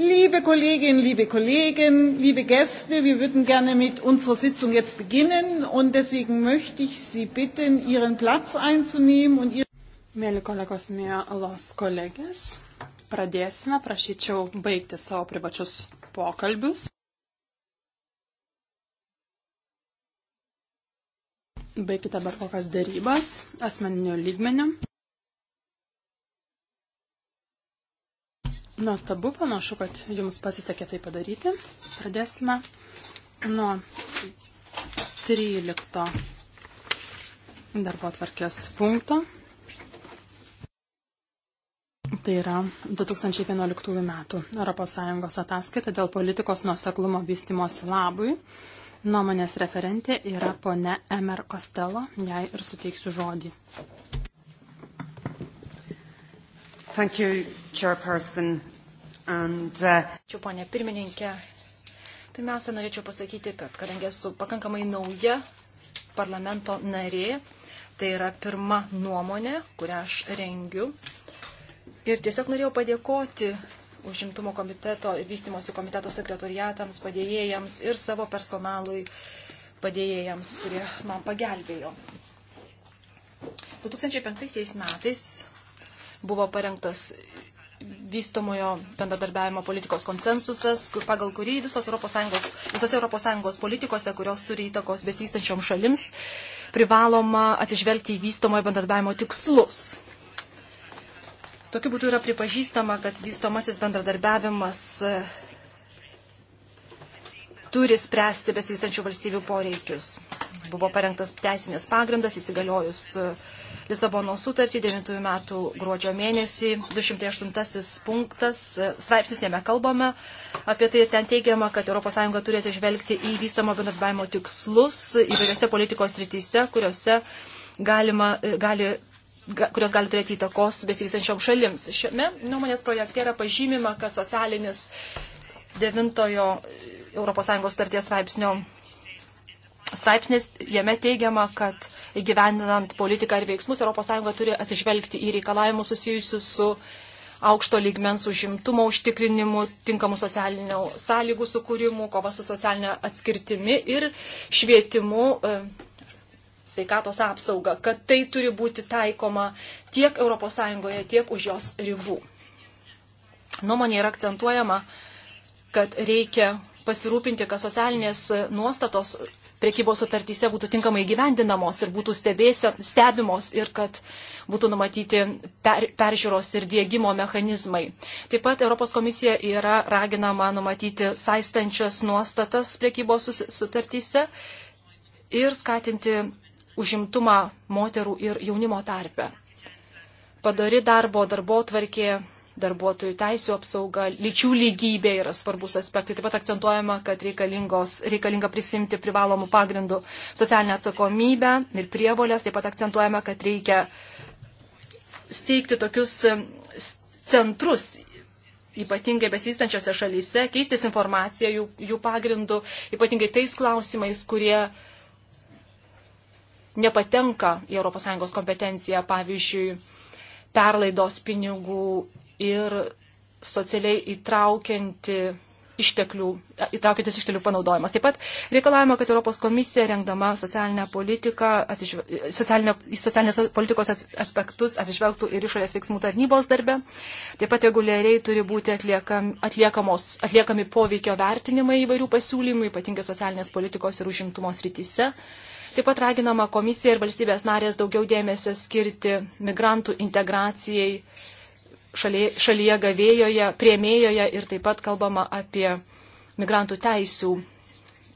Liebe Kolleginnen, liebe Kollegen, liebe Gäste, wir würden gerne mit unserer Sitzung jetzt beginnen und deswegen möchte ich Sie bitten, Ihren Platz einzunehmen und Ihre. Mėly kolegos, mėlos kolegės, pradėsime, prašyčiau baigti savo privačius pokalbius. Baikite bet kokias darybas asmeniniu lygmeniu. Nuostabu, panašu, kad jums pasisekė tai padaryti. Pradėsime nuo 13 darbo atvarkės punkto. Tai yra 2011 metų ES ataskaita dėl politikos nuoseklumo vystimos labui. Nuomonės referentė yra pone Emer Costello, jai ir suteiksiu žodį. Thank you, Chairperson and, uh... Čia, ponė pirmininkė, pirmiausia, norėčiau pasakyti, kad kadangi esu pakankamai nauja parlamento narė, tai yra pirma nuomonė, kurią aš rengiu. Ir tiesiog norėjau padėkoti užimtumo komiteto ir vystimosi komiteto sekretoriatams, padėjėjams ir savo personalui padėjėjams, kurie man pagelbėjo. 2005 metais buvo parengtas vystomojo bendradarbiavimo politikos konsensusas, pagal kurį visos ES, visose ES politikose, kurios turi įtakos besivystančiom šalims, privaloma atsižvelgti į vystomojo bendradarbiavimo tikslus. Tokiu būdu yra pripažįstama, kad vystomasis bendradarbiavimas turi spręsti besivystančių valstybių poreikius. Buvo parengtas teisinės pagrindas įsigaliojus e, Lisabono sutartį 9 metų gruodžio mėnesį. 208 punktas, e, straipsnis jame kalbame. Apie tai ten teigiama, kad ES turi atsižvelgti į vystamo bendradarbiavimo tikslus įvairiose politikos rytise, kuriuose galima, e, gali kurios gali turėti įtakos besivystančiom šalims. Šiame nuomonės projekte yra pažymima, kad socialinis devintojo ES starties straipsnio straipsnis, jame teigiama, kad įgyvendinant politiką ir veiksmus ES turi atsižvelgti į reikalavimus susijusius su aukšto lygmens užimtumo užtikrinimu, tinkamų socialinių sąlygų sukūrimu, kova su socialinė atskirtimi ir švietimu e, sveikatos apsauga, kad tai turi būti taikoma tiek ES, tiek už jos ribų. Nuomonė yra akcentuojama, kad reikia pasirūpinti, kad socialinės nuostatos priekybos sutartyse būtų tinkamai gyvendinamos ir būtų stebėse, stebimos ir kad būtų numatyti per, peržiūros ir dėgymo mechanizmai. Taip pat Europos komisija yra raginama numatyti saistančias nuostatas priekybos sutartyse ir skatinti užimtumą moterų ir jaunimo tarpe. Padori darbo darbo tvarkė darbuotojų teisų apsauga, lyčių lygybė yra svarbus aspektai. Taip pat akcentuojama, kad reikalinga prisimti privalomų pagrindų socialinę atsakomybę ir prievolės. Taip pat akcentuojama, kad reikia steigti tokius centrus ypatingai besistančiose šalyse, keistis informaciją jų, jų pagrindų, ypatingai tais klausimais, kurie nepatenka į ES kompetenciją, pavyzdžiui, perlaidos pinigų ir socialiai įtraukianti išteklių, įtraukiantis išteklių panaudojimas. Taip pat reikalavimo, kad Europos komisija rengdama socialinę politiką, atsižve, socialinę, socialinės politikos aspektus atsižvelgtų ir išorės veiksmų tarnybos darbe. Taip pat reguliariai turi būti atliekam, atliekamos, atliekami poveikio vertinimai įvairių pasiūlymų, ypatingai socialinės politikos ir užimtumo srityse. Taip pat raginama komisija ir valstybės narės daugiau dėmesio skirti migrantų integracijai šalyje, šalyje gavėjoje, prieimėjoje ir taip pat kalbama apie migrantų teisų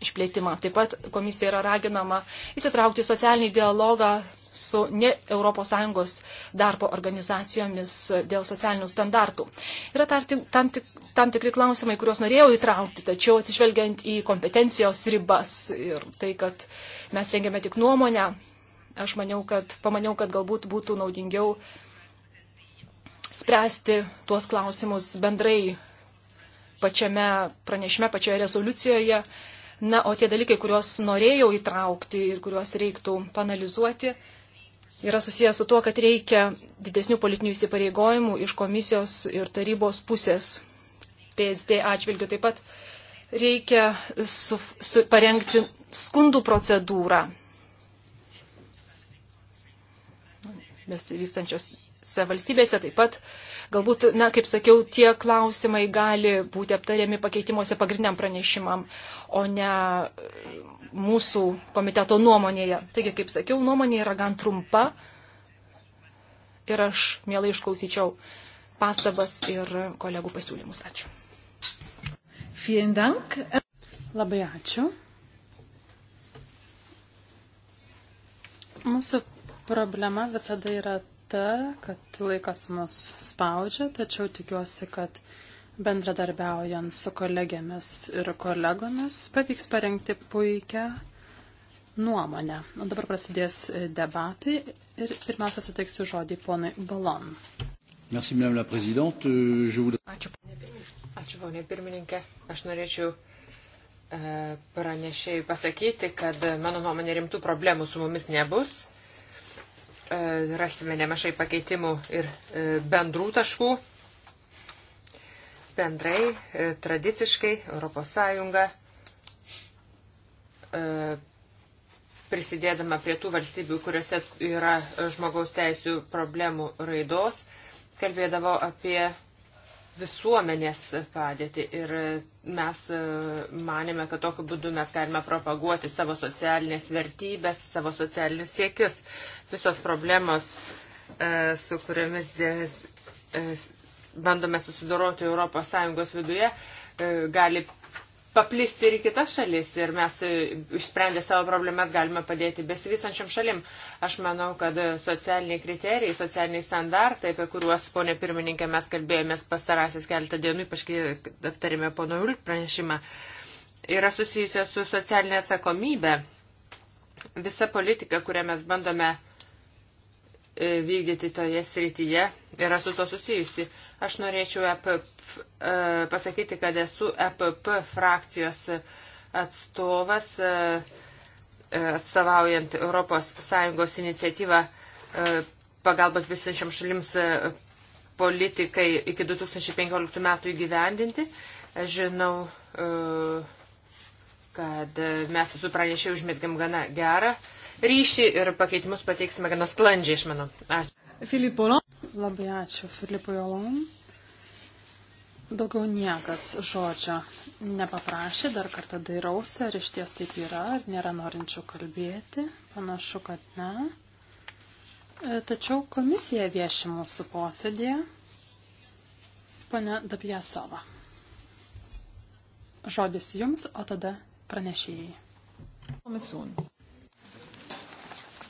išplėtimą. Taip pat komisija yra raginama įsitraukti socialinį dialogą su ne ES darbo organizacijomis dėl socialinių standartų. Yra tam, tik, tam tikri klausimai, kuriuos norėjau įtraukti, tačiau atsižvelgiant į kompetencijos ribas ir tai, kad mes rengiame tik nuomonę, aš maniau, kad, pamaniau, kad galbūt būtų naudingiau uh, spręsti tuos klausimus bendrai pačiame pranešime, pačioje rezoliucijoje. Na, o tie dalykai, kuriuos norėjau įtraukti ir kuriuos reiktų panalizuoti, yra susijęs su tuo, kad reikia didesnių politinių įsipareigojimų iš komisijos ir tarybos pusės. PSD atžvilgiu taip pat reikia su, su, parengti skundų procedūrą besivystančios valstybėse taip pat, galbūt, na, kaip sakiau, tie klausimai gali būti aptariami pakeitimuose pagrindiniam pranešimam, o ne e, mūsų komiteto nuomonėje. Taigi, kaip sakiau, nuomonė yra gan trumpa ir aš mielai išklausyčiau pastabas ir kolegų pasiūlymus. Ačiū. Dank. Labai ačiū. Mūsų problema visada yra ta, kad laikas mus spaudžia, tačiau tikiuosi, kad bendradarbiaujant su kolegėmis ir kolegomis pavyks parengti puikią nuomonę. O dabar prasidės debatai ir pirmiausia suteiksiu žodį ponui Balon. Merci, madame la présidente. Je voudrais... Ačiū, ponė pirmininkė. Ačiū, ponė pirmininkė. Aš norėčiau e, pranešėjai pasakyti, kad mano nuomonė rimtų problemų su mumis nebus. E, rasime nemažai pakeitimų ir e, bendrų taškų. Bendrai, e, tradiciškai ES prisidėdama prie tų valstybių, kuriuose yra žmogaus teisų problemų raidos, kalbėdavo apie visuomenės padėtį ir mes e, manėme, kad tokiu būdu mes galime propaguoti savo socialinės vertybės, savo socialinius siekius. Visos problemos, e, su kuriamis dės, e, bandome susidoroti ES viduje, gali paplisti ir į kitas šalis ir mes e, išsprendę savo problemas galime padėti besivysančiam šalim. Aš manau, kad socialiniai kriterijai, socialiniai standartai, apie kuriuos, ponė pirmininkė, mes kalbėjomės pastarąsias keletą dienų, ypač kai aptarėme pono Ulk pranešimą, yra susijusios su socialinė atsakomybė. Visa politika, kurią mes bandome e, vykdyti toje srityje, yra su to susijusi. Aš norėčiau EPP, e, pasakyti, kad esu EPP frakcijos atstovas, e, e, atstovaujant ES iniciatyvą pagalbos visinčiam šalims politikai iki 2015 metų įgyvendinti. Aš žinau, kad mes su pranešėjai užmėtgėm gana gerą ryšį ir pakeitimus pateiksime gana sklandžiai, aš manau. Ačiū. Filipu Olom. Labai ačiū Filipui Olom. Daugiau niekas žodžio nepaprašė, dar kartą dairausi, ar iš ties taip yra, ar nėra norinčių kalbėti. Panašu, kad ne. E, tačiau komisija vieši mūsų posėdėje. Pane Dabjasova. Žodis jums, o tada pranešėjai. Komisūn.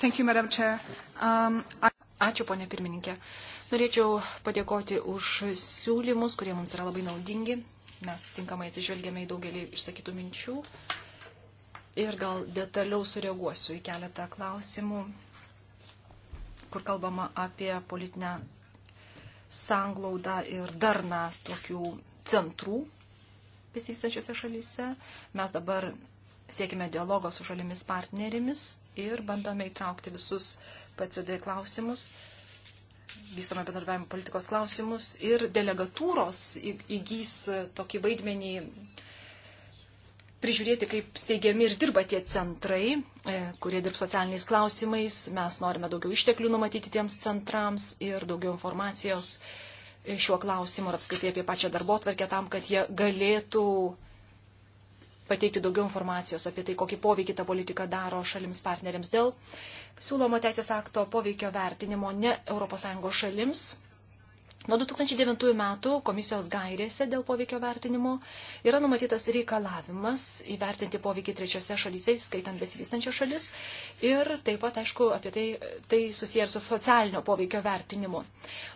Thank you, Madam Chair. Um, I... Ačiū, ponė pirmininkė. Norėčiau padėkoti už siūlymus, kurie mums yra labai naudingi. Mes tinkamai atsižvelgėme į daugelį išsakytų minčių. Ir gal detaliau sureaguosiu į keletą klausimų, kur kalbama apie politinę sanglaudą ir darną tokių centrų besivystančiose šalyse. Mes dabar siekime dialogo su šalimis partnerėmis ir bandome įtraukti visus uh, PCD klausimus, vystomą bendradarbiavimo politikos klausimus ir delegatūros įgys tokį vaidmenį prižiūrėti, kaip steigiami ir dirba tie centrai, e, kurie dirb socialiniais klausimais. Mes norime daugiau išteklių numatyti tiems centrams ir daugiau informacijos e, šiuo klausimu ir apskaitai apie pačią darbo tvarkę tam, kad jie galėtų pateikti daugiau informacijos apie tai, kokį poveikį ta politika daro šalims partneriams dėl siūlomo teisės akto poveikio vertinimo ne ES šalims. Nuo 2009 metų komisijos gairėse dėl poveikio vertinimo yra numatytas reikalavimas įvertinti poveikį trečiose šalyse, skaitant besivystančias šalis. Ir taip pat, aišku, apie tai, tai susijęs su socialinio poveikio vertinimu.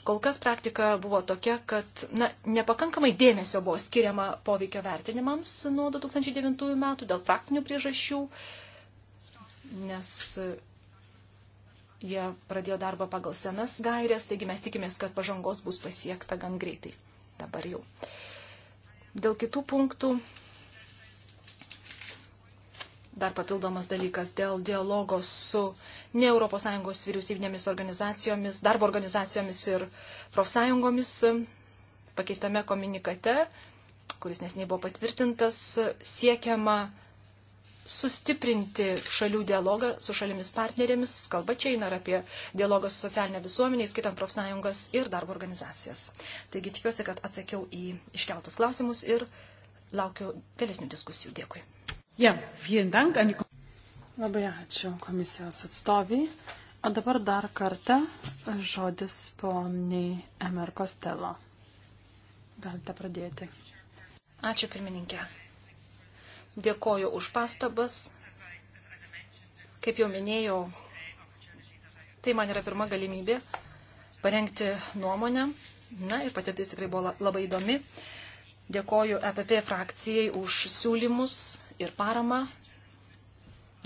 Kol kas praktika buvo tokia, kad na, nepakankamai dėmesio buvo skiriama poveikio vertinimams nuo 2009 metų dėl praktinių priežasčių, nes Jie pradėjo darbą pagal senas gairias, taigi mes tikimės, kad pažangos bus pasiekta gan greitai. Dabar jau. Dėl kitų punktų. Dar papildomas dalykas dėl dialogo su ne ES vyriausybinėmis organizacijomis, darbo organizacijomis ir profsąjungomis e, pakeistame komunikate, kuris nesiniai buvo patvirtintas, siekiama sustiprinti šalių dialogą su šalimis partnerėmis. Kalba čia eina apie dialogą su socialinė visuomenė, skaitant profsąjungas ir darbo organizacijas. Taigi tikiuosi, kad atsakiau į iškeltus klausimus ir laukiu vėlesnių diskusijų. Dėkui. Ja, dank, Labai ačiū komisijos atstoviai. O dabar dar kartą žodis poniai Emer Kostelo. Galite pradėti. Ačiū pirmininkė. Dėkoju už pastabas. Kaip jau minėjau, tai man yra pirma galimybė parengti nuomonę. Na ir patirtis tikrai buvo labai įdomi. Dėkoju EPP frakcijai už siūlymus ir paramą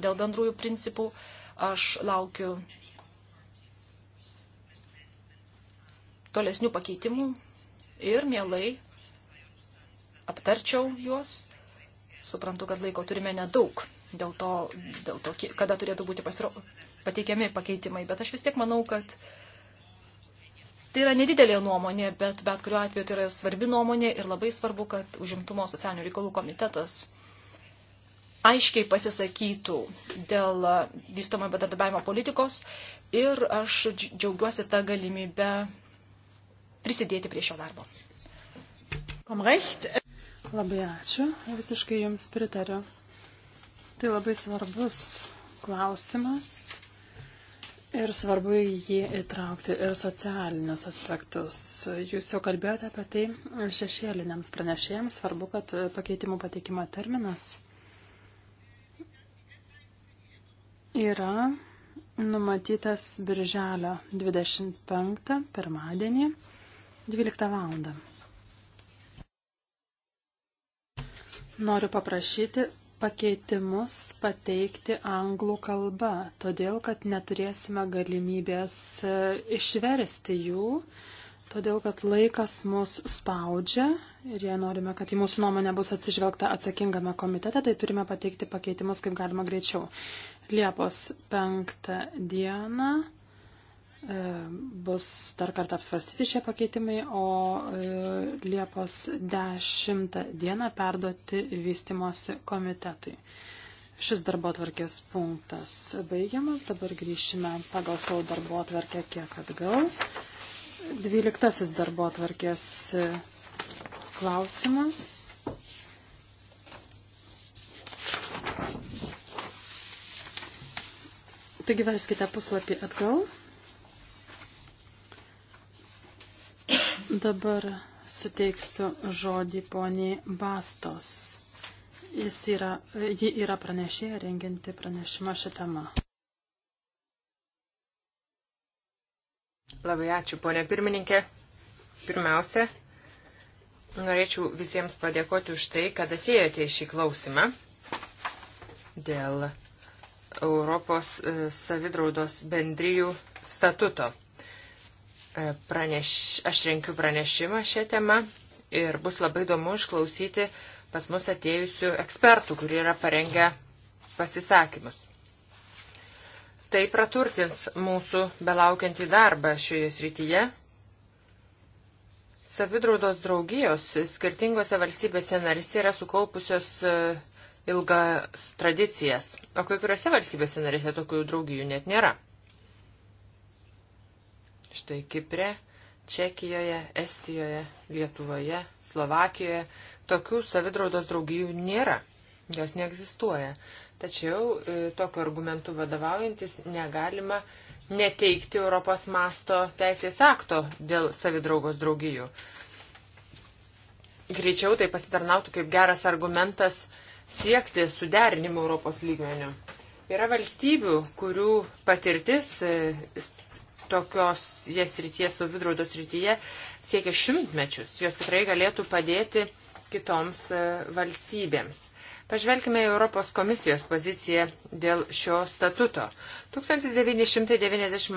dėl bendrųjų principų. Aš laukiu tolesnių pakeitimų ir mielai aptarčiau juos suprantu, kad laiko turime nedaug dėl to, dėl to kada turėtų būti pasiro... pateikiami pakeitimai, bet aš vis tiek manau, kad tai yra nedidelė nuomonė, bet bet kuriuo atveju tai yra svarbi nuomonė ir labai svarbu, kad užimtumo socialinių reikalų komitetas aiškiai pasisakytų dėl vystomo bedarbiavimo politikos ir aš džiaugiuosi tą galimybę prisidėti prie šio darbo. Komrecht. Labai ačiū, visiškai Jums pritariu. Tai labai svarbus klausimas ir svarbu jį įtraukti ir socialinius aspektus. Jūs jau kalbėjote apie tai šešėliniams pranešėjams, svarbu, kad pakeitimų pateikimo terminas yra numatytas birželio 25 pirmadienį 12 val. Noriu paprašyti pakeitimus pateikti anglų kalba, todėl kad neturėsime galimybės e, išversti jų, todėl kad laikas mus spaudžia ir jei norime, kad į mūsų nuomonę bus atsižvelgta atsakingame komitete, tai turime pateikti pakeitimus kaip galima greičiau. Liepos 5 dieną. E, bus dar kartą apsvarstyti šie pakeitimai, o e, Liepos 10 dieną perduoti vystimosi komitetui. Šis darbo atvarkės punktas baigiamas, dabar grįšime pagal savo darbo atvarkę kiek atgal. Dvyliktasis darbo atvarkės e, klausimas. Taigi verskite puslapį atgal. Dabar suteiksiu žodį poniai Bastos. Jis yra, ji yra pranešėja renginti pranešimą šią temą. Labai ačiū, ponė pirmininkė. Pirmiausia, norėčiau visiems padėkoti už tai, kad atėjote į šį klausimą dėl Europos e, savidraudos bendrijų statuto. E, praneš, aš renkiu pranešimą šią temą ir bus labai įdomu išklausyti pas mus atėjusių ekspertų, kurie yra parengę pasisakymus. Tai praturtins mūsų belaukiantį darbą šioje srityje. Savidraudos draugijos skirtingose valstybėse narys yra sukaupusios e, ilgas tradicijas, o kai kuriuose valstybėse narėse tokių draugijų net nėra. Štai Kipre, Čekijoje, Estijoje, Lietuvoje, Slovakijoje tokių savidraudos draugijų nėra. Jos neegzistuoja. Tačiau e, tokiu argumentu vadovaujantis negalima neteikti Europos masto teisės akto dėl savidraugos draugijų. Greičiau tai pasitarnautų kaip geras argumentas siekti suderinimo Europos lygmenio. Yra valstybių, kurių patirtis e, tokios jas ryties, savidraudos rytyje siekia šimtmečius. Jos tikrai galėtų padėti kitoms e, valstybėms. Pažvelkime į Europos komisijos poziciją dėl šio statuto. 1992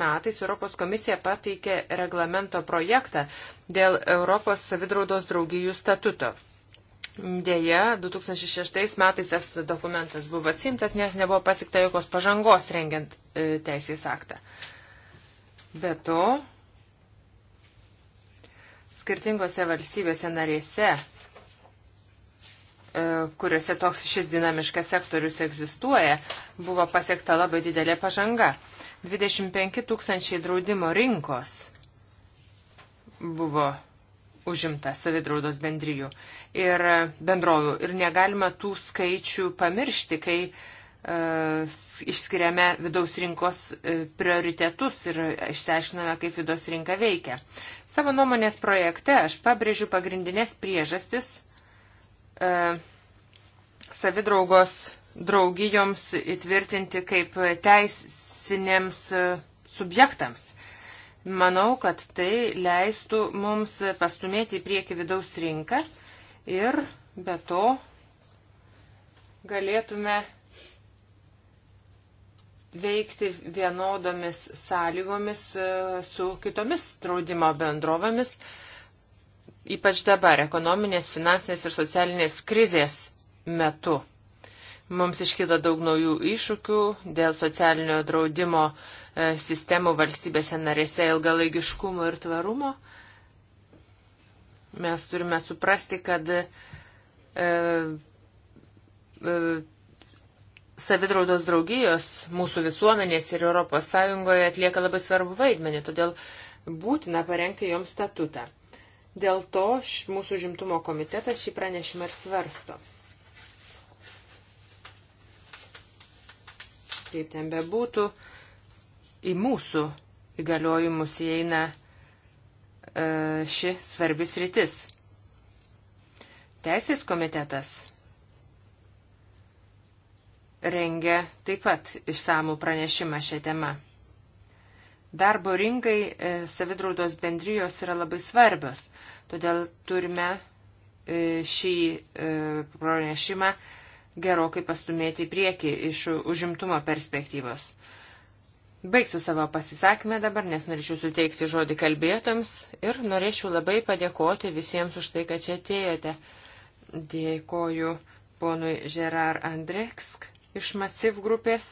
metais Europos komisija pateikė reglamento projektą dėl Europos savidraudos draugijų statuto. Deja, 2006 metais tas dokumentas buvo atsimtas, nes nebuvo pasikta jokios pažangos rengiant e, teisės aktą. Be to, skirtingose valstybėse narėse, e, kuriuose toks šis dinamiškas sektorius egzistuoja, buvo pasiekta labai didelė pažanga. 25 tūkstančiai draudimo rinkos buvo užimta savidraudos bendrijų ir e, bendrovių. Ir negalima tų skaičių pamiršti, kai uh, E, išskiriame vidaus rinkos e, prioritetus ir išsiaiškiname, kaip vidaus rinka veikia. Savo nuomonės projekte aš pabrėžiu pagrindinės priežastis e, savidraugos draugijoms įtvirtinti kaip teisinėms subjektams. Manau, kad tai leistų mums pastumėti į priekį vidaus rinką ir be to galėtume veikti vienodomis sąlygomis e, su kitomis draudimo bendrovėmis, ypač dabar ekonominės, finansinės ir socialinės krizės metu. Mums iškyla daug naujų iššūkių dėl socialinio draudimo e, sistemų valstybėse narėse ilgalaigiškumo ir tvarumo. Mes turime suprasti, kad e, e, savidraudos draugijos mūsų visuomenės ir ES atlieka labai svarbu vaidmenį, todėl būtina parengti joms statutą. Dėl to mūsų žimtumo komitetas šį pranešimą ir svarsto. Kaip ten bebūtų, į mūsų įgaliojimus įeina e, ši svarbis rytis. Teisės komitetas rengia taip pat išsamų pranešimą šią temą. Darbo rinkai e, savidraudos bendrijos yra labai svarbios, todėl turime e, šį e, pranešimą gerokai pastumėti į priekį iš užimtumo perspektyvos. Baigsiu savo pasisakymę dabar, nes norėčiau suteikti žodį kalbėtojams ir norėčiau labai padėkoti visiems už tai, kad čia atėjote. Dėkoju ponui Gerard Andreksk iš Massiv grupės,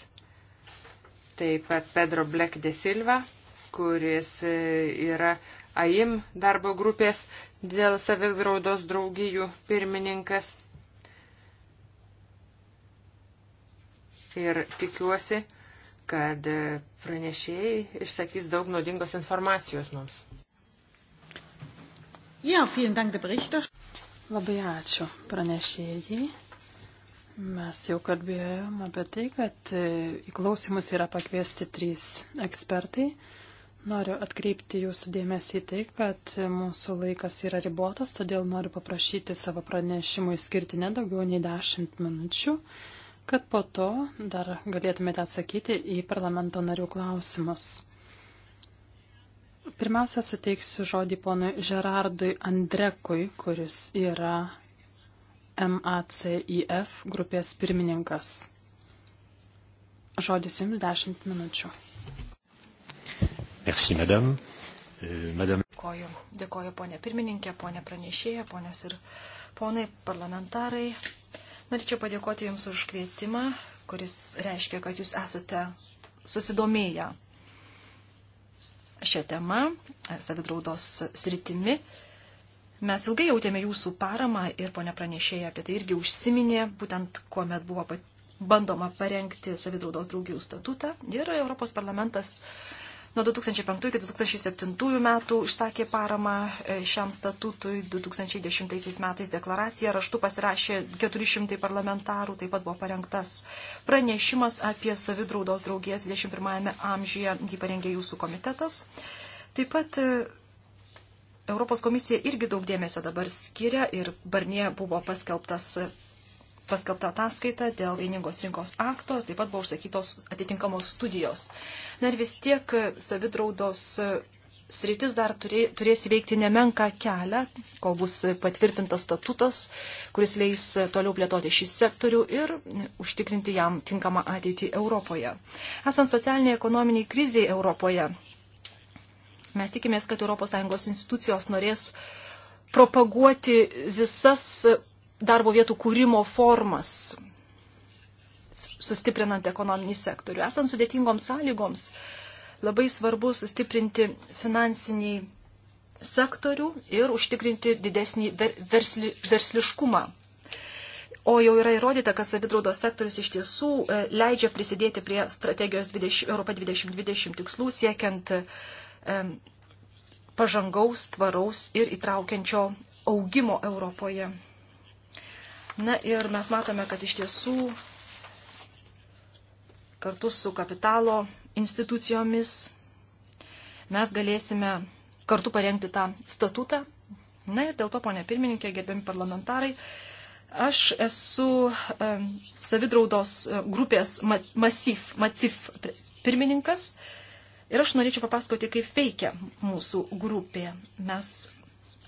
taip pat Pedro Black de Silva, kuris e, yra AIM darbo grupės dėl savigraudos draugijų pirmininkas. Ir tikiuosi, kad e, pranešėjai išsakys daug naudingos informacijos mums. Ja, dank, Labai ačiū pranešėjai. Mes jau kalbėjom apie tai, kad e, į klausimus yra pakviesti trys ekspertai. Noriu atkreipti jūsų dėmesį į tai, kad mūsų laikas yra ribotas, todėl noriu paprašyti savo pranešimui skirti nedaugiau nei 10 minučių, kad po to dar galėtumėte atsakyti į parlamento narių klausimus. Pirmiausia, suteiksiu žodį ponui Žerardui Andrekui, kuris yra MACIF grupės pirmininkas. Žodis Jums 10 minučių. Merci, madame. Euh, madame. Dėkoju. Dėkoju, ponė pirmininkė, ponė pranešėja, ponios ir ponai parlamentarai. Norėčiau padėkoti Jums už kvietimą, kuris reiškia, kad Jūs esate susidomėję šią temą, savidraudos sritimi. Mes ilgai jautėme jūsų paramą ir ponia pranešėja apie tai irgi užsiminė, būtent kuomet buvo bandoma parengti savidraudos draugijų statutą ir Europos parlamentas nuo 2005 iki 2007 metų išsakė paramą e, šiam statutui, 2010 metais deklaraciją raštu pasirašė 400 parlamentarų, taip pat buvo parengtas pranešimas apie savidraudos draugijas 21 amžiuje, jį parengė jūsų komitetas. Taip pat e, Europos komisija irgi daug dėmesio dabar skiria ir Barnie buvo paskelbtas paskelbta ataskaita dėl vieningos rinkos akto, taip pat buvo užsakytos atitinkamos studijos. Na ir vis tiek savidraudos sritis dar turė, turės įveikti nemenką kelią, kol bus patvirtintas statutas, kuris leis toliau plėtoti šį sektorių ir užtikrinti jam tinkamą ateitį Europoje. Esant socialiniai ekonominiai kriziai Europoje, Mes tikimės, kad ES institucijos norės propaguoti visas darbo vietų kūrimo formas, sustiprinant ekonominį sektorių. Esant sudėtingoms sąlygoms, labai svarbu sustiprinti finansinį sektorių ir užtikrinti didesnį versli, versliškumą. O jau yra įrodyta, kad savidraudos sektorius iš tiesų e, leidžia prisidėti prie strategijos 20, Europa 2020 tikslų, siekiant uh, pažangaus, tvaraus ir įtraukiančio augimo Europoje. Na ir mes matome, kad iš tiesų kartu su kapitalo institucijomis mes galėsime kartu parengti tą statutą. Na ir dėl to, ponė pirmininkė, gerbiami parlamentarai, Aš esu savidraudos grupės Masif, Masif pirmininkas. Ir aš norėčiau papasakoti, kaip veikia mūsų grupė. Mes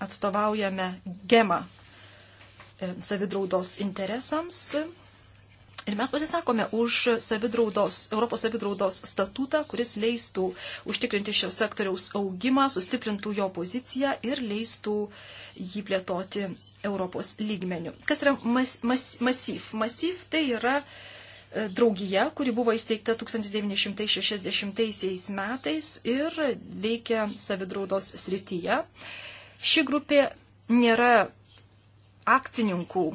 atstovaujame gemą e, savidraudos interesams ir mes pasisakome už savidraudos, Europos savidraudos statutą, kuris leistų užtikrinti šio sektoriaus augimą, sustiprintų jo poziciją ir leistų jį plėtoti Europos lygmenių. Kas yra mas, mas, masyv? Masyv tai yra uh, draugija, kuri buvo įsteigta 1960 metais ir veikia savidraudos srityje. Ši grupė nėra akcininkų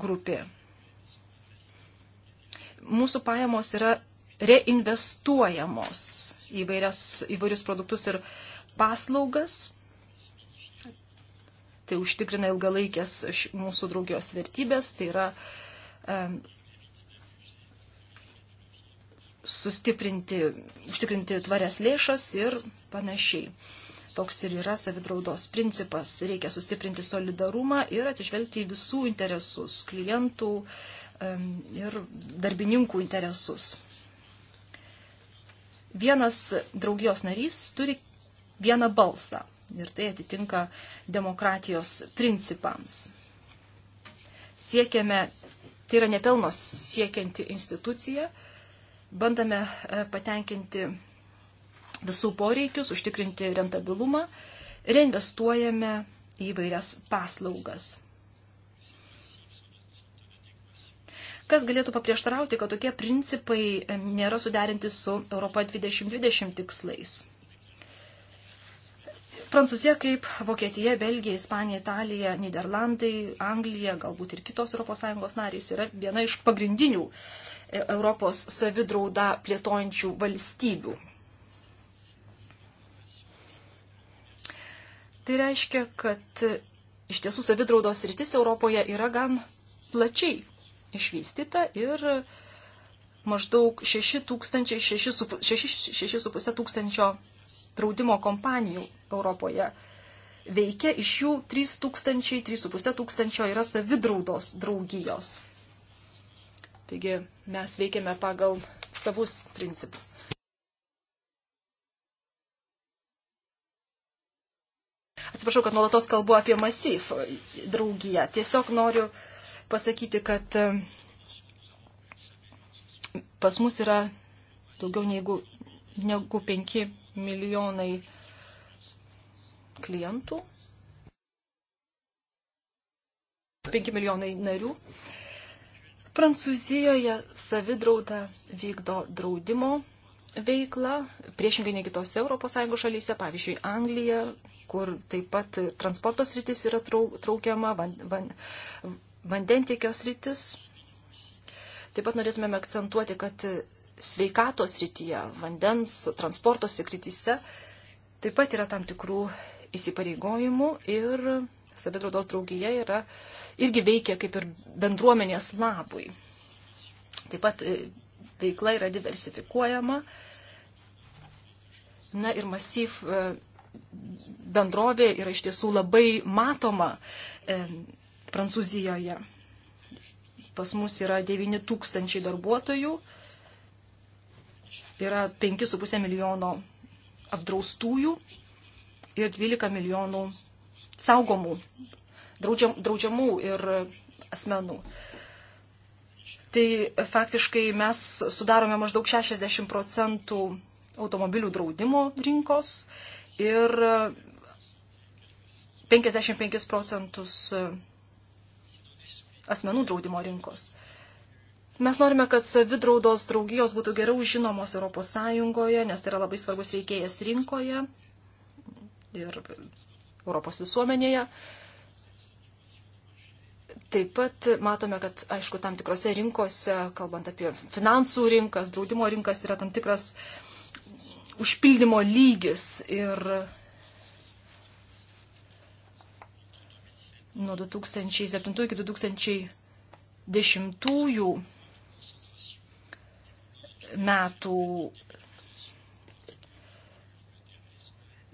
grupė. Mūsų pajamos yra reinvestuojamos įvairias, įvairius produktus ir paslaugas. Tai užtikrina ilgalaikės mūsų draugijos vertybės, tai yra sustiprinti, užtikrinti tvarias lėšas ir panašiai. Toks ir yra savidraudos principas. Reikia sustiprinti solidarumą ir atsižvelgti į visų interesus - klientų ir darbininkų interesus. Vienas draugijos narys turi vieną balsą ir tai atitinka demokratijos principams. Siekiame, tai yra nepelnos siekianti institucija, bandame e, patenkinti visų poreikius, užtikrinti rentabilumą, reinvestuojame į vairias paslaugas. Kas galėtų paprieštarauti, kad tokie principai e, nėra suderinti su Europa 2020 tikslais? Prancūzija kaip Vokietija, Belgija, Ispanija, Italija, Niderlandai, Anglija, galbūt ir kitos ES narys yra viena iš pagrindinių E, Europos savidraudą plėtojančių valstybių. Tai reiškia, kad iš tiesų savidraudos rytis Europoje yra gan plačiai išvystyta ir maždaug 6,5 tūkstančio draudimo kompanijų Europoje veikia, iš jų 3 tūkstančiai, 3,5 tūkstančio yra savidraudos draugijos. Taigi mes veikiame pagal savus principus. Atsiprašau, kad nuolatos kalbu apie masyv draugiją. Tiesiog noriu pasakyti, kad e, pas mus yra daugiau negu, negu 5 milijonai klientų, 5 milijonai narių. Uh, Prancūzijoje savidrauda vykdo draudimo veiklą, priešingai nei kitose ES šalyse, pavyzdžiui, Anglija, kur taip pat transporto sritis yra traukiama, van, van, vandentiekio sritis. Taip pat norėtumėme akcentuoti, kad sveikatos srityje, vandens, transporto srityse taip pat yra tam tikrų įsipareigojimų ir Savidraudos draugija yra irgi veikia kaip ir bendruomenės labui. Taip pat e, veikla yra diversifikuojama. Na ir masyv e, bendrovė yra iš tiesų labai matoma e, Prancūzijoje. Pas mus yra 9 tūkstančiai darbuotojų, yra 5,5 milijono apdraustųjų ir 12 milijonų saugomų, draudžiam, draudžiamų ir asmenų. Tai faktiškai mes sudarome maždaug 60 procentų automobilių draudimo rinkos ir 55 procentus asmenų draudimo rinkos. Mes norime, kad savidraudos draugijos būtų geriau žinomos ES, nes tai yra labai svarbus veikėjas rinkoje ir Europos visuomenėje. Taip pat matome, kad, aišku, tam tikrose rinkose, kalbant apie finansų rinkas, draudimo rinkas, yra tam tikras užpildymo lygis ir nuo 2007 iki 2010 metų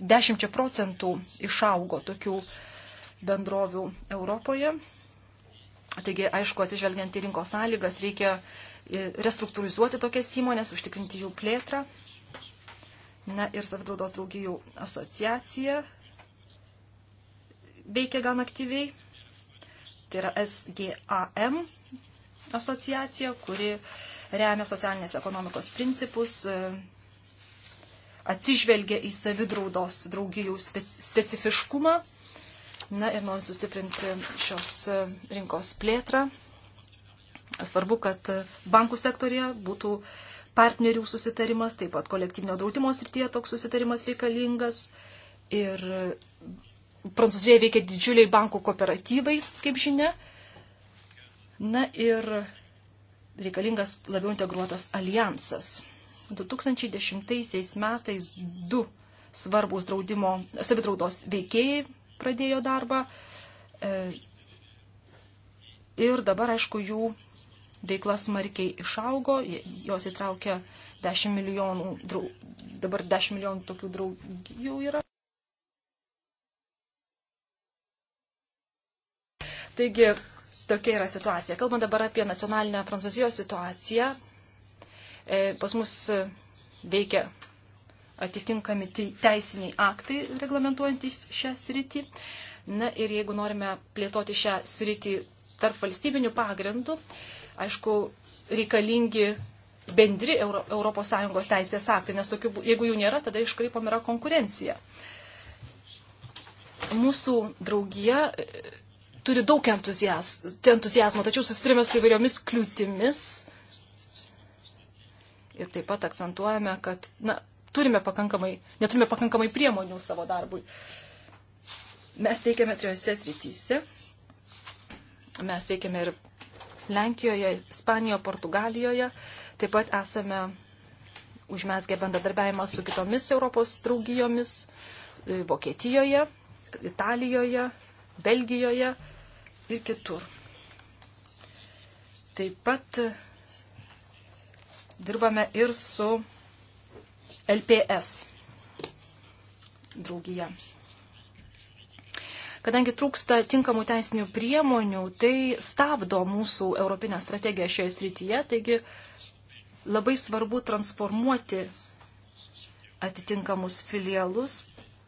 10 procentų išaugo tokių bendrovių Europoje. Taigi, aišku, atsižvelgiant į rinkos sąlygas, reikia e, restruktūrizuoti tokias įmonės, užtikrinti jų plėtrą. Na ir savidraudos draugijų asociacija veikia gan aktyviai. Tai yra SGAM asociacija, kuri remia socialinės ekonomikos principus, e, atsižvelgia į savidraudos draugijų specifiškumą. Na ir norint sustiprinti šios e, rinkos plėtrą, svarbu, kad bankų sektorija būtų partnerių susitarimas, taip pat kolektyvinio draudimo srityje toks susitarimas reikalingas. Ir Prancūzijoje veikia didžiuliai bankų kooperatyvai, kaip žinia. Na ir reikalingas labiau integruotas alijansas. 2010 metais du svarbus draudimo, savidraudos veikėjai pradėjo darbą. E, ir dabar, aišku, jų veikla smarkiai išaugo, jos įtraukia 10 milijonų, drau, dabar 10 milijonų tokių draugijų yra. Taigi, tokia yra situacija. Kalbant dabar apie nacionalinę Prancūzijos situaciją, E, pas mus e, veikia atitinkami teisiniai aktai reglamentuojantys šią sritį. Na ir jeigu norime plėtoti šią sritį tarp valstybinių pagrindų, aišku, reikalingi bendri ES teisės aktai, nes tokiu, jeigu jų nėra, tada iškraipom yra konkurencija. Mūsų draugija e, turi daug entuzijazmo, tačiau susiturime su įvairiomis kliūtimis, Ir taip pat akcentuojame, kad na, turime pakankamai, neturime pakankamai priemonių savo darbui. Mes veikiame trijose srityse. Mes veikiame ir Lenkijoje, Ispanijoje, Portugalijoje. Taip pat esame užmesgę bendradarbiavimą su kitomis Europos draugijomis e, Vokietijoje, Italijoje, Belgijoje ir kitur. Taip pat dirbame ir su LPS draugija. Kadangi trūksta tinkamų teisinių priemonių, tai stabdo mūsų europinę strategiją šioje srityje, taigi labai svarbu transformuoti atitinkamus filialus,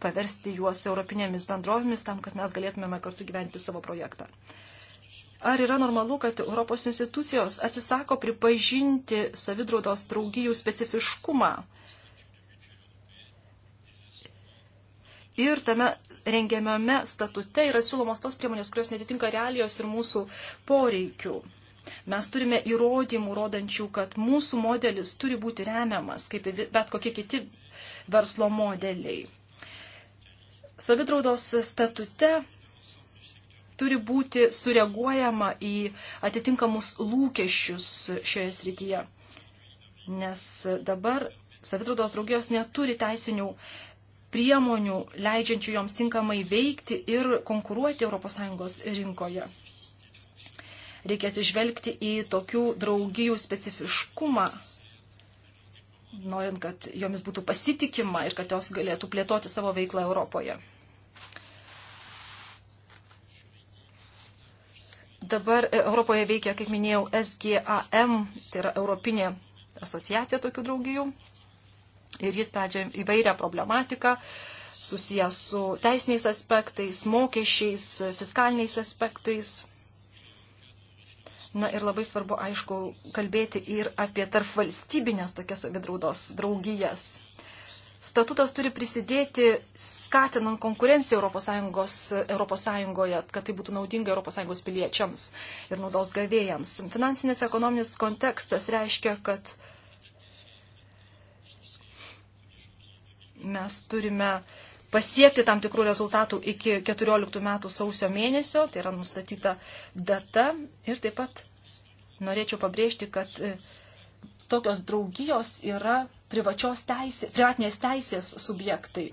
paversti juos europinėmis bendrovėmis tam, kad mes galėtumėme kartu gyventi savo projektą. Ar yra normalu, kad Europos institucijos atsisako pripažinti savidraudos draugijų specifiškumą? Ir tame rengiamame statute yra siūlomos tos priemonės, kurios netitinka realijos ir mūsų poreikių. Mes turime įrodymų rodančių, kad mūsų modelis turi būti remiamas, kaip bet kokie kiti verslo modeliai. Savidraudos statute turi būti sureaguojama į atitinkamus lūkesčius šioje srityje. Nes dabar savitraudos draugijos neturi teisinių priemonių, leidžiančių joms tinkamai veikti ir konkuruoti ES rinkoje. Reikia atsižvelgti į tokių draugijų specifiškumą, norint, kad jomis būtų pasitikima ir kad jos galėtų plėtoti savo veiklą Europoje. Dabar e, Europoje veikia, kaip minėjau, SGAM, tai yra Europinė asociacija tokių draugijų. Ir jis sprendžia įvairią problematiką susiję su teisiniais aspektais, mokesčiais, fiskaliniais aspektais. Na ir labai svarbu, aišku, kalbėti ir apie tarp valstybinės tokias savidraudos draugijas statutas turi prisidėti skatinant konkurenciją ES, ES, kad tai būtų naudinga ES piliečiams ir naudos gavėjams. Finansinis ekonominis kontekstas reiškia, kad mes turime pasiekti tam tikrų rezultatų iki 14 metų sausio mėnesio, tai yra nustatyta data. Ir taip pat norėčiau pabrėžti, kad tokios draugijos yra privačios teisės, privatinės teisės subjektai.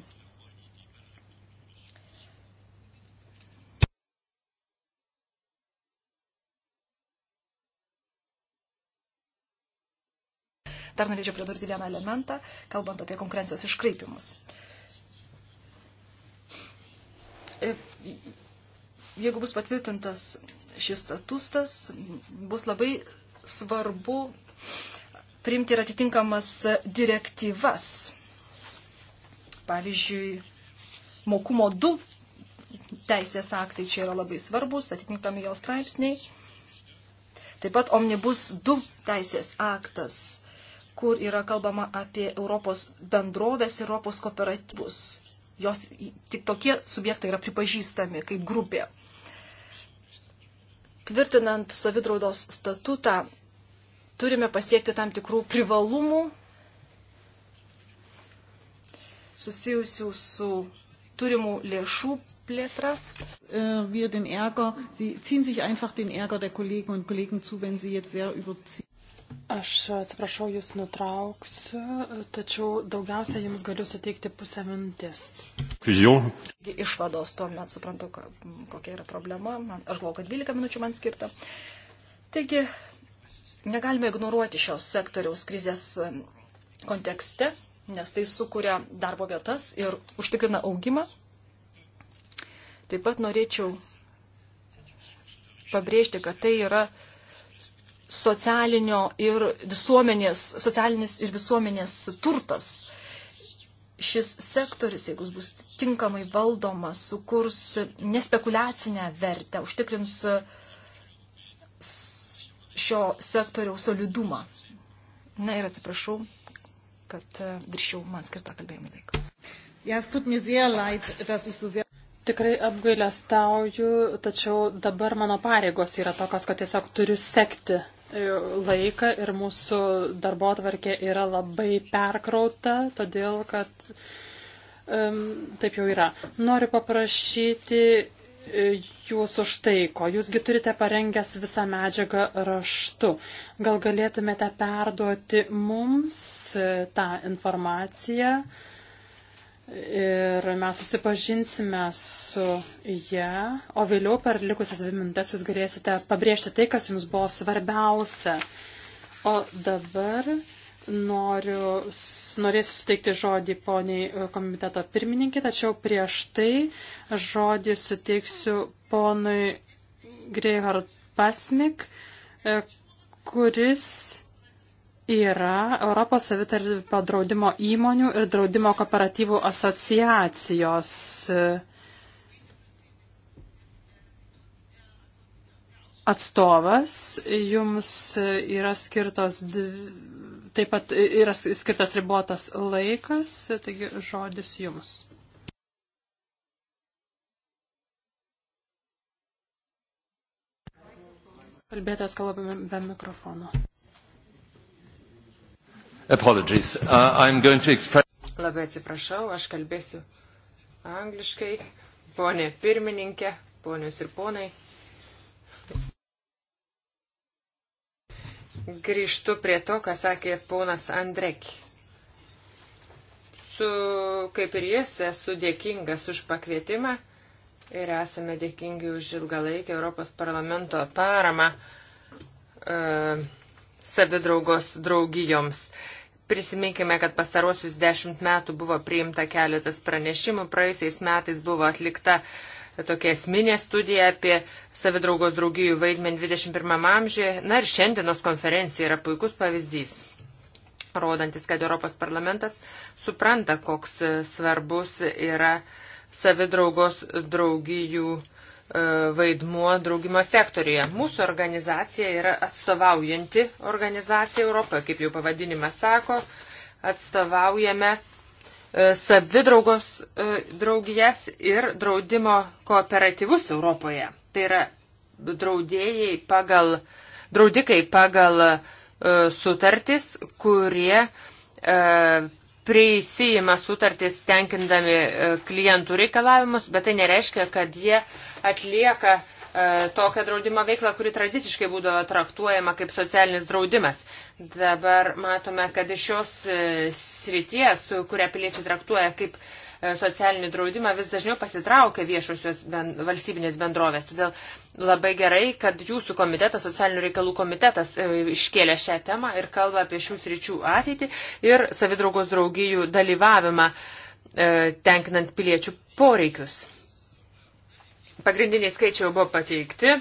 Dar norėčiau pridurti vieną elementą, kalbant apie konkurencijos iškraipimus. E, jeigu bus patvirtintas šis statustas, bus labai svarbu priimti ir atitinkamas direktyvas. Pavyzdžiui, mokumo 2 teisės aktai čia yra labai svarbus, atitinkami jos straipsniai. Taip pat Omnibus 2 teisės aktas, kur yra kalbama apie Europos bendrovės, Europos kooperatyvus. Jos tik tokie subjektai yra pripažįstami kaip grupė. Tvirtinant savidraudos statutą, turime pasiekti tam tikrų privalumų susijusių su turimų lėšų plėtra. Äh, wir den Ärger, Sie ziehen sich einfach den Ärger der Kollegen und Kollegen zu, wenn Sie jetzt sehr überziehen. Aš atsiprašau, jūs nutrauksiu, tačiau daugiausia jums galiu suteikti pusę mintis. Išvados tuomet suprantu, kokia yra problema. Man, aš galvoju, kad 12 minučių man skirta. Taigi, Negalime ignoruoti šios sektoriaus krizės kontekste, nes tai sukuria darbo vietas ir užtikrina augimą. Taip pat norėčiau pabrėžti, kad tai yra socialinio ir visuomenės, socialinis ir visuomenės turtas. Šis sektorius, jeigu jis bus tinkamai valdomas, sukurs nespekulacinę vertę, užtikrins šio sektoriaus solidumą. Na ir atsiprašau, kad e, viršiau man skirtą kalbėjimą laiką. Jas tut mir sehr leid, dass ich so sehr. Tikrai apgailestauju, tačiau dabar mano pareigos yra tokios, kad tiesiog turiu sekti e, laiką ir mūsų darbo atvarkė yra labai perkrauta, todėl kad um, taip jau yra. Noriu paprašyti E, jūs už tai, ko jūsgi turite parengęs visą medžiagą raštu. Gal galėtumėte perduoti mums e, tą informaciją ir mes susipažinsime su ją, o vėliau per likusias dvi minutės jūs galėsite pabrėžti tai, kas jums buvo svarbiausia. O dabar noriu, norėsiu suteikti žodį poniai e, komiteto pirmininkė, tačiau prieš tai žodį suteiksiu ponui Greihard Pasmik, e, kuris yra Europos savitarpio draudimo įmonių ir draudimo kooperatyvų asociacijos e, atstovas. Jums yra skirtos dvi Taip pat yra skirtas ribotas laikas, taigi žodis jums. Kalbėtės kalbame be mikrofono. Apologies. Uh, I'm going to express... Labai atsiprašau, aš kalbėsiu angliškai. Pone pirmininkė, ponios ir ponai, Grįžtu prie to, ką sakė ponas Andrek. Su, kaip ir jis, esu dėkingas už pakvietimą ir esame dėkingi už ilgalaikį Europos parlamento paramą e, savidraugos draugijoms. Prisiminkime, kad pastaruosius dešimt metų buvo priimta keletas pranešimų, praėjusiais metais buvo atlikta e, tokia esminė studija apie savidraugos draugijų vaidmenį 21 amžiuje. Na ir šiandienos konferencija yra puikus pavyzdys, rodantis, kad Europos parlamentas supranta, koks svarbus yra savidraugos draugijų e, vaidmuo draugimo sektoriuje. Mūsų organizacija yra atstovaujanti organizacija Europoje, kaip jau pavadinimas sako, atstovaujame uh, E, savidraugos e, draugijas ir draudimo kooperatyvus Europoje. Tai yra draudėjai pagal, draudikai pagal e, sutartis, kurie prisijima sutartis tenkindami klientų reikalavimus, bet tai nereiškia, kad jie atlieka uh, E, tokią draudimo veiklą, kuri tradiciškai būdavo traktuojama kaip socialinis draudimas. Dabar matome, kad iš šios e, srities, kurią piliečiai traktuoja kaip e, socialinį draudimą, vis dažniau pasitraukia viešosios ben, valstybinės bendrovės. Todėl labai gerai, kad jūsų komitetas, socialinių reikalų komitetas, iškėlė šią temą ir kalba apie šių sričių ateitį ir savidraugos draugijų dalyvavimą tenkinant piliečių poreikius. Pagrindiniai skaičiai jau buvo pateikti.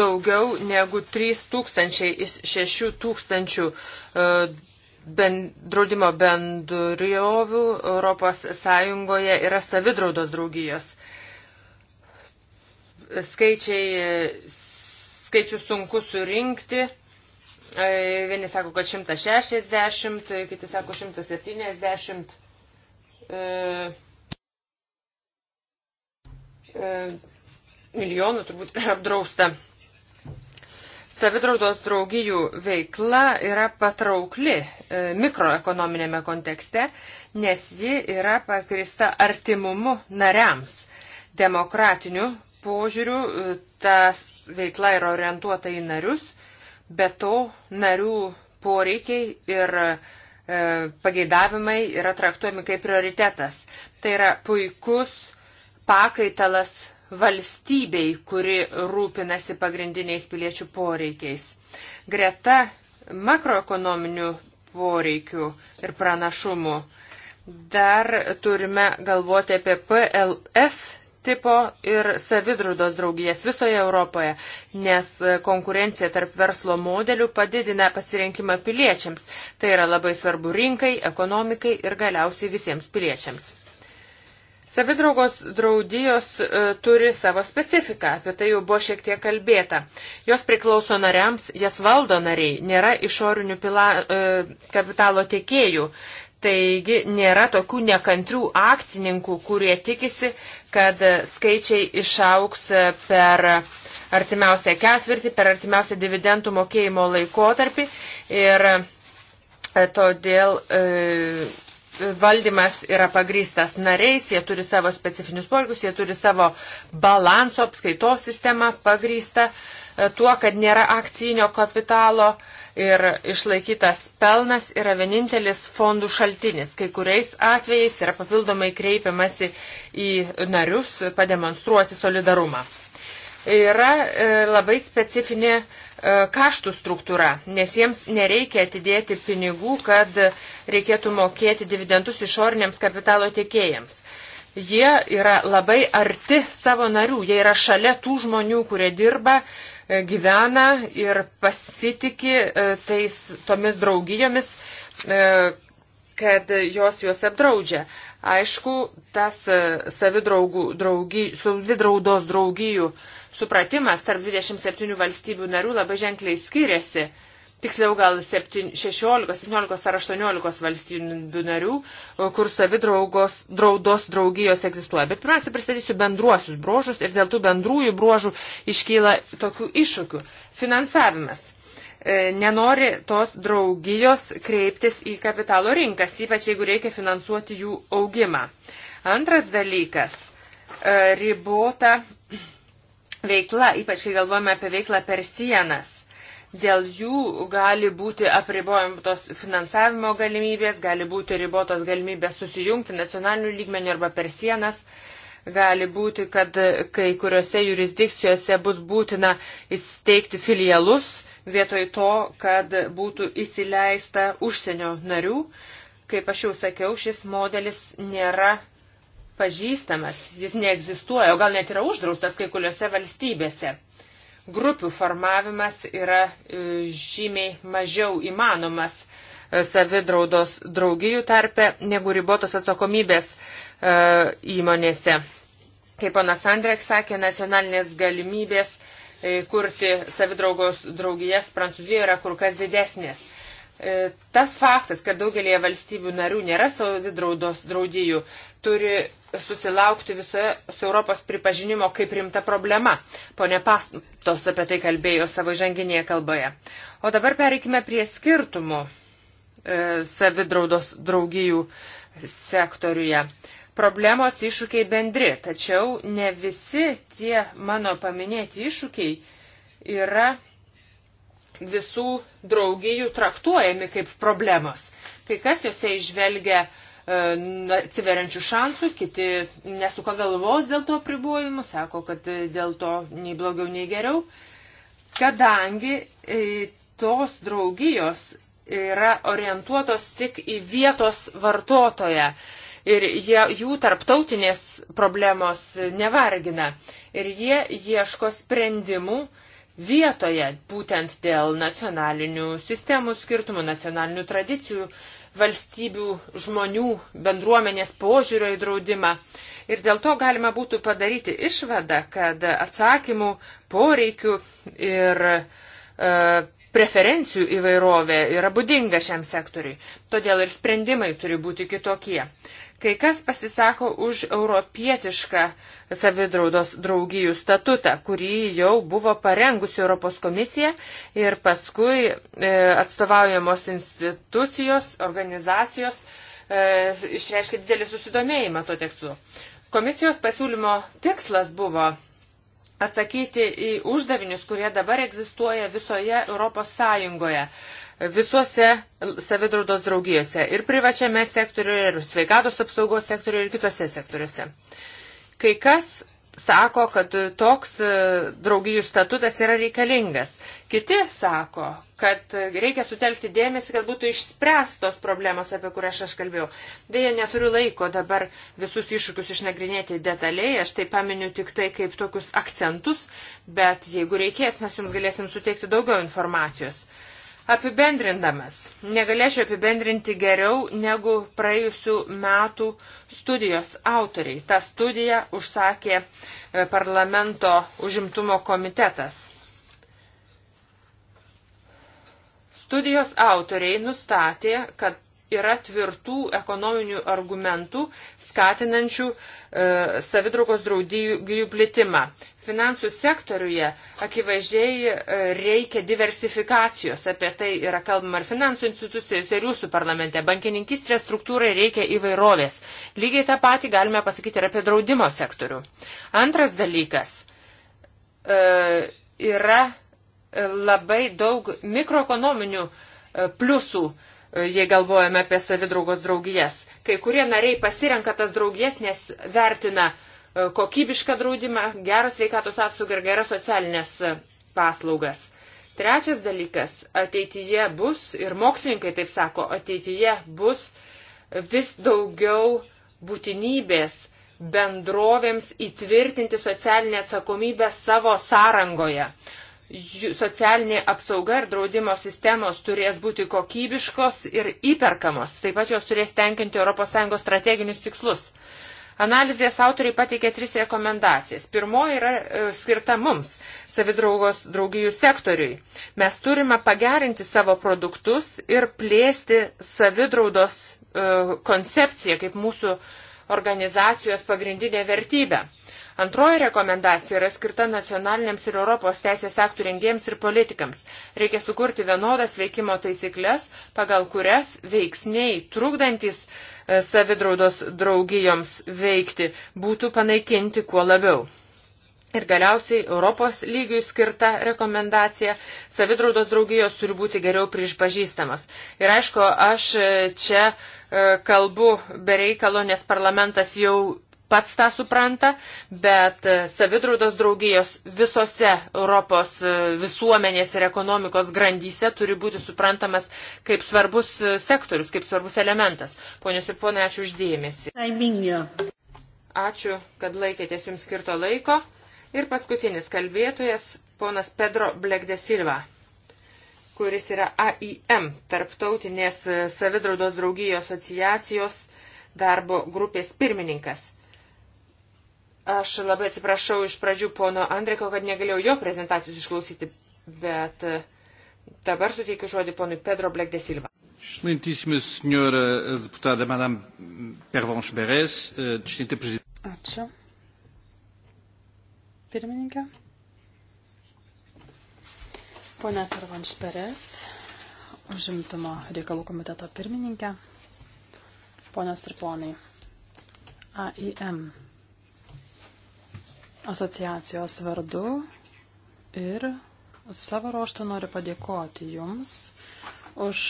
Daugiau negu 3000 iš 6000 e, ben, draudimo bendriovių ES yra savidraudos draugijos. Skaičiai, skaičių sunku surinkti. E, vieni sako, kad 160, kiti sako 170. E, E, milijonų turbūt apdrausta. Savidraudos draugijų veikla yra patraukli e, mikroekonominėme kontekste, nes ji yra pakrista artimumu nariams. Demokratiniu požiūriu e, tas veikla yra orientuota į narius, bet to narių poreikiai ir pageidavimai yra traktuojami kaip prioritetas. Tai yra puikus pakaitalas valstybei, kuri rūpinasi pagrindiniais piliečių poreikiais. Greta makroekonominių poreikių ir pranašumų dar turime galvoti apie PLS tipo ir savidrudos draugijas visoje Europoje, nes konkurencija tarp verslo modelių padidina pasirinkimą piliečiams. Tai yra labai svarbu rinkai, ekonomikai ir galiausiai visiems piliečiams. Savidraugos draudijos e, turi savo specifiką, apie tai jau buvo šiek tiek kalbėta. Jos priklauso nariams, jas valdo nariai, nėra išorinių pila, e, kapitalo tiekėjų. Taigi nėra tokių nekantrių akcininkų, kurie tikisi, kad skaičiai išauks per artimiausią ketvirtį, per artimiausią dividendų mokėjimo laikotarpį. Ir e, todėl. E, valdymas yra pagrystas nariais, jie turi savo specifinius poreikius, jie turi savo balanso apskaitos sistemą pagrystą e, tuo, kad nėra akcijinio kapitalo ir išlaikytas pelnas yra vienintelis fondų šaltinis. Kai kuriais atvejais yra papildomai kreipiamasi į narius pademonstruoti solidarumą yra e, labai specifinė e, kaštų struktūra, nes jiems nereikia atidėti pinigų, kad reikėtų mokėti dividendus išoriniams kapitalo tiekėjams. Jie yra labai arti savo narių, jie yra šalia tų žmonių, kurie dirba, e, gyvena ir pasitiki tais tomis draugijomis, kad jos juos apdraudžia. Aišku, tas e, savidraudos draugijų supratimas tarp 27 valstybių narių labai ženkliai skiriasi. Tiksliau gal 7, 16, 17 ar 18 valstybių narių, e, kur savidraugos draudos draugijos egzistuoja. Bet pirmiausia, pristatysiu bendruosius bruožus ir dėl tų bendrųjų bruožų iškyla tokių iššūkių. Finansavimas E, nenori tos draugijos kreiptis į kapitalo rinkas, ypač jeigu reikia finansuoti jų augimą. Antras dalykas e, - ribota veikla, ypač kai galvojame apie veiklą per sienas. Dėl jų gali būti apribojamos finansavimo galimybės, gali būti ribotos galimybės susijungti nacionalinių lygmenių arba per sienas. Gali būti, kad kai kuriuose jurisdikcijose bus būtina įsteigti filialus vietoj to, kad būtų įsileista užsienio narių. Kaip aš jau sakiau, šis modelis nėra pažįstamas, jis neegzistuoja, o gal net yra uždraustas kai kuriuose valstybėse. Grupių formavimas yra e, žymiai mažiau įmanomas e, savidraudos draugijų tarpe negu ribotos atsakomybės e, įmonėse. Kaip ponas Andrek sakė, nacionalinės galimybės E, kurti savidraugos draugijas Prancūzijoje yra kur kas didesnės. E, tas faktas, kad daugelėje valstybių narių nėra savidraudos draudijų, turi susilaukti visoje su Europos pripažinimo kaip rimta problema. Pone Pastos apie tai kalbėjo savo žanginėje kalboje. O dabar pereikime prie skirtumų e, savidraudos draugijų sektoriuje. Problemos iššūkiai bendri, tačiau ne visi tie mano paminėti iššūkiai yra visų draugijų traktuojami kaip problemos. Kai kas juose išvelgia e, atsiveriančių šansų, kiti nesuka galvos dėl to pribojimų, sako, kad e, dėl to nei blogiau, nei geriau, kadangi e, tos draugijos yra orientuotos tik į vietos vartotoją ir jie, jų tarptautinės problemos nevargina. Ir jie ieško sprendimų vietoje, būtent dėl nacionalinių sistemų skirtumų, nacionalinių tradicijų, valstybių žmonių bendruomenės požiūrio į draudimą. Ir dėl to galima būtų padaryti išvadą, kad atsakymų, poreikių ir e, preferencijų įvairovė yra būdinga šiam sektoriui. Todėl ir sprendimai turi būti kitokie. Kai kas pasisako už europietišką savidraudos draugijų statutą, kurį jau buvo parengusi Europos komisija ir paskui e, atstovaujamos institucijos, organizacijos e, išreiškė didelį susidomėjimą tuo tekstu. Komisijos pasiūlymo tikslas buvo atsakyti į uždavinius, kurie dabar egzistuoja visoje Europos Sąjungoje, visuose savidraudos draugijose ir privačiame sektoriuje, ir sveikatos apsaugos sektoriuje, ir kitose sektoriuose. Kai kas sako, kad toks e, draugijų statutas yra reikalingas. Kiti sako, kad reikia sutelkti dėmesį, kad būtų išspręstos problemos, apie kurias aš kalbėjau. Deja, neturiu laiko dabar visus iššūkius išnagrinėti detaliai, aš tai paminiu tik tai kaip tokius akcentus, bet jeigu reikės, mes jums galėsim suteikti daugiau informacijos. Apibendrindamas, negalėčiau apibendrinti geriau negu praėjusių metų studijos autoriai. Ta studija užsakė e, parlamento užimtumo komitetas. Studijos autoriai nustatė, kad yra tvirtų ekonominių argumentų skatinančių E, savidraugos draudijų plitimą. Finansų sektoriuje akivaizdžiai e, reikia diversifikacijos. Apie tai yra kalbama ir finansų institucijose, ir jūsų parlamente. Bankininkistės struktūrai reikia įvairovės. Lygiai tą patį galime pasakyti ir apie draudimo sektorių. Antras dalykas e, yra labai daug mikroekonominių pliusų, jei galvojame apie savidraugos draugijas Kai kurie nariai pasirenka tas draugės, nes vertina e, kokybišką draudimą, gerą sveikatos apsaugą ir geras socialinės e, paslaugas. Trečias dalykas - ateityje bus, ir mokslininkai taip sako, ateityje bus vis daugiau būtinybės bendrovėms įtvirtinti socialinę atsakomybę savo sąrangoje socialinė apsauga ir draudimo sistemos turės būti kokybiškos ir įperkamos, taip pat jos turės tenkinti ES strateginius tikslus. Analizės autoriai pateikė tris rekomendacijas. Pirmoji yra e, skirta mums, savidraugos draugijų sektoriui. Mes turime pagerinti savo produktus ir plėsti savidraudos e, koncepciją kaip mūsų organizacijos pagrindinė vertybė. E, Antroji rekomendacija yra skirta nacionaliniams ir Europos teisės aktų rengėjams ir politikams. Reikia sukurti vienodas veikimo taisyklės, pagal kurias veiksniai trukdantis e, savidraudos draugijoms veikti būtų panaikinti kuo labiau. Ir galiausiai Europos lygiui skirta rekomendacija - savidraudos draugijos turi būti geriau pripažįstamas. Ir aišku, aš e, čia e, kalbu be reikalo, nes parlamentas jau pats tą supranta, bet e, savidraudos draugijos visose Europos e, visuomenės ir ekonomikos grandyse turi būti suprantamas kaip svarbus e, sektorius, kaip svarbus elementas. Ponios ir ponai, ačiū uždėmesi. Tai ačiū, kad laikėtės jums skirto laiko. Ir paskutinis kalbėtojas, ponas Pedro Blekdesilva kuris yra AIM, Tarptautinės savidraudos draugijos asociacijos darbo grupės pirmininkas. Aš labai atsiprašau iš pradžių pono Andriko, kad negalėjau jo prezentacijos išklausyti, bet e, dabar suteikiu žodį ponui Pedro Blekde Silva. Excelentíssima senhora deputada Madame Pervonche Beres, eh, distinta presidente. Ačiū. Pirmininkė. Pone Pervonche Beres, užimtumo reikalų komiteto pirmininkė. Ponios ir ponai, AIM asociacijos vardu ir savo ruoštą noriu padėkoti Jums už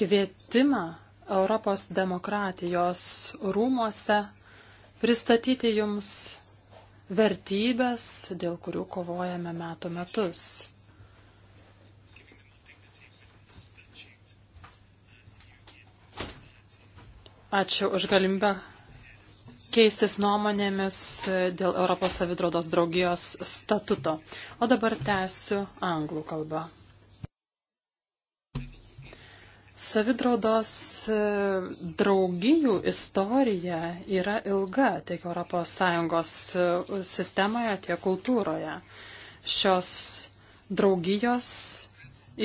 kvietimą Europos demokratijos rūmose pristatyti Jums vertybės, dėl kurių kovojame metų metus. Ačiū už galimybę keistis nuomonėmis e, dėl Europos savidrodos draugijos statuto. O dabar tęsiu anglų kalbą. Savidraudos e, draugijų istorija yra ilga tiek ES e, sistemoje, tiek kultūroje. Šios draugijos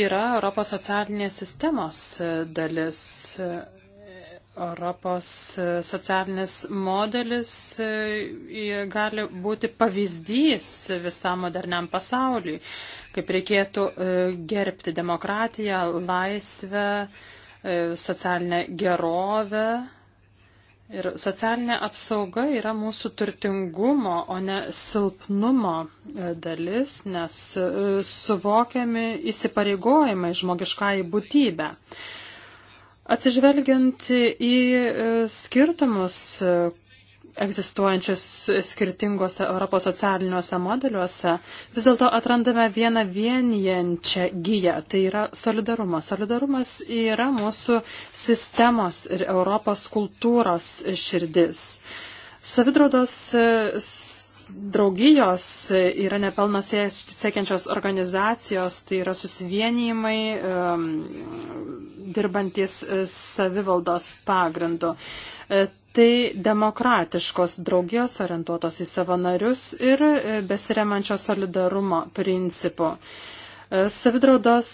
yra Europos socialinės sistemos dalis. Europos e, socialinis modelis e, gali būti pavyzdys visam moderniam pasauliui, kaip reikėtų e, gerbti demokratiją, laisvę, socialinę gerovę. Ir socialinė apsauga yra mūsų turtingumo, o ne silpnumo dalis, nes suvokiami įsipareigojimai žmogiškai būtybę. Atsižvelgiant į e, skirtumus e, egzistuojančius skirtingose Europos socialiniuose modeliuose, vis dėlto atrandame vieną vienijančią giją, tai yra solidarumas. Solidarumas yra mūsų sistemos ir Europos kultūros širdis. Savidraudos e, draugijos yra nepelnas siekiančios organizacijos, tai yra susivienijimai dirbantis e, savivaldos pagrindu. E, tai demokratiškos draugijos orientuotos į savanarius ir e, besiremančios solidarumo principu. Savidraudos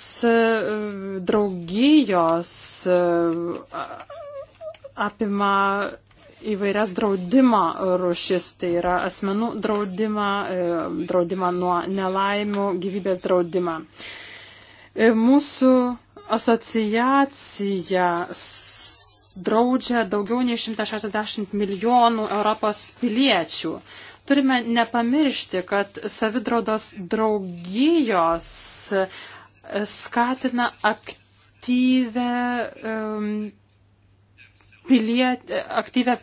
draugijos apima įvairias draudimo rušis, tai yra asmenų draudimą, e, draudimą nuo nelaimių, gyvybės draudimą. E, mūsų asociacija draudžia daugiau nei 160 milijonų Europos piliečių. Turime nepamiršti, kad savidraudos draugijos e, skatina aktyvę um, piliet, aktyvę,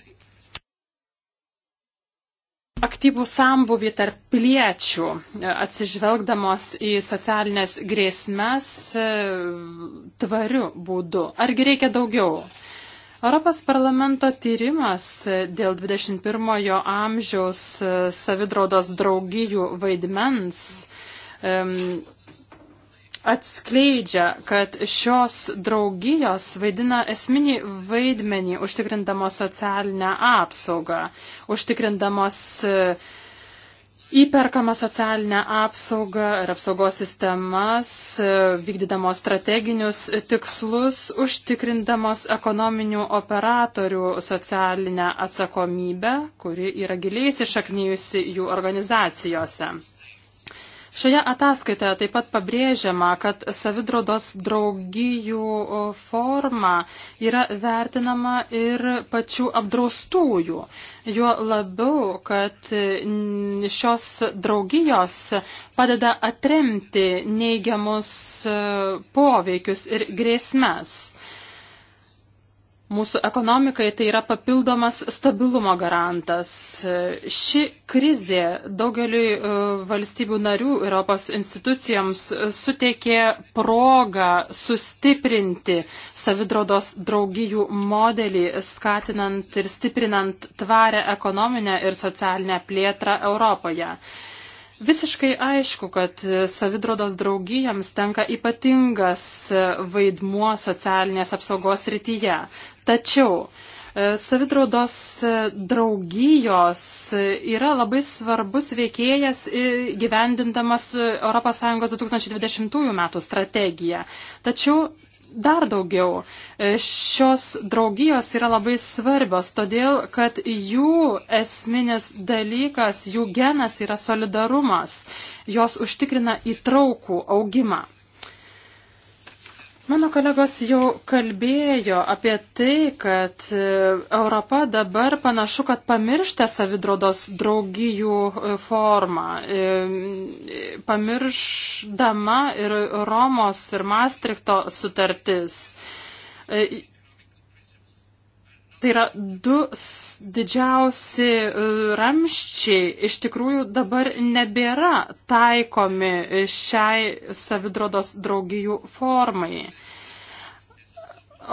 aktyvų sambuvį tarp piliečių, atsižvelgdamos į socialinės grėsmes e, tvariu būdu. Argi reikia daugiau? Europos parlamento tyrimas dėl 21-ojo amžiaus e, savidraudos draugijų vaidmens um, atskleidžia, kad šios draugijos vaidina esminį vaidmenį užtikrindamos socialinę apsaugą, užtikrindamos e, įperkamą socialinę apsaugą ir apsaugos sistemas, e, vykdydamos strateginius tikslus, užtikrindamos ekonominių operatorių socialinę atsakomybę, kuri yra giliai įsišaknyjusi jų organizacijose. Šioje ataskaitoje taip pat pabrėžiama, kad savidrodos draugijų forma yra vertinama ir pačių apdraustųjų. Juo labiau, kad šios draugijos padeda atremti neigiamus e, poveikius ir grėsmes. Mūsų ekonomikai tai yra papildomas stabilumo garantas. Ši krizė daugeliui e, valstybių narių Europos institucijoms suteikė progą sustiprinti savidrodos draugijų modelį, skatinant ir stiprinant tvarę ekonominę ir socialinę plėtrą Europoje. Visiškai aišku, kad savidrodos draugijams tenka ypatingas vaidmuo socialinės apsaugos rytyje. Tačiau e, savidraudos e, draugijos e, yra labai svarbus veikėjas gyvendindamas ES 2020 metų strategiją. Tačiau dar daugiau. Šios draugijos yra labai svarbios, todėl kad jų esminis dalykas, jų genas yra solidarumas. Jos užtikrina įtraukų augimą. Mano kolegos jau kalbėjo apie tai, kad e, Europa dabar panašu, kad pamiršta savidrodos draugijų e, formą, e, pamiršdama ir Romos ir Maastrichto sutartis. Tai yra du didžiausi e, ramščiai iš tikrųjų dabar nebėra taikomi šiai savidrodos draugijų formai.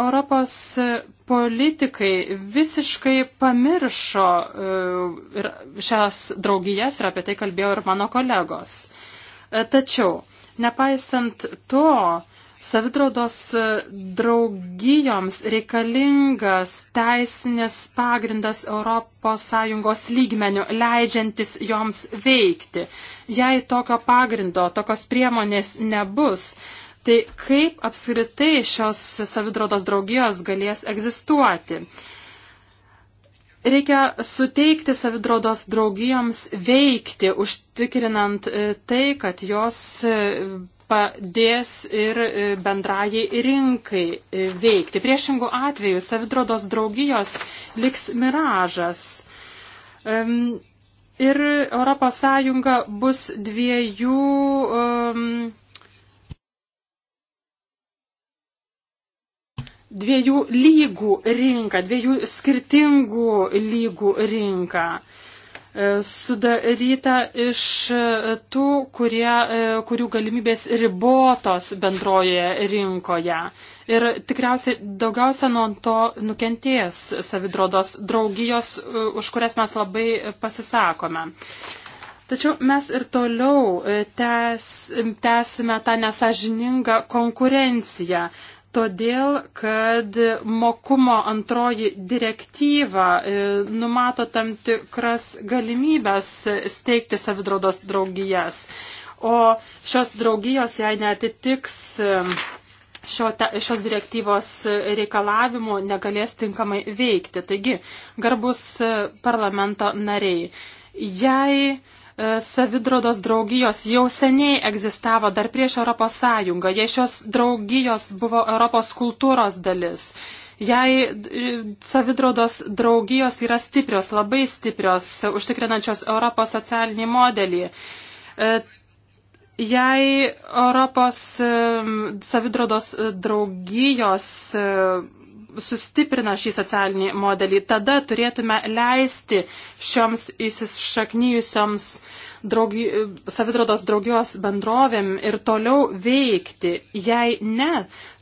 Europos politikai visiškai pamiršo e, šias draugijas ir apie tai kalbėjo ir mano kolegos. E, tačiau, nepaisant to, Savitraudos draugijoms reikalingas teisinės pagrindas ES lygmenių, leidžiantis joms veikti. Jei tokio pagrindo, tokios priemonės nebus, tai kaip apskritai šios savitraudos draugijos galės egzistuoti? Reikia suteikti savidraudos draugijoms veikti, užtikrinant e, tai, kad jos e, padės ir e, bendrajai rinkai e, veikti. Priešingų atveju savidrodos draugijos liks miražas. Ir ES bus dviejų um, dviejų lygų rinka, dviejų skirtingų lygų rinka. Uh, E, sudaryta iš e, tų, kurie, e, kurių galimybės ribotos bendroje rinkoje. Ir tikriausiai daugiausia nuo to nukentės savidrodos draugijos, už kurias mes labai pasisakome. Tačiau mes ir toliau tęs, tęsime tą nesažiningą konkurenciją. Todėl, kad mokumo antroji direktyva e, numato tam tikras galimybės steigti savidraudos draugijas, o šios draugijos, jei netitiks e, šio, ta, šios direktyvos reikalavimų, negalės tinkamai veikti. Taigi, garbus e, parlamento nariai, jei E, savidrodos draugijos jau seniai egzistavo dar prieš Europos Sąjungą. Jei šios draugijos buvo Europos kultūros dalis, jei e, savidrodos draugijos yra stiprios, labai stiprios, užtikrinančios Europos socialinį modelį. E, jei Europos savidrodos draugijos sustiprina šį socialinį modelį, tada turėtume leisti šioms įsišaknyjusioms draugi, savidraudos draugijos bendrovėm ir toliau veikti. Jei ne,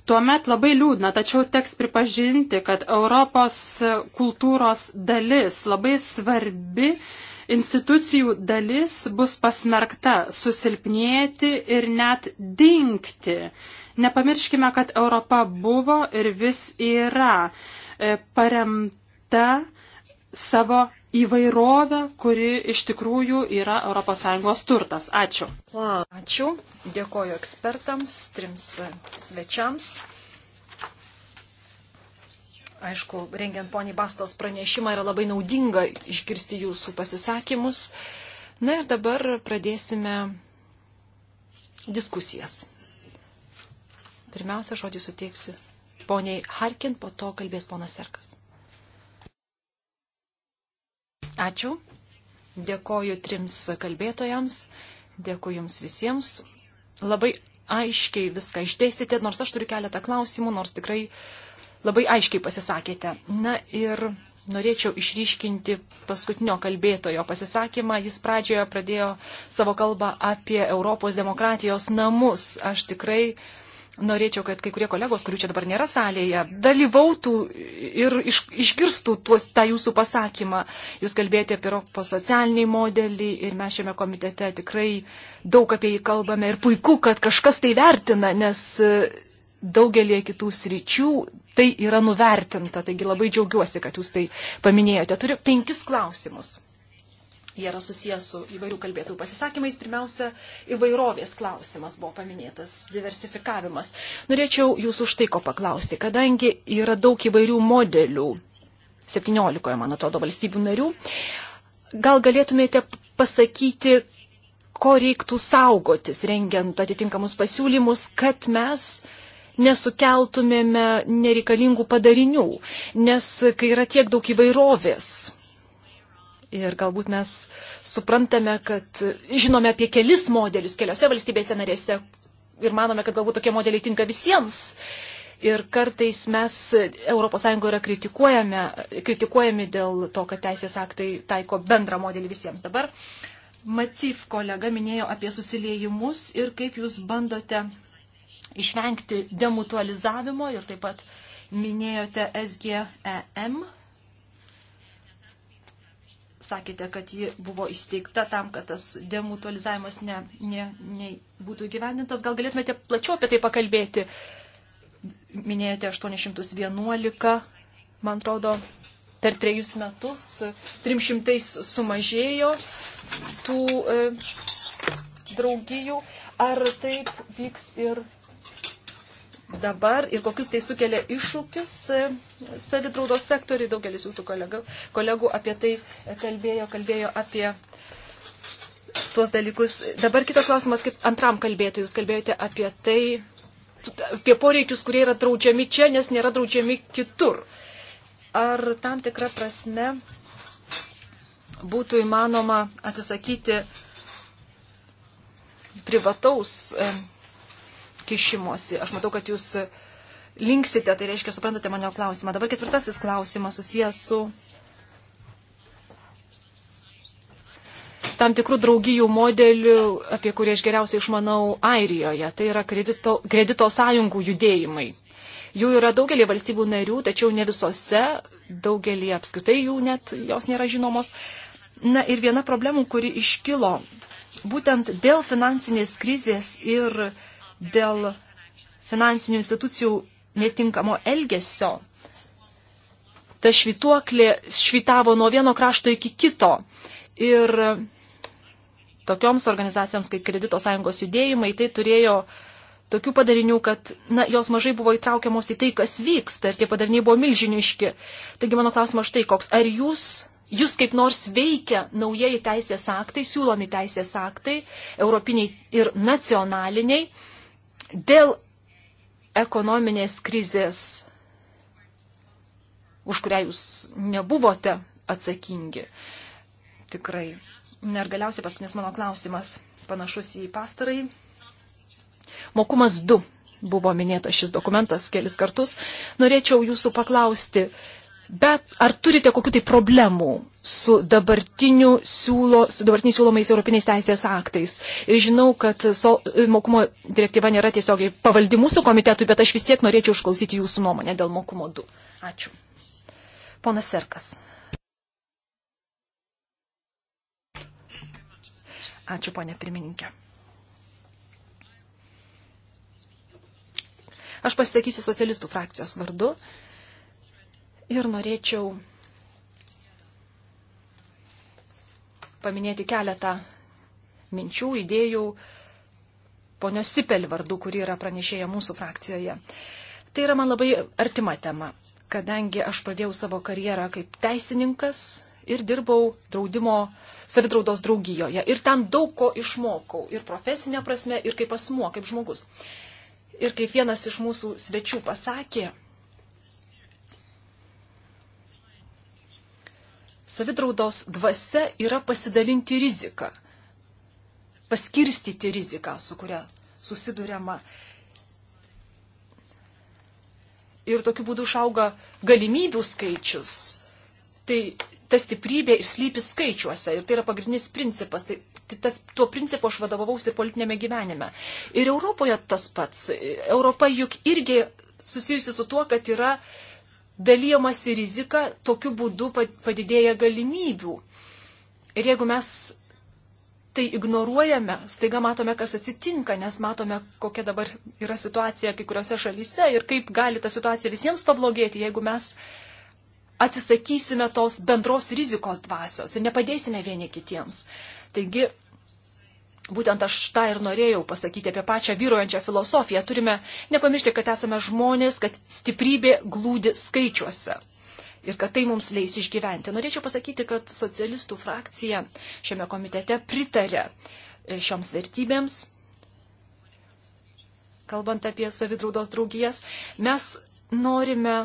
tuomet labai liūdna, tačiau teks pripažinti, kad Europos kultūros dalis labai svarbi institucijų dalis bus pasmerkta susilpnėti ir net dinkti. Nepamirškime, kad Europa buvo ir vis yra e, paremta savo įvairovę, kuri iš tikrųjų yra ES turtas. Ačiū. Ačiū. Dėkoju ekspertams, trims svečiams. Aišku, rengiant poniai Bastos pranešimą yra labai naudinga išgirsti jūsų pasisakymus. Na ir dabar pradėsime diskusijas. Pirmiausia, žodį suteiksiu poniai Harkin, po to kalbės ponas Serkas. Ačiū. Dėkoju trims kalbėtojams, dėkoju jums visiems. Labai aiškiai viską išdėstėte, nors aš turiu keletą klausimų, nors tikrai labai aiškiai pasisakėte. Na ir norėčiau išryškinti paskutinio kalbėtojo pasisakymą. Jis pradžioje pradėjo savo kalbą apie Europos demokratijos namus. Aš tikrai uh, norėčiau, kad kai kurie kolegos, kurių čia dabar nėra salėje, dalyvautų ir iš, išgirstų tuos, tą jūsų pasakymą. Jūs kalbėjote apie Europos socialinį modelį ir mes šiame komitete tikrai daug apie jį kalbame ir puiku, kad kažkas tai vertina, nes e, daugelie kitų sričių tai yra nuvertinta. Taigi labai džiaugiuosi, kad jūs tai paminėjote. Turiu penkis klausimus. Jie yra susijęs su įvairių kalbėtų pasisakymais. Pirmiausia, įvairovės klausimas buvo paminėtas, diversifikavimas. Norėčiau jūsų už tai ko paklausti, kadangi yra daug įvairių modelių, 17, man atrodo, valstybių narių, gal galėtumėte pasakyti, ko reiktų saugotis, rengiant atitinkamus pasiūlymus, kad mes nesukeltumėme nereikalingų padarinių, nes kai yra tiek daug įvairovės Ir galbūt mes suprantame, kad žinome apie kelis modelius keliose valstybėse narėse ir manome, kad galbūt tokie modeliai tinka visiems. Ir kartais mes ES yra kritikuojami dėl to, kad teisės aktai taiko bendrą modelį visiems. Dabar Macyf kolega minėjo apie susiliejimus ir kaip jūs bandote išvengti demutualizavimo ir taip pat minėjote SGEM sakėte, kad ji buvo įsteigta tam, kad tas demutualizavimas ne, ne, ne būtų įgyvendintas. Gal galėtumėte plačiau apie tai pakalbėti? Minėjote 811, man atrodo, per trejus metus 300 sumažėjo tų e, draugijų. Ar taip vyks ir dabar ir kokius tai sukelia iššūkius e, savitraudos sektoriui. Daugelis jūsų kolegų, kolegų apie tai kalbėjo, kalbėjo apie tuos dalykus. Dabar kitas klausimas, kaip antram kalbėtojui, jūs kalbėjote apie tai, apie poreikius, kurie yra draudžiami čia, nes nėra draudžiami kitur. Ar tam tikrą prasme būtų įmanoma atsisakyti privataus e, kišimosi. Aš matau, kad jūs linksite, tai reiškia, suprantate mano klausimą. Dabar ketvirtasis klausimas susijęs su tam tikrų draugijų modelių, apie kurį aš geriausiai išmanau Airijoje. Tai yra kredito, kredito sąjungų judėjimai. Jų yra daugelį valstybių narių, tačiau ne visose, daugelį apskritai jų net jos nėra žinomos. Na ir viena problemų, kuri iškilo būtent dėl finansinės krizės ir dėl finansinių institucijų netinkamo elgesio. Ta švituoklė švitavo nuo vieno krašto iki kito. Ir tokioms organizacijoms kaip Kredito sąjungos judėjimai tai turėjo tokių padarinių, kad na, jos mažai buvo įtraukiamos į tai, kas vyksta ir tie padariniai buvo milžiniški. Taigi mano klausimas štai koks. Ar jūs, jūs kaip nors veikia naujieji teisės aktai, siūlomi teisės aktai, europiniai ir nacionaliniai, Dėl ekonominės krizės, už kurią jūs nebuvote atsakingi, tikrai. Ir galiausiai paskutinis mano klausimas, panašus į pastarąjį. Mokumas 2 buvo minėtas šis dokumentas kelis kartus. Norėčiau jūsų paklausti, Bet ar turite kokių tai problemų su, siūlo, su dabartiniais siūlomais europiniais teisės aktais? Ir žinau, kad so, mokumo direktyva nėra tiesiogiai pavaldi mūsų komitetui, bet aš vis tiek norėčiau išklausyti jūsų nuomonę dėl mokumo 2. Ačiū. Ponas Serkas. Ačiū, ponė pirmininkė. Aš pasisakysiu socialistų frakcijos vardu. Uh, Ir norėčiau paminėti keletą minčių, idėjų ponios Sipel vardu, kuri yra pranešėja mūsų frakcijoje. Tai yra man labai artima tema, kadangi aš pradėjau savo karjerą kaip teisininkas ir dirbau draudimo savidraudos draugijoje. Ir ten daug ko išmokau ir profesinė prasme, ir kaip asmuo, kaip žmogus. Ir kaip vienas iš mūsų svečių pasakė, Savidraudos dvasia yra pasidalinti riziką, paskirstyti riziką, su kuria susidurėma. Ir tokiu būdu išauga galimybių skaičius. Tai ta stiprybė ir slypi skaičiuose. Ir tai yra pagrindinis principas. Tai, tai tas, tuo principu aš vadovavausi ir politinėme gyvenime. Ir Europoje tas pats. Europa juk irgi susijusi su tuo, kad yra uh, dalyjamasi rizika, tokiu būdu padidėja galimybių. Ir jeigu mes tai ignoruojame, staiga matome, kas atsitinka, nes matome, kokia dabar yra situacija kai kuriuose šalyse ir kaip gali ta situacija visiems pablogėti, jeigu mes atsisakysime tos bendros rizikos dvasios ir nepadėsime vieni kitiems. Taigi Būtent aš tą ir norėjau pasakyti apie pačią vyruojančią filosofiją. Turime nepamiršti, kad esame žmonės, kad stiprybė glūdi skaičiuose ir kad tai mums leis išgyventi. Norėčiau pasakyti, kad socialistų frakcija šiame komitete pritarė e, šioms vertybėms, kalbant apie savidraudos draugijas. Mes norime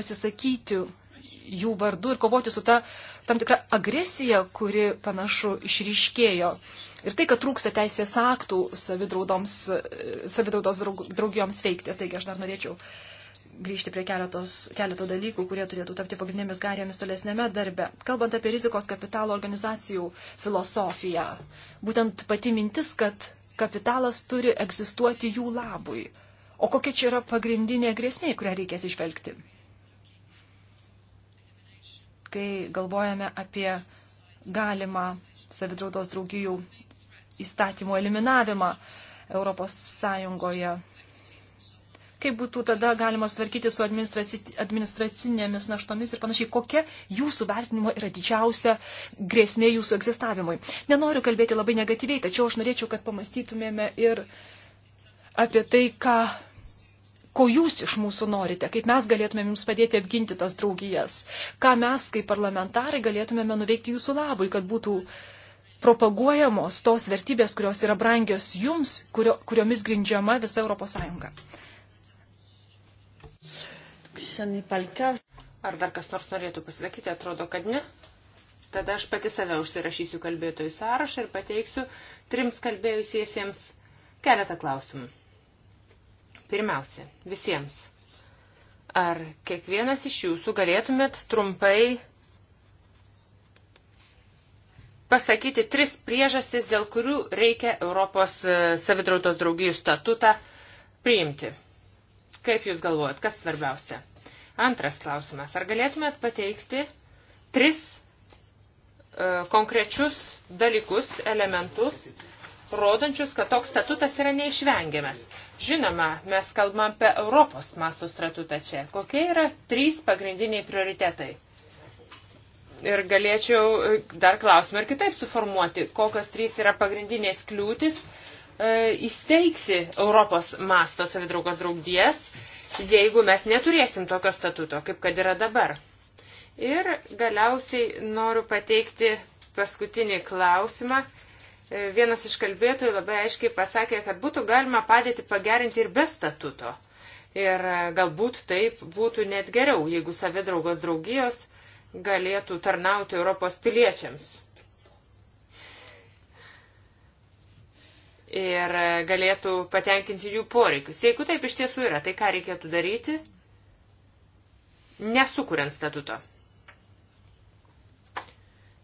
pasisakyti jų vardu ir kovoti su ta tam tikra agresija, kuri panašu išryškėjo. Ir tai, kad trūksta teisės aktų savidraudos draugijoms veikti. Taigi aš dar norėčiau grįžti prie keletos, keleto dalykų, kurie turėtų tapti pagrindinėmis garėmis tolesnėme darbe. Kalbant apie rizikos kapitalo organizacijų filosofiją, būtent pati mintis, kad kapitalas turi egzistuoti jų labui. O kokia čia yra pagrindinė grėsmė, kurią reikės išvelgti? kai galvojame apie galimą savidraudos draugijų įstatymų eliminavimą Europos Sąjungoje. Kaip būtų tada galima sutvarkyti su administracinėmis naštomis ir panašiai, kokia jūsų vertinimo yra didžiausia grėsmė jūsų egzistavimui. Nenoriu kalbėti labai negatyviai, tačiau aš norėčiau, kad pamastytumėme ir apie tai, ką ko jūs iš mūsų norite, kaip mes galėtumėm jums padėti apginti tas draugijas, ką mes kaip parlamentarai galėtumėme nuveikti jūsų labui, kad būtų propaguojamos tos vertybės, kurios yra brangios jums, kurio, kuriomis grindžiama visa Europos Sąjunga. Ar dar kas nors norėtų pasakyti, atrodo, kad ne. Tada aš pati save užsirašysiu kalbėtojų sąrašą ir pateiksiu trims kalbėjusiesiems keletą klausimų. Pirmiausia, visiems. Ar kiekvienas iš jūsų galėtumėt trumpai pasakyti tris priežastis, dėl kurių reikia Europos e, savidrautos draugijų statutą priimti? Kaip jūs galvojat, kas svarbiausia? Antras klausimas. Ar galėtumėt pateikti tris e, konkrečius dalykus, elementus, rodančius, kad toks statutas yra neišvengiamas? Žinoma, mes kalbam apie Europos masų statutą čia. Kokie yra trys pagrindiniai prioritetai? Ir galėčiau e, dar klausimą ir kitaip suformuoti, kokios trys yra pagrindinės kliūtis e, įsteigti Europos masto savidraugos draugdies, jeigu mes neturėsim tokio statuto, kaip kad yra dabar. Ir galiausiai noriu pateikti paskutinį klausimą. E, vienas iš kalbėtojų labai aiškiai pasakė, kad būtų galima padėti pagerinti ir be statuto. Ir e, galbūt taip būtų net geriau, jeigu savidraugos draugijos galėtų tarnauti Europos piliečiams. Ir e, galėtų patenkinti jų poreikius. Jeigu taip iš tiesų yra, tai ką reikėtų daryti, nesukuriant statuto.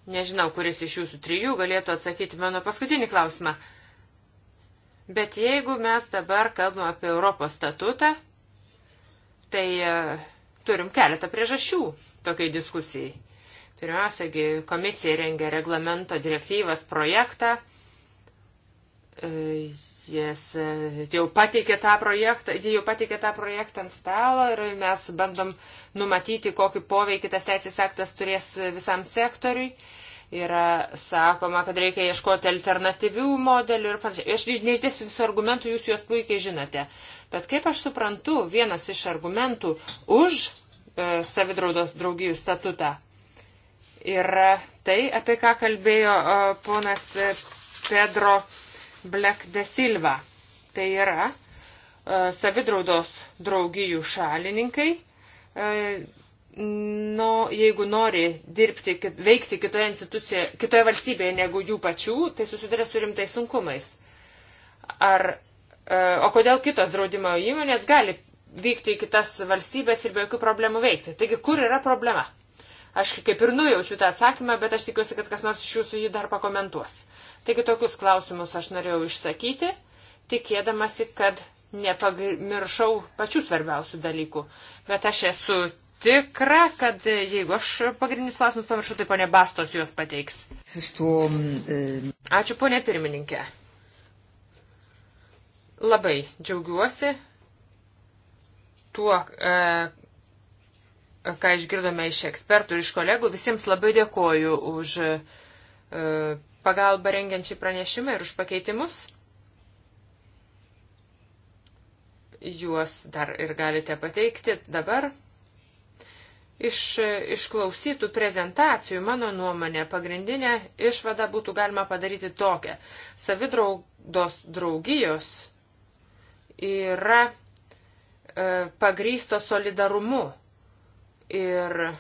Nežinau, kuris iš jūsų trijų galėtų atsakyti mano paskutinį klausimą. Bet jeigu mes dabar kalbam apie Europos statutą, tai e, turim keletą priežasčių tokiai diskusijai. Pirmiausia, komisija rengia reglamento direktyvas projektą. E, jis e, jau pateikė tą projektą, jie jau pateikė tą projektą ant stalo ir mes bandom numatyti, kokį poveikį tas teisės aktas turės visam sektoriui. Yra sakoma, kad reikia ieškoti alternatyvių modelių ir panašiai. Aš neišdėsiu visų argumentų, jūs juos puikiai žinote. Bet kaip aš suprantu, vienas iš argumentų už e, savidraudos draugijų statutą yra tai, apie ką kalbėjo e, ponas e, Pedro Black de Silva. Tai yra e, savidraudos draugijų šalininkai. E, no, jeigu nori dirbti, kit, veikti kitoje institucijoje, kitoje valstybėje negu jų pačių, tai susiduria su rimtais sunkumais. Ar, e, o kodėl kitos draudimo įmonės gali vykti į kitas valstybės ir be jokių problemų veikti? Taigi, kur yra problema? Aš kaip ir nujaučiu tą atsakymą, bet aš tikiuosi, kad kas nors iš jūsų jį dar pakomentuos. Taigi, tokius klausimus aš norėjau išsakyti, tikėdamasi, kad nepamiršau pačių svarbiausių dalykų. Bet aš esu tikra, kad e, jeigu aš pagrindinius klausimus pamiršau, tai ponė Bastos juos pateiks. Ačiū ponė pirmininkė. Labai džiaugiuosi tuo, e, ką išgirdome iš ekspertų ir iš kolegų. Visiems labai dėkoju už e, pagalbą rengiančiai pranešimą ir už pakeitimus. Juos dar ir galite pateikti dabar iš išklausytų prezentacijų, mano nuomonė, pagrindinė išvada būtų galima padaryti tokią. Savidraudos draugijos yra e, pagrysto solidarumu. Ir e,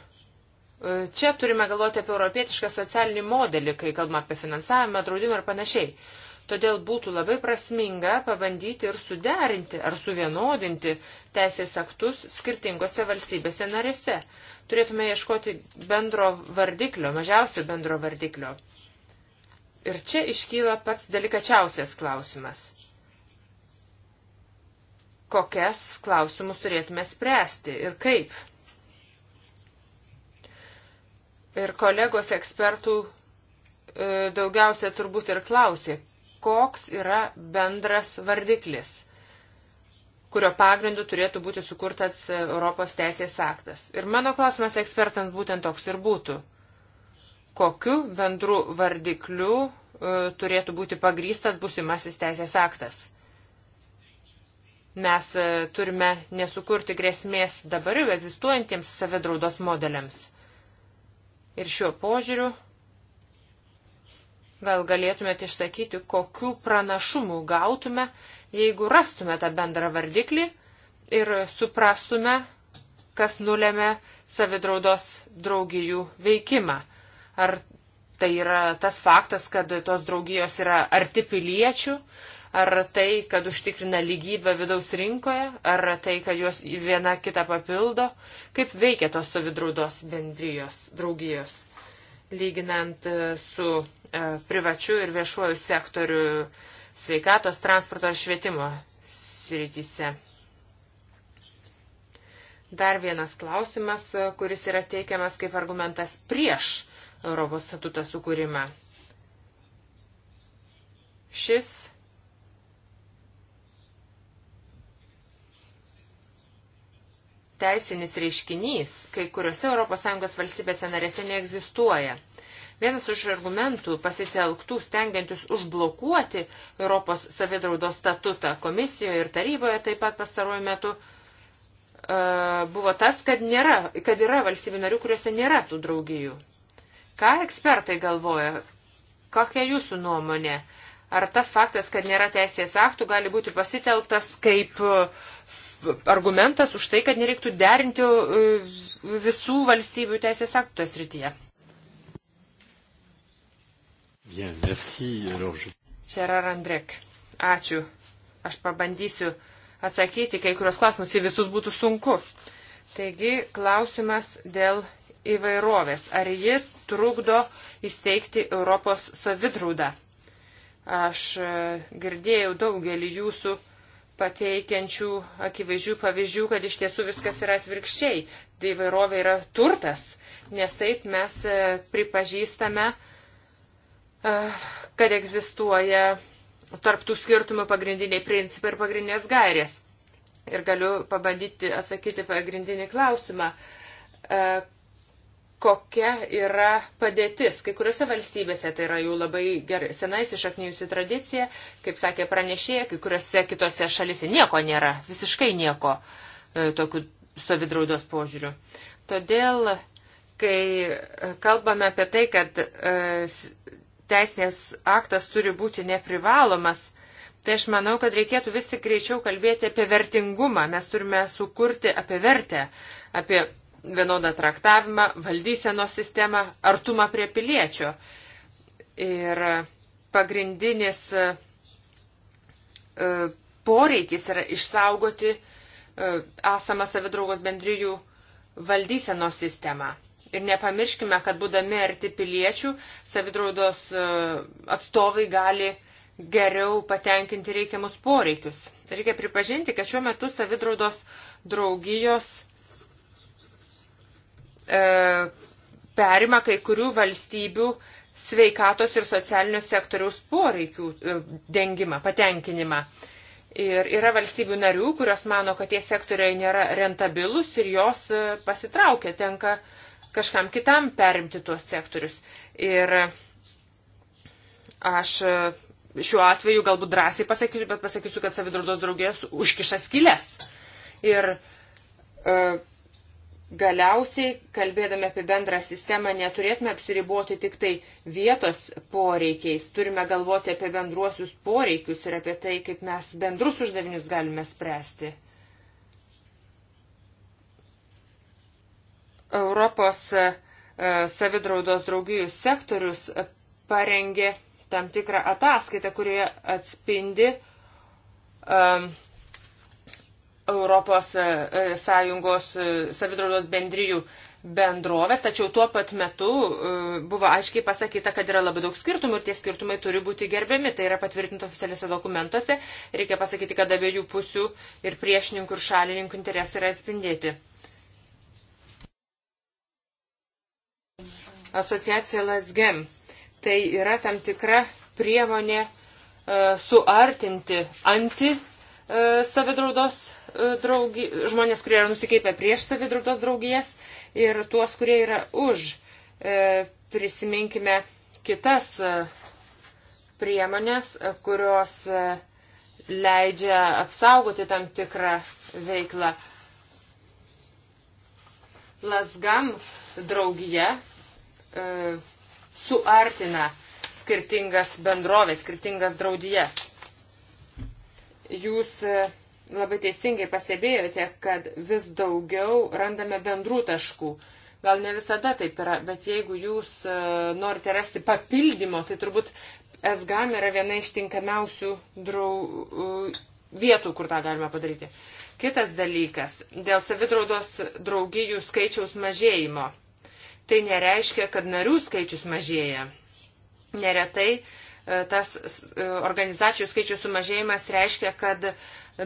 čia turime galvoti apie europietišką socialinį modelį, kai kalbame apie finansavimą, draudimą ir panašiai. Todėl būtų labai prasminga pabandyti ir suderinti ar suvienodinti teisės aktus skirtingose valstybėse narėse. Turėtume ieškoti bendro vardiklio, mažiausio bendro vardiklio. Ir čia iškyla pats delikačiausias klausimas. Kokias klausimus turėtume spręsti ir kaip? Ir kolegos ekspertų e, daugiausia turbūt ir klausė, koks yra bendras vardiklis – kurio pagrindu turėtų būti sukurtas Europos teisės aktas. Ir mano klausimas ekspertams būtent toks ir būtų. Kokiu bendru vardikliu e, turėtų būti pagrystas busimasis teisės aktas? Mes e, turime nesukurti grėsmės dabar jau egzistuojantiems savidraudos modeliams. Ir šiuo požiūriu Gal galėtumėte išsakyti, kokių pranašumų gautume, jeigu rastume tą bendrą vardiklį ir suprastume, kas nulėmė savidraudos draugijų veikimą. Ar tai yra tas faktas, kad tos draugijos yra arti piliečių, ar tai, kad užtikrina lygybę vidaus rinkoje, ar tai, kad juos viena kitą papildo, kaip veikia tos savidraudos bendrijos, draugijos lyginant e, su e, privačiu ir viešuoju sektoriu sveikatos, transporto ir švietimo srityse. Dar vienas klausimas, e, kuris yra teikiamas kaip argumentas prieš Europos statutą sukūrimą. Šis teisinis reiškinys kai kuriuose ES valstybėse narėse neegzistuoja. Vienas iš argumentų pasitelktų stengiantis užblokuoti Europos savidraudos statutą komisijoje ir taryboje taip pat pastaruoju metu e, buvo tas, kad, nėra, kad yra valstybių narių, kuriuose nėra tų draugijų. Ką ekspertai galvoja? Kokia jūsų nuomonė? Ar tas faktas, kad nėra teisės aktų, gali būti pasitelktas kaip argumentas už tai, kad nereiktų derinti e, visų valstybių teisės aktų toje srityje. Bien, merci. Alors, je... Gerard Andrek, ačiū. Aš pabandysiu atsakyti kai kurios klausimus, į visus būtų sunku. Taigi, klausimas dėl įvairovės. Ar ji trukdo įsteigti Europos savidraudą? Aš e, girdėjau daugelį jūsų uh, pateikiančių akivaizdžių pavyzdžių, kad iš tiesų viskas yra atvirkščiai. Tai įvairovė yra turtas, nes taip mes e, pripažįstame, e, kad egzistuoja tarptų skirtumų pagrindiniai principai ir pagrindinės gairės. Ir galiu pabandyti atsakyti pagrindinį klausimą, e, kokia yra padėtis. Kai kuriuose valstybėse tai yra jau labai gerai, senai išaknyjusi tradicija, kaip sakė pranešėja, kai kuriuose kitose šalise nieko nėra, visiškai nieko e, tokių savidraudos požiūrių. Todėl, kai kalbame apie tai, kad e, teisinės aktas turi būti neprivalomas, Tai aš manau, kad reikėtų vis tik greičiau kalbėti apie vertingumą. Mes turime sukurti apie vertę, apie vienodą traktavimą, valdysenos sistemą, artumą prie piliečio. Ir pagrindinis e, e, poreikis yra išsaugoti e, esamą savidraugos bendrijų valdysenos sistemą. Ir nepamirškime, kad būdami arti piliečių, savidraudos atstovai gali geriau patenkinti reikiamus poreikius. Reikia pripažinti, kad šiuo metu savidraudos draugijos uh, E, perima kai kurių valstybių sveikatos ir socialinio sektoriaus poreikių e, dengimą, patenkinimą. Ir yra valstybių narių, kurios mano, kad tie sektoriai nėra rentabilus ir jos e, pasitraukia, tenka kažkam kitam perimti tuos sektorius. Ir aš šiuo atveju galbūt drąsiai pasakysiu, bet pasakysiu, kad savidurdos draugės užkiša skilės. Ir uh, galiausiai, kalbėdami apie bendrą sistemą, neturėtume apsiriboti tik tai vietos poreikiais. Turime galvoti apie bendruosius poreikius ir apie tai, kaip mes bendrus uždavinius galime spręsti. Europos e, savidraudos draugijų sektorius parengė tam tikrą ataskaitą, kurioje atspindi um, Europos e, Sąjungos e, savidraudos bendrijų bendrovės, tačiau tuo pat metu e, buvo aiškiai pasakyta, kad yra labai daug skirtumų ir tie skirtumai turi būti gerbiami. Tai yra patvirtinta oficialiuose dokumentuose. Reikia pasakyti, kad abiejų pusių ir priešininkų ir šalininkų interesai yra atspindėti. Asociacija LASGEM. Tai yra tam tikra priemonė suartinti anti E, savidraudos e, draugi, žmonės, kurie yra nusikeipę prieš savidraudos draugijas ir tuos, kurie yra už. E, prisiminkime kitas priemonės, kurios leidžia apsaugoti tam tikrą veiklą. Lasgam draugija suartina skirtingas bendrovės, skirtingas draudijas. Jūs e, labai teisingai pastebėjote, kad vis daugiau randame bendrų taškų. Gal ne visada taip yra, bet jeigu jūs e, norite rasti papildymo, tai turbūt SGAM yra viena iš tinkamiausių drau... vietų, kur tą galima padaryti. Kitas dalykas - dėl savidraudos draugijų skaičiaus mažėjimo. Tai nereiškia, kad narių skaičius mažėja. Neretai uh, E, tas e, organizacijų skaičių sumažėjimas reiškia, kad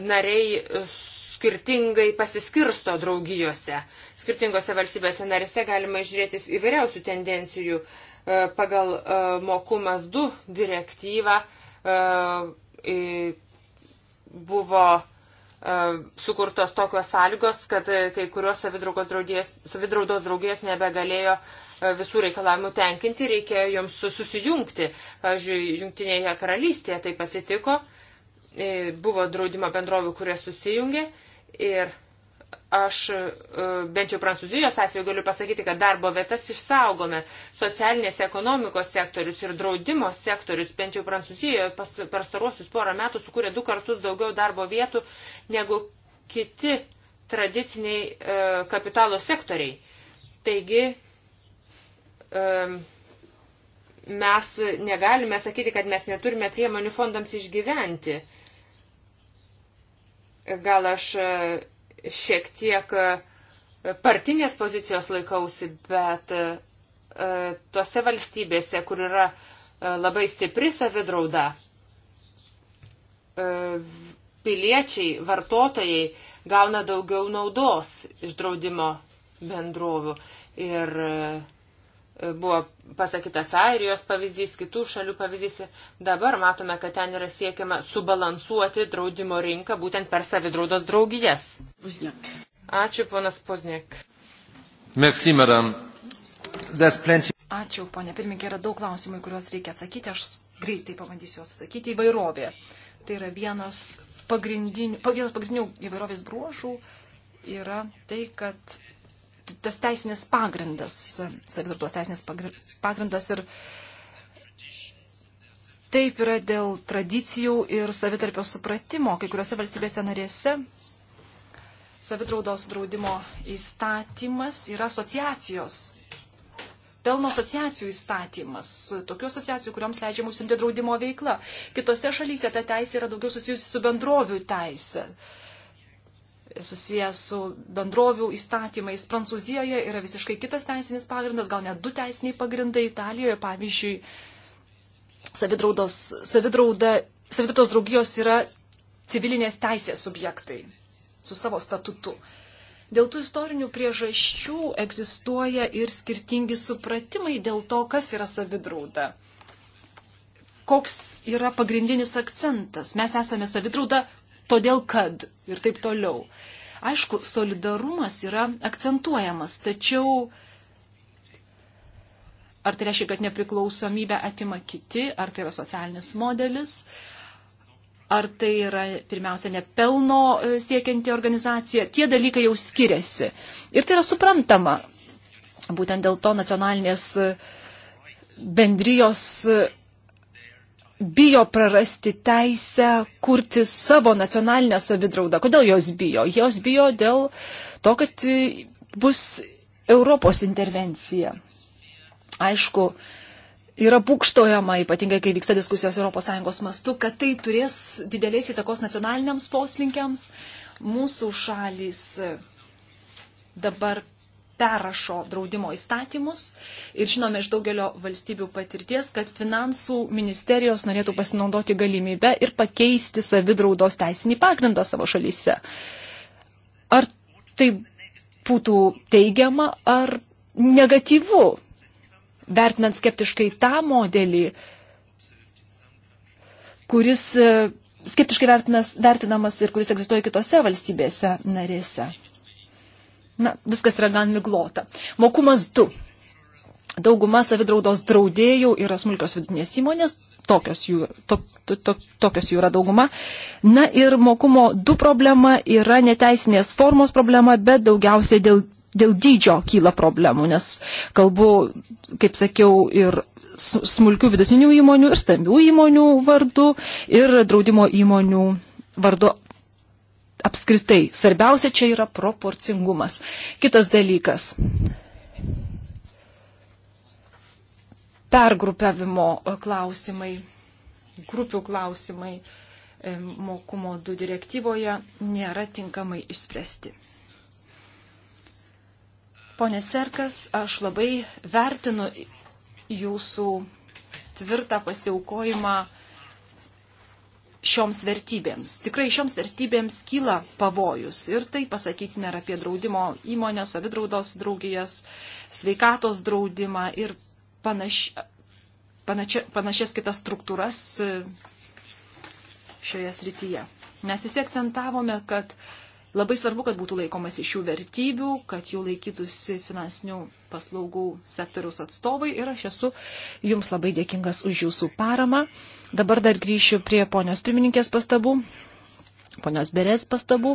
nariai skirtingai pasiskirsto draugijose. Skirtingose valstybėse narise galima išžiūrėti įvairiausių tendencijų e, pagal mokumas 2 direktyvą buvo sukurtos tokios sąlygos, kad kai kurios savidraudos draugijos nebegalėjo visų reikalavimų tenkinti, reikėjo joms susijungti. Pavyzdžiui, Junktinėje karalystėje taip atsitiko, e, buvo draudimo bendrovių, kurie susijungė ir aš e, bent jau Prancūzijos atveju galiu pasakyti, kad darbo vietas išsaugome. Socialinės ekonomikos sektorius ir draudimo sektorius bent jau Prancūzijoje per staruosius porą metų sukūrė du kartus daugiau darbo vietų negu kiti tradiciniai e, kapitalo sektoriai. Taigi, e, mes negalime sakyti, kad mes neturime priemonių fondams išgyventi. Gal aš e, šiek tiek e, partinės pozicijos laikausi, bet e, tose valstybėse, kur yra labai stipri savidrauda, piliečiai, vartotojai gauna daugiau naudos iš draudimo bendrovių. Ir uh, Buvo pasakytas Airijos pavyzdys, kitų šalių pavyzdys. Dabar matome, kad ten yra siekiama subalansuoti draudimo rinką būtent per savidraudos draugijas. Pozniak. Ačiū, ponas Pozniek. Merci, madam. Ačiū, ponė pirmininkė, yra daug klausimų, į kuriuos reikia atsakyti. Aš greitai pabandysiu juos atsakyti. Įvairovė. Tai yra vienas pagrindinių, vienas pagrindinių įvairovės bruožų yra tai, kad tas teisinis pagrindas, savitartos teisinis pagrindas ir taip yra dėl tradicijų ir savitarpio supratimo. Kai kuriuose valstybėse narėse savitraudos draudimo įstatymas yra asociacijos. Pelno asociacijų įstatymas, tokių asociacijų, kuriuoms leidžiama užsimti draudimo veikla. Kitose šalyse ta teisė yra daugiau susijusi su bendrovių teisė. Uh, susijęs su bendrovių įstatymais. Prancūzijoje yra visiškai kitas teisinis pagrindas, gal net du teisiniai pagrindai. Italijoje, pavyzdžiui, savidrauda, savidraudos draugijos yra civilinės teisės subjektai su savo statutu. Dėl tų istorinių priežasčių egzistuoja ir skirtingi supratimai dėl to, kas yra savidrauda. Koks yra pagrindinis akcentas? Mes esame savidrauda todėl kad ir taip toliau. Aišku, solidarumas yra akcentuojamas, tačiau ar tai reiškia, kad nepriklausomybę atima kiti, ar tai yra socialinis modelis, ar tai yra pirmiausia nepelno e, siekianti organizacija, tie dalykai jau skiriasi. Ir tai yra suprantama. Būtent dėl to nacionalinės bendrijos bijo prarasti teisę kurti savo nacionalinę savidraudą. Kodėl jos bijo? Jos bijo dėl to, kad bus Europos intervencija. Aišku, yra būkštojama, ypatingai kai vyksta diskusijos ES mastu, kad tai turės didelės įtakos nacionaliniams poslinkiams. Mūsų šalis dabar perrašo draudimo įstatymus ir žinome iš daugelio valstybių patirties, kad finansų ministerijos norėtų pasinaudoti galimybę ir pakeisti savidraudos teisinį pagrindą savo šalyse. Ar tai būtų teigiama ar negatyvu, vertinant skeptiškai tą modelį, kuris e, skeptiškai vertinas, vertinamas ir kuris egzistuoja kitose valstybėse narėse na, viskas yra gan miglota. Mokumas 2. Dauguma savidraudos draudėjų yra smulkios vidinės įmonės, tokios jų, to, to, to, tokios jų yra dauguma. Na ir mokumo 2 problema yra neteisinės formos problema, bet daugiausiai dėl, dėl dydžio kyla problemų, nes kalbu, kaip sakiau, ir smulkių vidutinių įmonių, ir stambių įmonių vardu, ir draudimo įmonių vardu apskritai. Svarbiausia čia yra proporcingumas. Kitas dalykas. Pergrupavimo klausimai, grupių klausimai e, mokumo 2 direktyvoje nėra tinkamai išspręsti. Pone Serkas, aš labai vertinu jūsų tvirtą pasiaukojimą uh, šioms vertybėms. Tikrai šioms vertybėms kyla pavojus. Ir tai pasakyti nėra apie draudimo įmonės, savidraudos draugijas, sveikatos draudimą ir panaš, panašia, panašias kitas struktūras e, šioje srityje. Mes visi akcentavome, kad uh, Labai svarbu, kad būtų laikomasi šių vertybių, kad jų laikytųsi finansinių paslaugų sektoriaus atstovai ir aš esu jums labai dėkingas už jūsų paramą. Dabar dar grįšiu prie ponios pirmininkės pastabų, ponios Berės pastabų.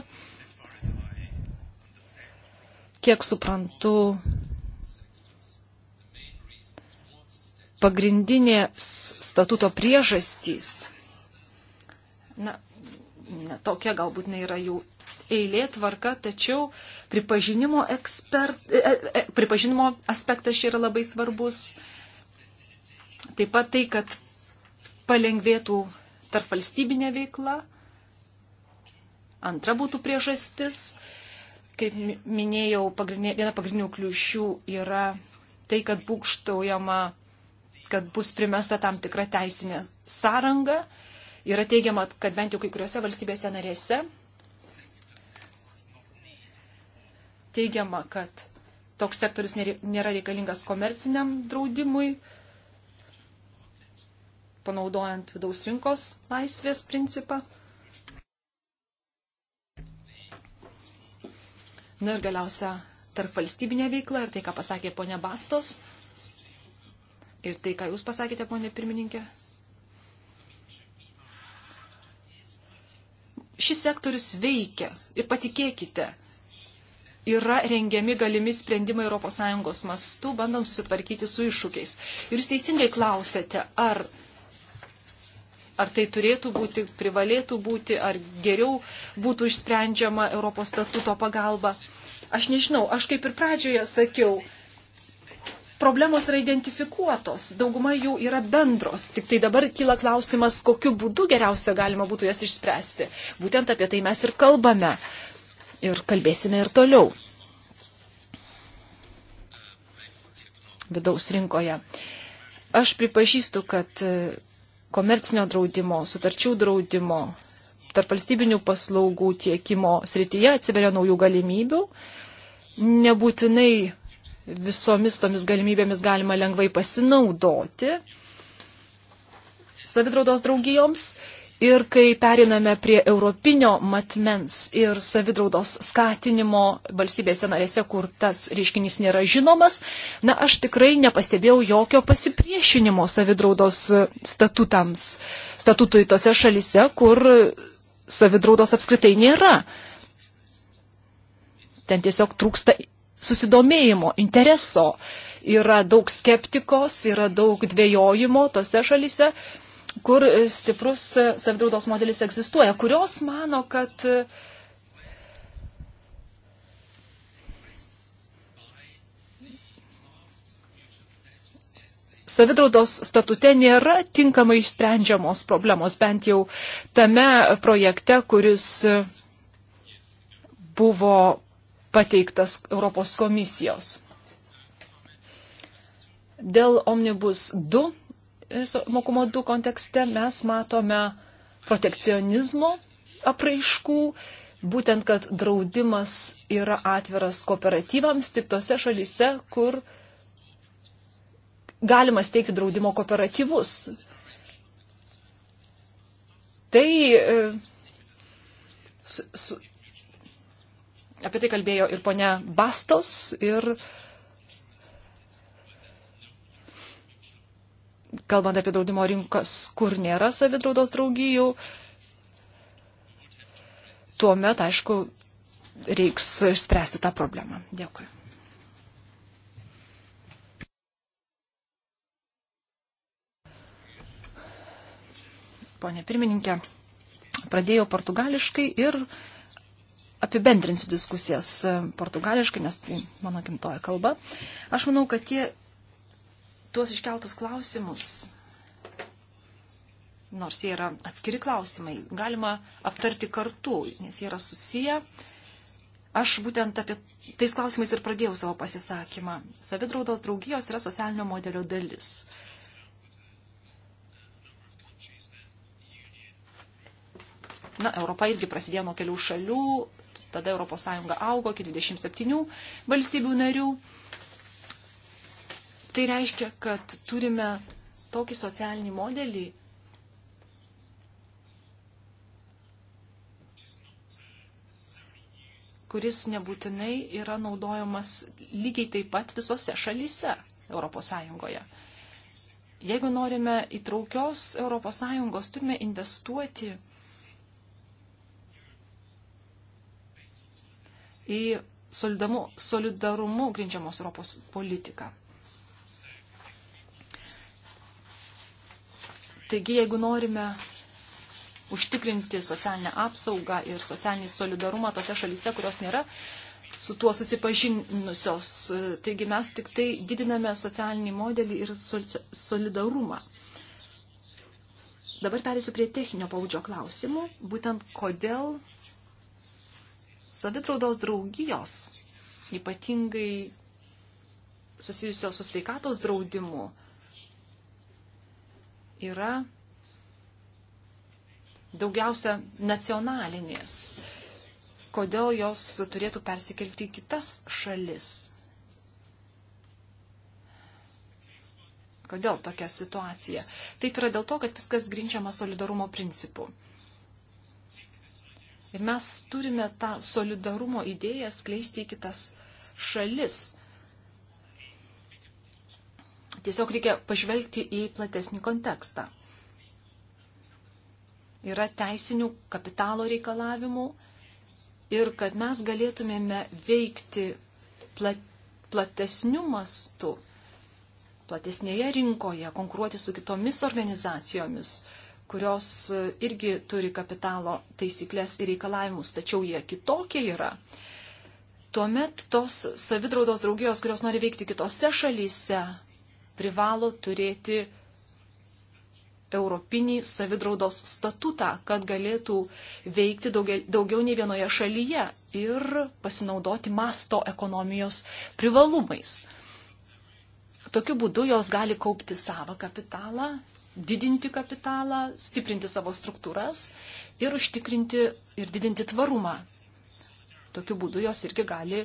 Kiek suprantu, pagrindinė statuto priežastys, na, ne, tokia galbūt ne yra jų eilė tvarka, tačiau pripažinimo, ekspert, e, e, e, pripažinimo aspektas čia yra labai svarbus. Taip pat tai, kad palengvėtų tarp valstybinė veikla. Antra būtų priežastis. Kaip minėjau, pagrindinė, viena pagrindinių kliušių yra tai, kad būkštaujama, kad bus primesta tam tikra teisinė sąranga. Yra teigiama, kad bent jau kai kuriuose valstybėse narėse teigiama, kad toks sektorius nėra reikalingas komerciniam draudimui, panaudojant vidaus rinkos laisvės principą. Na ir galiausia tarp valstybinė veikla ir tai, ką pasakė ponė Bastos ir tai, ką jūs pasakėte, ponė pirmininkė. Šis sektorius veikia ir patikėkite, yra rengiami galimi sprendimai ES mastu, bandant susitvarkyti su iššūkiais. Ir jūs teisingai klausėte, ar, ar tai turėtų būti, privalėtų būti, ar geriau būtų išsprendžiama Europos statuto pagalba. Aš nežinau, aš kaip ir pradžioje sakiau, problemos yra identifikuotos, dauguma jų yra bendros. Tik tai dabar kyla klausimas, kokiu būdu geriausia galima būtų jas išspręsti. Būtent apie tai mes ir kalbame ir kalbėsime ir toliau vidaus rinkoje. Aš pripažįstu, kad e, komercinio draudimo, sutarčių draudimo, tarp valstybinių paslaugų tiekimo srityje atsiveria naujų galimybių. Nebūtinai visomis tomis galimybėmis galima lengvai pasinaudoti savidraudos draugijoms ir kai periname prie europinio matmens ir savidraudos skatinimo valstybėse narėse, kur tas reiškinys nėra žinomas, na, aš tikrai nepastebėjau jokio pasipriešinimo savidraudos statutams, statutui tose šalise, kur savidraudos apskritai nėra. Ten tiesiog trūksta susidomėjimo, intereso, yra daug skeptikos, yra daug dvėjojimo tose šalise kur stiprus savidraudos modelis egzistuoja, kurios mano, kad savidraudos statute nėra tinkamai išsprendžiamos problemos, bent jau tame projekte, kuris buvo pateiktas Europos komisijos. Dėl Omnibus 2 E, mokumo 2 kontekste mes matome protekcionizmo apraiškų, būtent, kad draudimas yra atviras kooperatyvams tik tose šalyse, kur galima steigti draudimo kooperatyvus. Tai e, su, su, apie tai kalbėjo ir ponia Bastos, ir uh, kalbant apie draudimo rinkas, kur nėra savidraudos draugijų, tuomet, aišku, reiks išspręsti tą problemą. Dėkui. Pone pirmininkė, pradėjau portugališkai ir apibendrinsiu diskusijas portugališkai, nes tai mano gimtoja kalba. Aš manau, kad tie tuos iškeltus klausimus, nors jie yra atskiri klausimai, galima aptarti kartu, nes jie yra susiję. Aš būtent apie tais klausimais ir pradėjau savo pasisakymą. Savidraudos draugijos yra socialinio modelio dalis. Na, Europa irgi prasidėjo nuo kelių šalių, tada ES augo iki 27 valstybių narių. Tai reiškia, kad turime tokį socialinį modelį, kuris nebūtinai yra naudojamas lygiai taip pat visose šalyse ES. Jeigu norime įtraukios ES, turime investuoti į solidarumu grindžiamos Europos politiką. Taigi, jeigu norime užtikrinti socialinę apsaugą ir socialinį solidarumą tose šalise, kurios nėra su tuo susipažinusios. Taigi mes tik tai didiname socialinį modelį ir solidarumą. Dabar perėsiu prie techninio paudžio klausimų, būtent kodėl savitraudos draugijos, ypatingai susijusios su sveikatos draudimu, yra daugiausia nacionalinės. Kodėl jos turėtų persikelti į kitas šalis? Kodėl tokia situacija? Taip yra dėl to, kad viskas grindžiama solidarumo principu. Ir mes turime tą solidarumo idėją skleisti į kitas šalis. Tiesiog reikia pažvelgti į platesnį kontekstą. Yra teisinių kapitalo reikalavimų ir kad mes galėtumėme veikti plat, platesnių mastų, platesnėje rinkoje, konkuruoti su kitomis organizacijomis, kurios irgi turi kapitalo taisyklės ir reikalavimus, tačiau jie kitokie yra. Tuomet tos savidraudos draugijos, kurios nori veikti kitose šalyse, privalo turėti europinį savidraudos statutą, kad galėtų veikti daugia, daugiau nei vienoje šalyje ir pasinaudoti masto ekonomijos privalumais. Tokiu būdu jos gali kaupti savo kapitalą, didinti kapitalą, stiprinti savo struktūras ir užtikrinti ir didinti tvarumą. Tokiu būdu jos irgi gali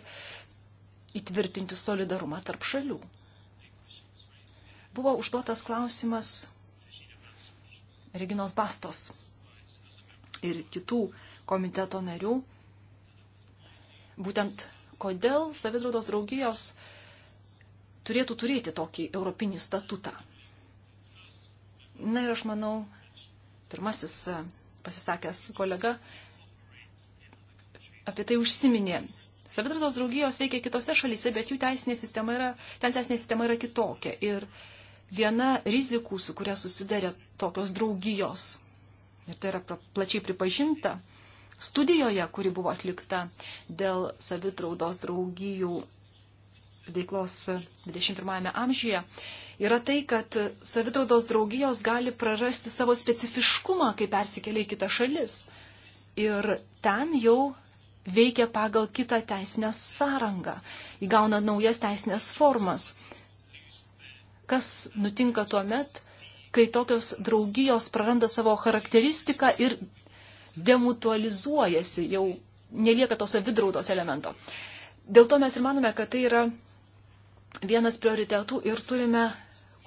įtvirtinti solidarumą tarp šalių. Buvo užduotas klausimas Reginos Bastos ir kitų komiteto narių, būtent kodėl savidraudos draugijos turėtų turėti tokį europinį statutą. Na ir aš manau, pirmasis pasisakęs kolega apie tai užsiminė. Savidraudos draugijos veikia kitose šalyse, bet jų teisinė sistema yra, teisinė sistema yra kitokia. Ir viena rizikų, su kuria susidarė tokios draugijos, ir tai yra plačiai pripažinta, studijoje, kuri buvo atlikta dėl savitraudos draugijų veiklos 21-ame amžiuje, yra tai, kad savitraudos draugijos gali prarasti savo specifiškumą, kai persikelia į kitą šalis. Ir ten jau veikia pagal kitą teisinę sąrangą, įgauna naujas teisinės formas kas nutinka tuo met, kai tokios draugijos praranda savo charakteristiką ir demutualizuojasi, jau nelieka tos savidraudos elemento. Dėl to mes ir manome, kad tai yra vienas prioritetų ir turime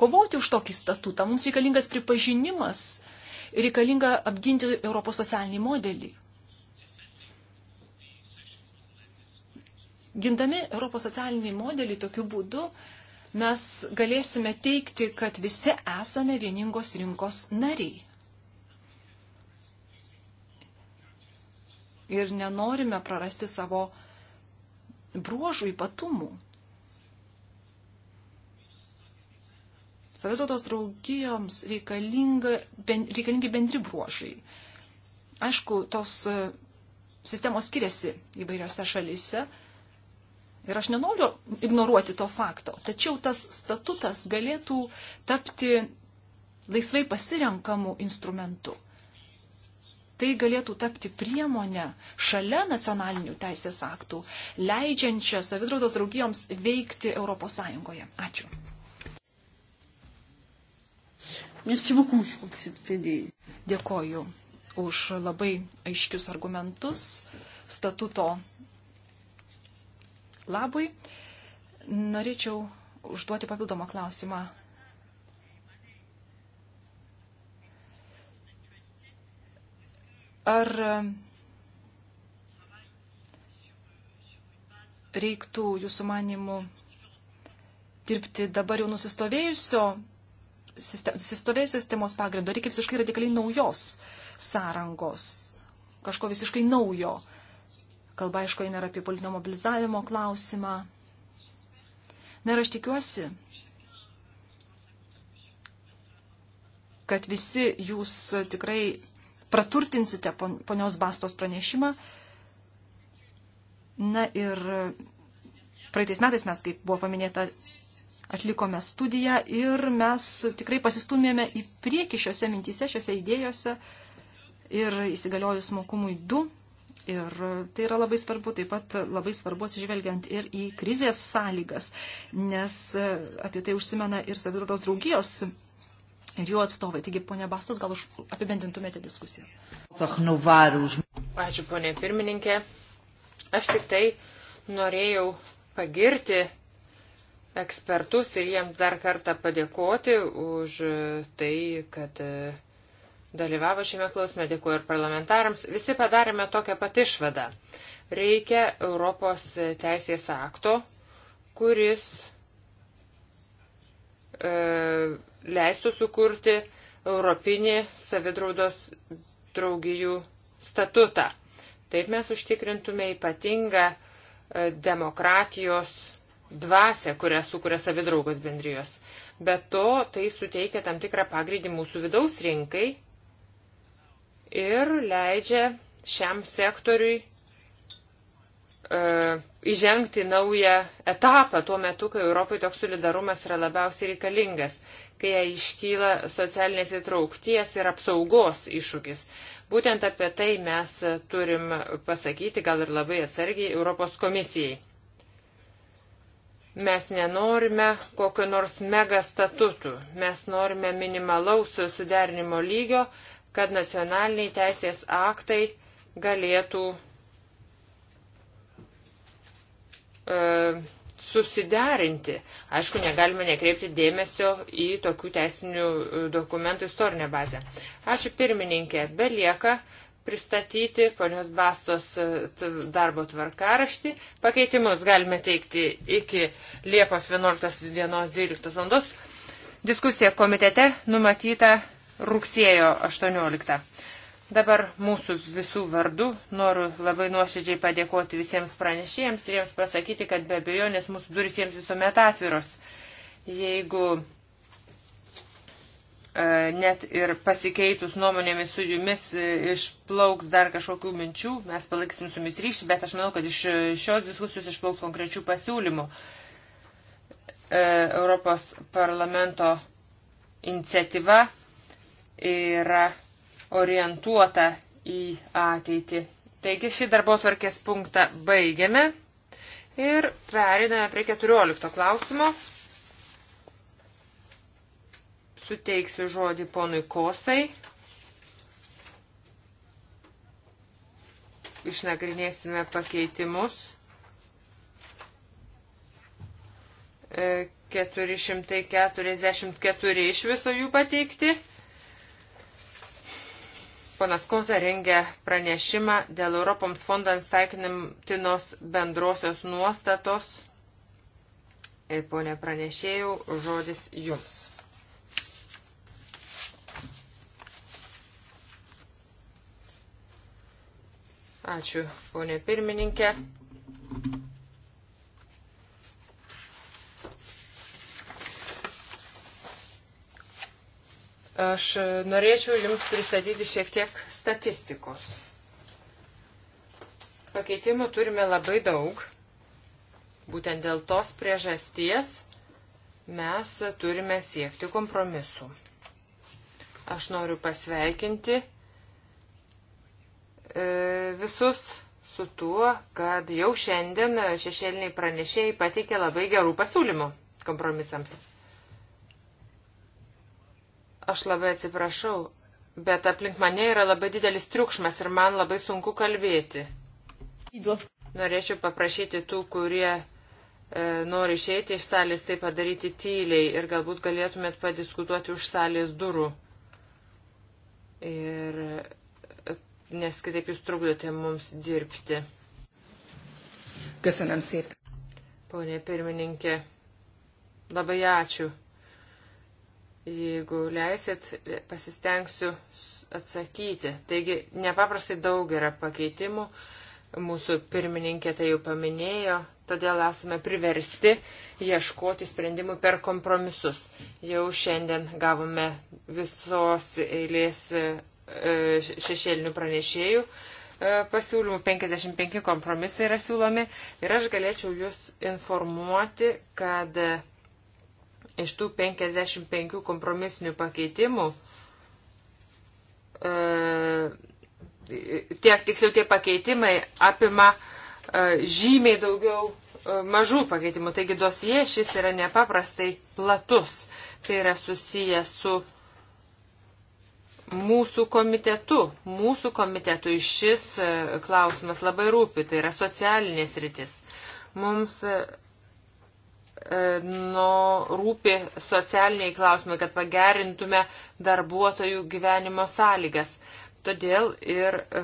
kovoti už tokį statutą. Mums reikalingas pripažinimas, reikalinga apginti Europos socialinį modelį. Gindami Europos socialinį modelį tokiu būdu mes galėsime teikti, kad visi esame vieningos rinkos nariai. Ir nenorime prarasti savo bruožų ypatumų. Savitautos draugijoms reikalinga, ben, reikalingi bendri bruožai. Aišku, tos e, sistemos skiriasi įvairiose šalyse, Ir aš nenoriu ignoruoti to fakto. Tačiau tas statutas galėtų tapti laisvai pasirenkamų instrumentų. Tai galėtų tapti priemonę šalia nacionalinių teisės aktų, leidžiančią savidraudos draugijoms veikti ES. Ačiū. Dėkoju už labai aiškius argumentus statuto labui. Norėčiau užduoti papildomą klausimą. Ar reiktų jūsų manimų dirbti dabar jau nusistovėjusio nusistovėjusios sistemos pagrindo, reikia visiškai radikaliai naujos sąrangos, kažko visiškai naujo. Kalba, aišku, eina ir apie politinio mobilizavimo klausimą. Na ir aš tikiuosi, kad visi jūs tikrai praturtinsite ponios Bastos pranešimą. Na ir praeitais metais mes, kaip buvo paminėta, atlikome studiją ir mes tikrai pasistumėme į priekį šiuose mintyse, šiuose idėjose ir įsigaliojus mokumui 2 Ir tai yra labai svarbu, taip pat labai svarbu atsižvelgiant ir į krizės sąlygas, nes e, apie tai užsimena ir savirudos draugijos ir jų atstovai. Taigi, ponė Bastos, gal apibendintumėte diskusijas. Ačiū, ponė pirmininkė. Aš tik tai norėjau pagirti ekspertus ir jiems dar kartą padėkoti už tai, kad uh, dalyvavo šiame klausime, dėkuoju ir parlamentarams. Visi padarėme tokią pat išvadą. Reikia Europos teisės akto, kuris e, leistų sukurti Europinį savidraudos draugijų statutą. Taip mes užtikrintume ypatingą e, demokratijos dvasę, kurią sukuria savidraugos bendrijos. Be to, tai suteikia tam tikrą pagrindį mūsų vidaus rinkai ir leidžia šiam sektoriui uh, įžengti naują etapą tuo metu, kai Europai toks solidarumas yra labiausiai reikalingas, kai iškyla socialinės įtraukties ir apsaugos iššūkis. Būtent apie tai mes turim pasakyti, gal ir labai atsargiai, Europos komisijai. Mes nenorime kokio nors mega statutų, mes norime minimalaus suderinimo lygio, uh, kad nacionaliniai teisės aktai galėtų e, susiderinti. Aišku, negalime nekreipti dėmesio į tokių teisinių e, dokumentų istorinę bazę. Ačiū pirmininkė. Belieka pristatyti ponios Bastos e, darbo tvarkaraštį. Pakeitimus galime teikti iki Liepos 11 dienos 12 val. Diskusija komitete numatyta rugsėjo 18. Dabar mūsų visų vardu noriu labai nuoširdžiai padėkoti visiems pranešėjams ir jiems pasakyti, kad be abejonės mūsų duris jiems visuomet atviros. Jeigu e, net ir pasikeitus nuomonėmis su jumis e, išplauks dar kažkokių minčių, mes paliksim su jumis ryšį, bet aš manau, kad iš šios diskusijos išplauks konkrečių pasiūlymų. E, Europos parlamento iniciatyva yra orientuota į ateitį. Taigi šį darbo tvarkės punktą baigiame ir periname prie 14 klausimo. Suteiksiu žodį ponui Kosai. Išnagrinėsime pakeitimus. 444 e, iš viso jų pateikti. Ponas Koza rengia pranešimą dėl Europoms fondams taikinimtinos bendrosios nuostatos. Ir e, ponė pranešėjų, žodis jums. Ačiū, ponė pirmininkė. Aš norėčiau Jums pristatyti šiek tiek statistikos. Pakeitimų turime labai daug. Būtent dėl tos priežasties mes turime siekti kompromisu. Aš noriu pasveikinti e, visus su tuo, kad jau šiandien šešėliniai pranešėjai pateikė labai gerų pasiūlymų kompromisams. Aš labai atsiprašau, bet aplink mane yra labai didelis triukšmas ir man labai sunku kalbėti. Norėčiau paprašyti tų, kurie e, nori išeiti iš salės, tai padaryti tyliai ir galbūt galėtumėt padiskutuoti už salės durų. Ir e, nes kitaip jūs trukdote mums dirbti. Köszönöm szépen. Pone pirmininkė, labai ačiū. Jeigu leisit, pasistengsiu atsakyti. Taigi, nepaprastai daug yra pakeitimų, mūsų pirmininkė tai jau paminėjo, todėl esame priversti ieškoti sprendimų per kompromisus. Jau šiandien gavome visos eilės e, šešėlinių pranešėjų e, pasiūlymų 55 kompromisai yra siūlomi ir aš galėčiau jūs informuoti, kad iš tų 55 kompromisinių pakeitimų, e, tiek tiksliau tie pakeitimai apima e, žymiai daugiau e, mažų pakeitimų. Taigi dosie šis yra nepaprastai platus. Tai yra susiję su mūsų komitetu. Mūsų komitetui šis klausimas labai rūpi. Tai yra socialinės rytis. Mums E, no, rūpi socialiniai klausimai, kad pagerintume darbuotojų gyvenimo sąlygas. Todėl ir e,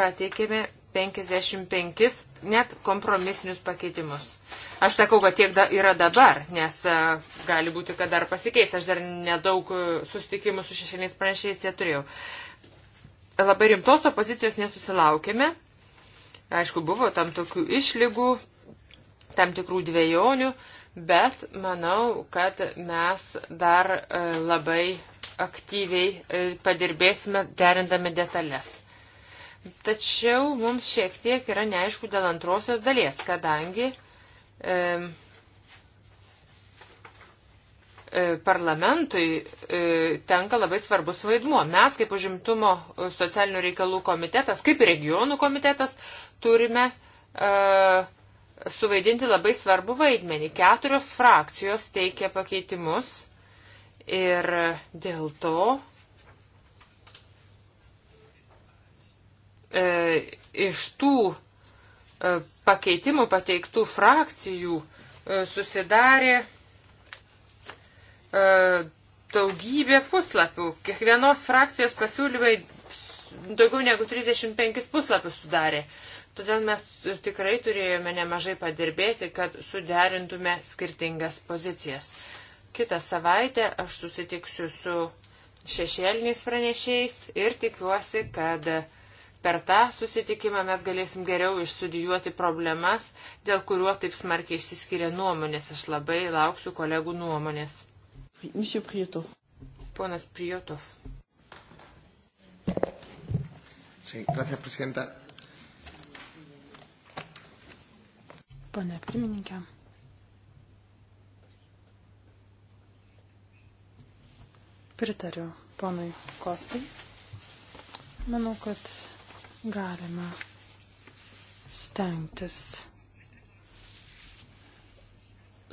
pateikėme 55 net kompromisinius pakeitimus. Aš sakau, kad tiek da, yra dabar, nes a, e, gali būti, kad dar pasikeis. Aš dar nedaug susitikimų su šešėliais pranešiais jie turėjau. Labai rimtos opozicijos nesusilaukėme. Aišku, buvo tam tokių išlygų, tam tikrų dviejonių, bet manau, kad mes dar e, labai aktyviai e, padirbėsime derindami detalės. Tačiau mums šiek tiek yra neaišku dėl antrosios dalies, kadangi e, parlamentui e, tenka labai svarbus vaidmuo. Mes kaip užimtumo socialinių reikalų komitetas, kaip ir regionų komitetas, turime uh, suvaidinti labai svarbu vaidmenį. Keturios frakcijos teikia pakeitimus ir dėl to e, iš tų e, pakeitimų pateiktų frakcijų e, susidarė e, daugybė puslapių. Kiekvienos frakcijos pasiūlymai daugiau negu 35 puslapius sudarė. E, Todėl mes tikrai turėjome nemažai padirbėti, kad suderintume skirtingas pozicijas. Kitą savaitę aš susitiksiu su šešėliniais pranešėjais ir tikiuosi, kad per tą susitikimą mes galėsim geriau išstudijuoti problemas, dėl kuriuo taip smarkiai išsiskiria nuomonės. Aš labai lauksiu kolegų nuomonės. Monsieur Priotov. Ponas Priotov. Sí, gracias, presidenta. pane pirmininkė. Pritariu ponui Kosai. Manau, kad galime stengtis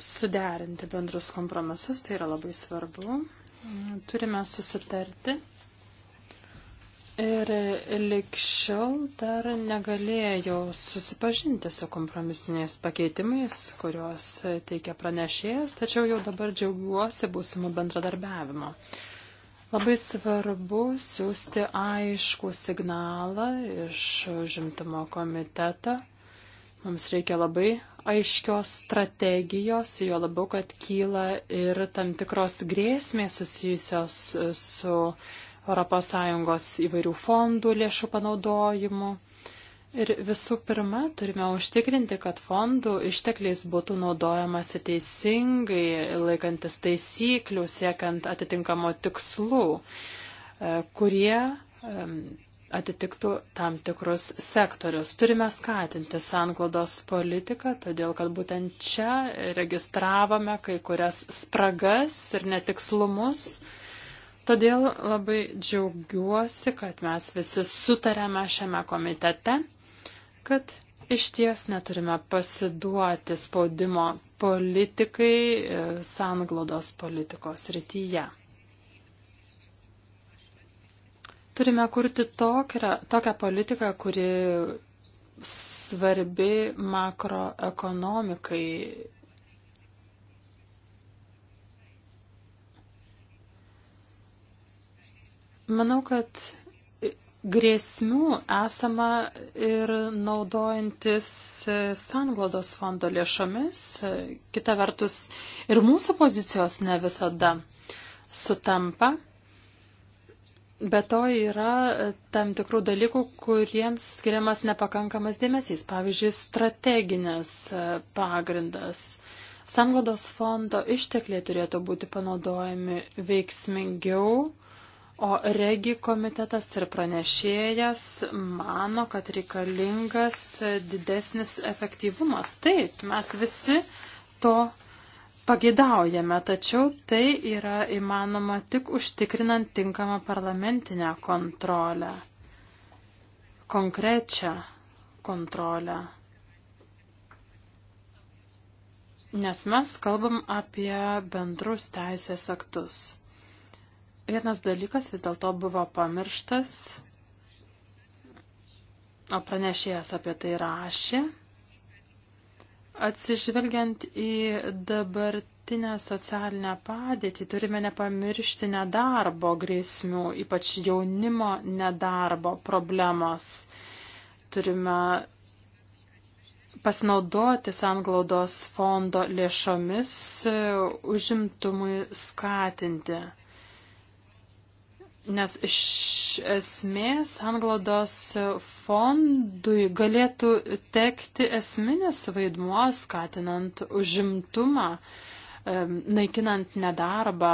suderinti bendrus kompromisus, tai yra labai svarbu. Turime susitarti Ir likščiau dar negalėjau susipažinti su kompromisiniais pakeitimais, kuriuos teikia pranešėjas, tačiau jau dabar džiaugiuosi būsimų bendradarbiavimo. Labai svarbu siūsti aišku signalą iš žimtumo komiteto. Mums reikia labai aiškios strategijos, jo labiau, kad kyla ir tam tikros grėsmės susijusios su ES įvairių fondų lėšų panaudojimu. Ir visų pirma, turime užtikrinti, kad fondų ištekliais būtų naudojamasi teisingai, laikantis taisyklių, siekiant atitinkamo tikslų, e, kurie atitiktų tam tikrus sektorius. Turime skatinti sanglodos politiką, todėl kad būtent čia registravome kai kurias spragas ir netikslumus. Todėl labai džiaugiuosi, kad mes visi sutarėme šiame komitete, kad iš ties neturime pasiduoti spaudimo politikai e, sanglodos politikos rytyje. Turime kurti tokią, tokią politiką, kuri svarbi makroekonomikai Manau, kad grėsmių esama ir naudojantis sanglodos fondo lėšomis. Kita vertus, ir mūsų pozicijos ne visada sutampa. Be to yra tam tikrų dalykų, kuriems skiriamas nepakankamas dėmesys, pavyzdžiui, strateginės pagrindas. Sanglodos fondo ištekliai turėtų būti panaudojami veiksmingiau O regi komitetas ir pranešėjas mano, kad reikalingas didesnis efektyvumas. Taip, mes visi to pageidaujame, tačiau tai yra įmanoma tik užtikrinant tinkamą parlamentinę kontrolę, konkrečią kontrolę. Nes mes kalbam apie bendrus teisės aktus. Vienas dalykas vis dėlto buvo pamirštas, o pranešėjas apie tai rašė. Atsižvelgiant į dabartinę socialinę padėtį, turime nepamiršti nedarbo grėsmių, ypač jaunimo nedarbo problemos. Turime pasinaudoti sanglaudos fondo lėšomis e, užimtumui skatinti. Nes iš esmės anglodos fondui galėtų tekti esminis vaidmuo skatinant užimtumą, naikinant nedarbą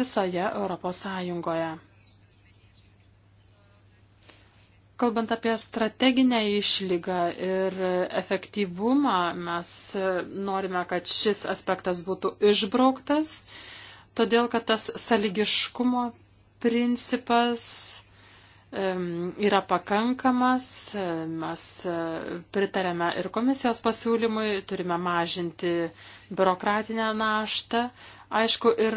visoje Europos Sąjungoje. Kalbant apie strateginę išlygą ir efektyvumą, mes norime, kad šis aspektas būtų išbrauktas, todėl kad tas saligiškumo principas yra pakankamas, mes e, pritarėme ir komisijos pasiūlymui, turime mažinti biurokratinę naštą, Aišku, ir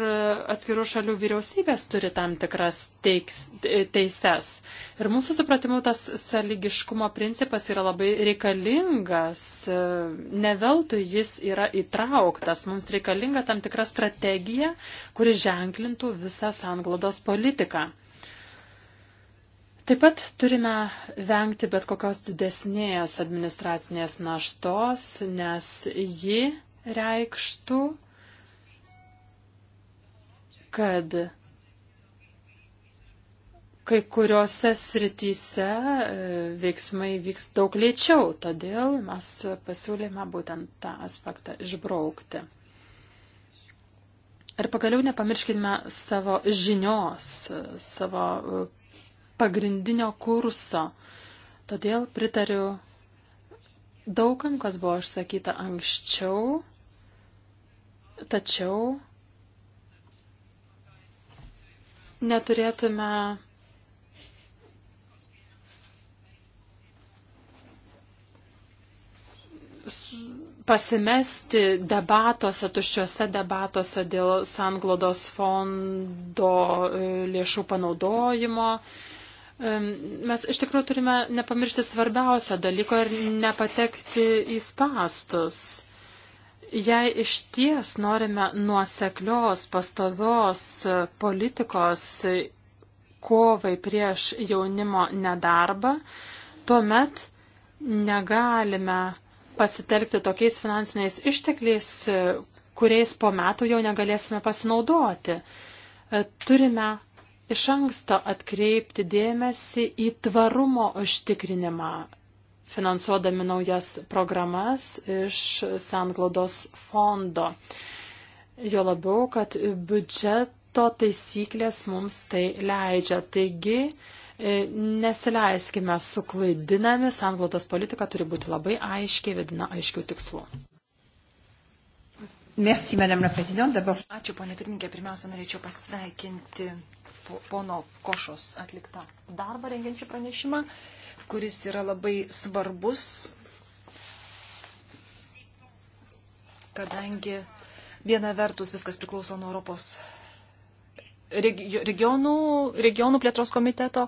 atskirų šalių vyriausybės turi tam tikras teiks, teises. Ir mūsų supratimu, tas saligiškumo principas yra labai reikalingas. Neveltui jis yra įtrauktas. Mums reikalinga tam tikra strategija, kuri ženklintų visą sanglodos politiką. Taip pat turime vengti bet kokios didesnės administracinės naštos, nes ji reikštų kad kai kuriuose srityse e, veiksmai vyks daug lėčiau, todėl mes pasiūlėme būtent tą aspektą išbraukti. Ir pagaliau nepamirškime savo žinios, e, savo e, pagrindinio kurso. Todėl pritariu daugam, kas buvo išsakyta anksčiau, tačiau neturėtume pasimesti debatuose, tuščiuose debatuose dėl sanglodos fondo e, lėšų panaudojimo. E, mes iš tikrųjų turime nepamiršti svarbiausią dalyko ir nepatekti į spastus. Jei iš ties norime nuoseklios, pastovios e, politikos e, kovai prieš jaunimo nedarbą, tuomet negalime pasitelkti tokiais finansiniais ištekliais, e, kuriais po metų jau negalėsime pasinaudoti. Turime iš anksto atkreipti dėmesį į tvarumo užtikrinimą finansuodami naujas programas iš Sanglaudos fondo. Jo labiau, kad biudžeto taisyklės mums tai leidžia. Taigi, e, nesileiskime suklaidinami, sanglaudos politika turi būti labai aiškiai, vedina aiškių tikslų. Merci, Madame la Présidente. D'abord, ačiū, ponė pirmininkė. Pirmiausia, norėčiau pasveikinti pono Košos atliktą darbą rengiančią pranešimą kuris yra labai svarbus, kadangi viena vertus viskas priklauso nuo Europos regionų, regionų plėtros komiteto,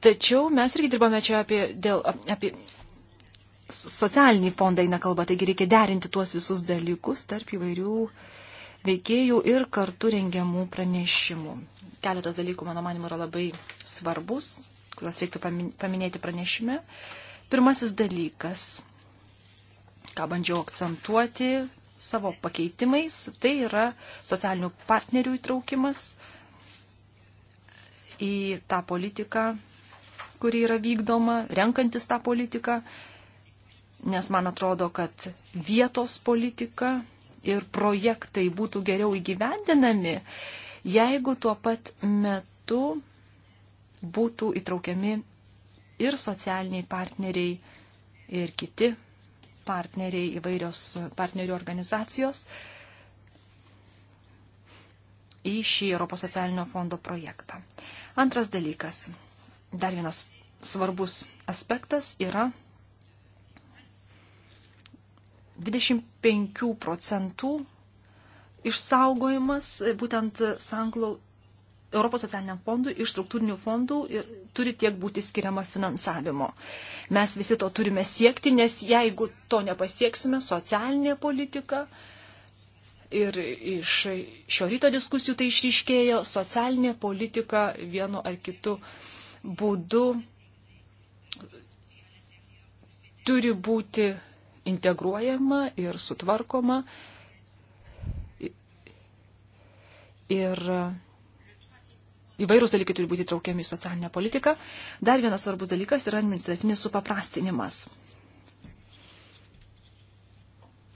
tačiau mes irgi dirbame čia apie, dėl, apie socialinį fondą eina kalba, taigi reikia derinti tuos visus dalykus tarp įvairių veikėjų ir kartu rengiamų pranešimų. Keletas dalykų, mano manimo, yra labai svarbus kuriuos reiktų paminėti pranešime. Pirmasis dalykas, ką bandžiau akcentuoti savo pakeitimais, tai yra socialinių partnerių įtraukimas į tą politiką, kuri yra vykdoma, renkantis tą politiką, nes man atrodo, kad vietos politika ir projektai būtų geriau įgyvendinami, jeigu tuo pat metu būtų įtraukiami ir socialiniai partneriai, ir kiti partneriai, įvairios partnerių organizacijos į šį Europos socialinio fondo projektą. Antras dalykas, dar vienas svarbus aspektas yra 25 procentų išsaugojimas būtent sanklau, Europos socialiniam fondui iš struktūrinių fondų ir turi tiek būti skiriama finansavimo. Mes visi to turime siekti, nes jeigu to nepasieksime, socialinė politika ir iš šio ryto diskusijų tai išryškėjo, socialinė politika vienu ar kitu būdu turi būti integruojama ir sutvarkoma. Ir įvairūs dalykai turi būti traukiami į socialinę politiką. Dar vienas svarbus dalykas yra administratinis supaprastinimas.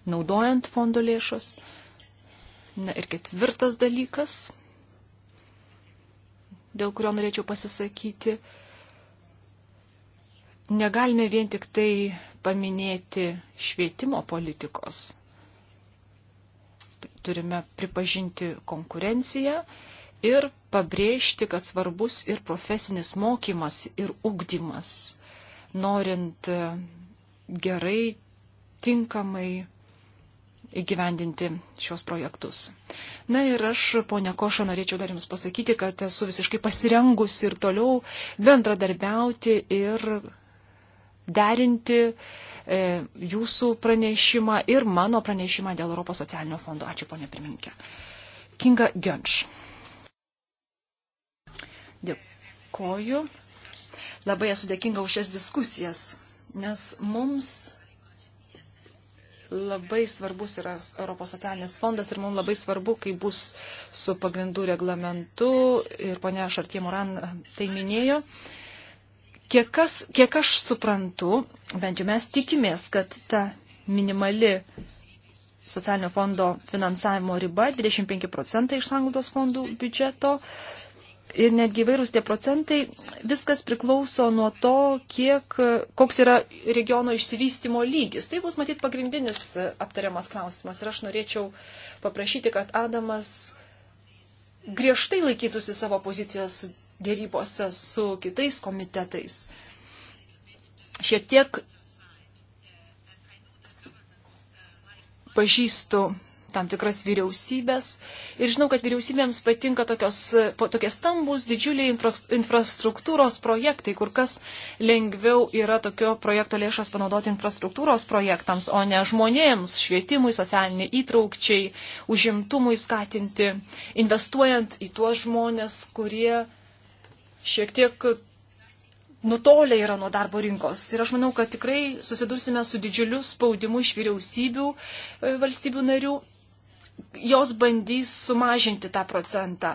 Naudojant fondo lėšas. Na ir ketvirtas dalykas, dėl kurio norėčiau pasisakyti, negalime vien tik tai paminėti švietimo politikos. Turime pripažinti konkurenciją, ir pabrėžti, kad svarbus ir profesinis mokymas ir ugdymas, norint e, gerai, tinkamai įgyvendinti šios projektus. Na ir aš, ponia Koša, norėčiau dar Jums pasakyti, kad esu visiškai pasirengusi ir toliau bendradarbiauti ir derinti e, Jūsų pranešimą ir mano pranešimą dėl Europos socialinio fondo. Ačiū, ponia pirmininkė. Kinga Gönš. Dėkoju. Labai esu dėkinga už šias diskusijas, nes mums labai svarbus yra Europos socialinis fondas ir mums labai svarbu, kai bus su pagrindų reglamentu ir ponia Šartie Moran tai minėjo. Kiek, kas, kiek aš suprantu, bent jau mes tikimės, kad ta minimali socialinio fondo finansavimo riba 25 procentai iš sanglaudos fondų biudžeto ir netgi vairūs tie procentai, viskas priklauso nuo to, kiek, koks yra regiono išsivystimo lygis. Tai bus matyt pagrindinis aptariamas klausimas. Ir aš norėčiau paprašyti, kad Adamas griežtai laikytųsi savo pozicijos dėrybose su kitais komitetais. Šiek tiek pažįstu tam tikras vyriausybės. Ir žinau, kad vyriausybėms patinka tokios, tokie stambus, didžiuliai infra, infrastruktūros projektai, kur kas lengviau yra tokio projekto lėšas panaudoti infrastruktūros projektams, o ne žmonėms, švietimui, socialiniai įtraukčiai, užimtumui skatinti, investuojant į tuos žmonės, kurie šiek tiek nutolę yra nuo darbo rinkos. Ir aš manau, kad tikrai susidursime su didžiuliu spaudimu iš vyriausybių e, valstybių narių. Jos bandys sumažinti tą procentą.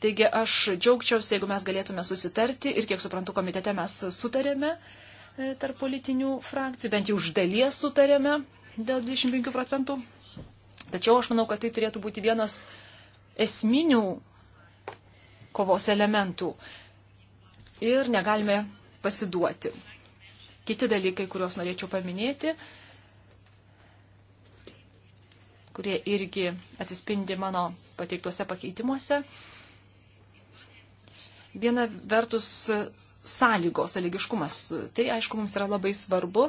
Taigi aš džiaugčiausi, jeigu mes galėtume susitarti ir, kiek suprantu, komitete mes sutarėme e, tarp politinių frakcijų, bent jau už dalies sutarėme dėl 25 procentų. Tačiau aš manau, kad tai turėtų būti vienas esminių kovos elementų ir negalime pasiduoti. Kiti dalykai, kuriuos norėčiau paminėti, kurie irgi atsispindi mano pateiktuose pakeitimuose. Viena vertus sąlygos, sąlygiškumas. Tai, aišku, mums yra labai svarbu.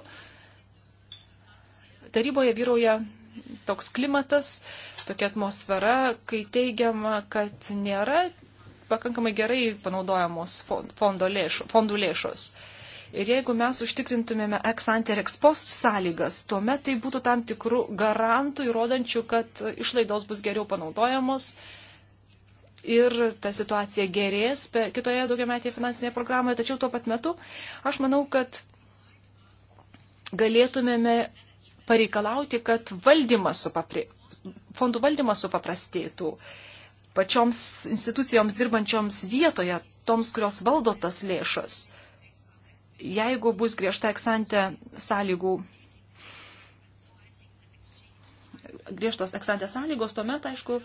Taryboje vyroja toks klimatas, tokia atmosfera, kai teigiama, kad nėra pakankamai gerai panaudojamos fondo lėšų, fondų lėšos. Ir jeigu mes užtikrintumėme ex-ante ir ex-post sąlygas, tuomet tai būtų tam tikrų garantų įrodančių, kad išlaidos bus geriau panaudojamos ir ta situacija gerės kitoje daugiametėje finansinėje programoje. Tačiau tuo pat metu aš manau, kad galėtumėme pareikalauti, kad valdymas supapri... fondų valdymas supaprastėtų. Uh, pačioms institucijoms dirbančioms vietoje, toms, kurios valdo tas lėšas. Jeigu bus griežta eksantė sąlygų, griežtos eksantė sąlygos, tuomet, aišku,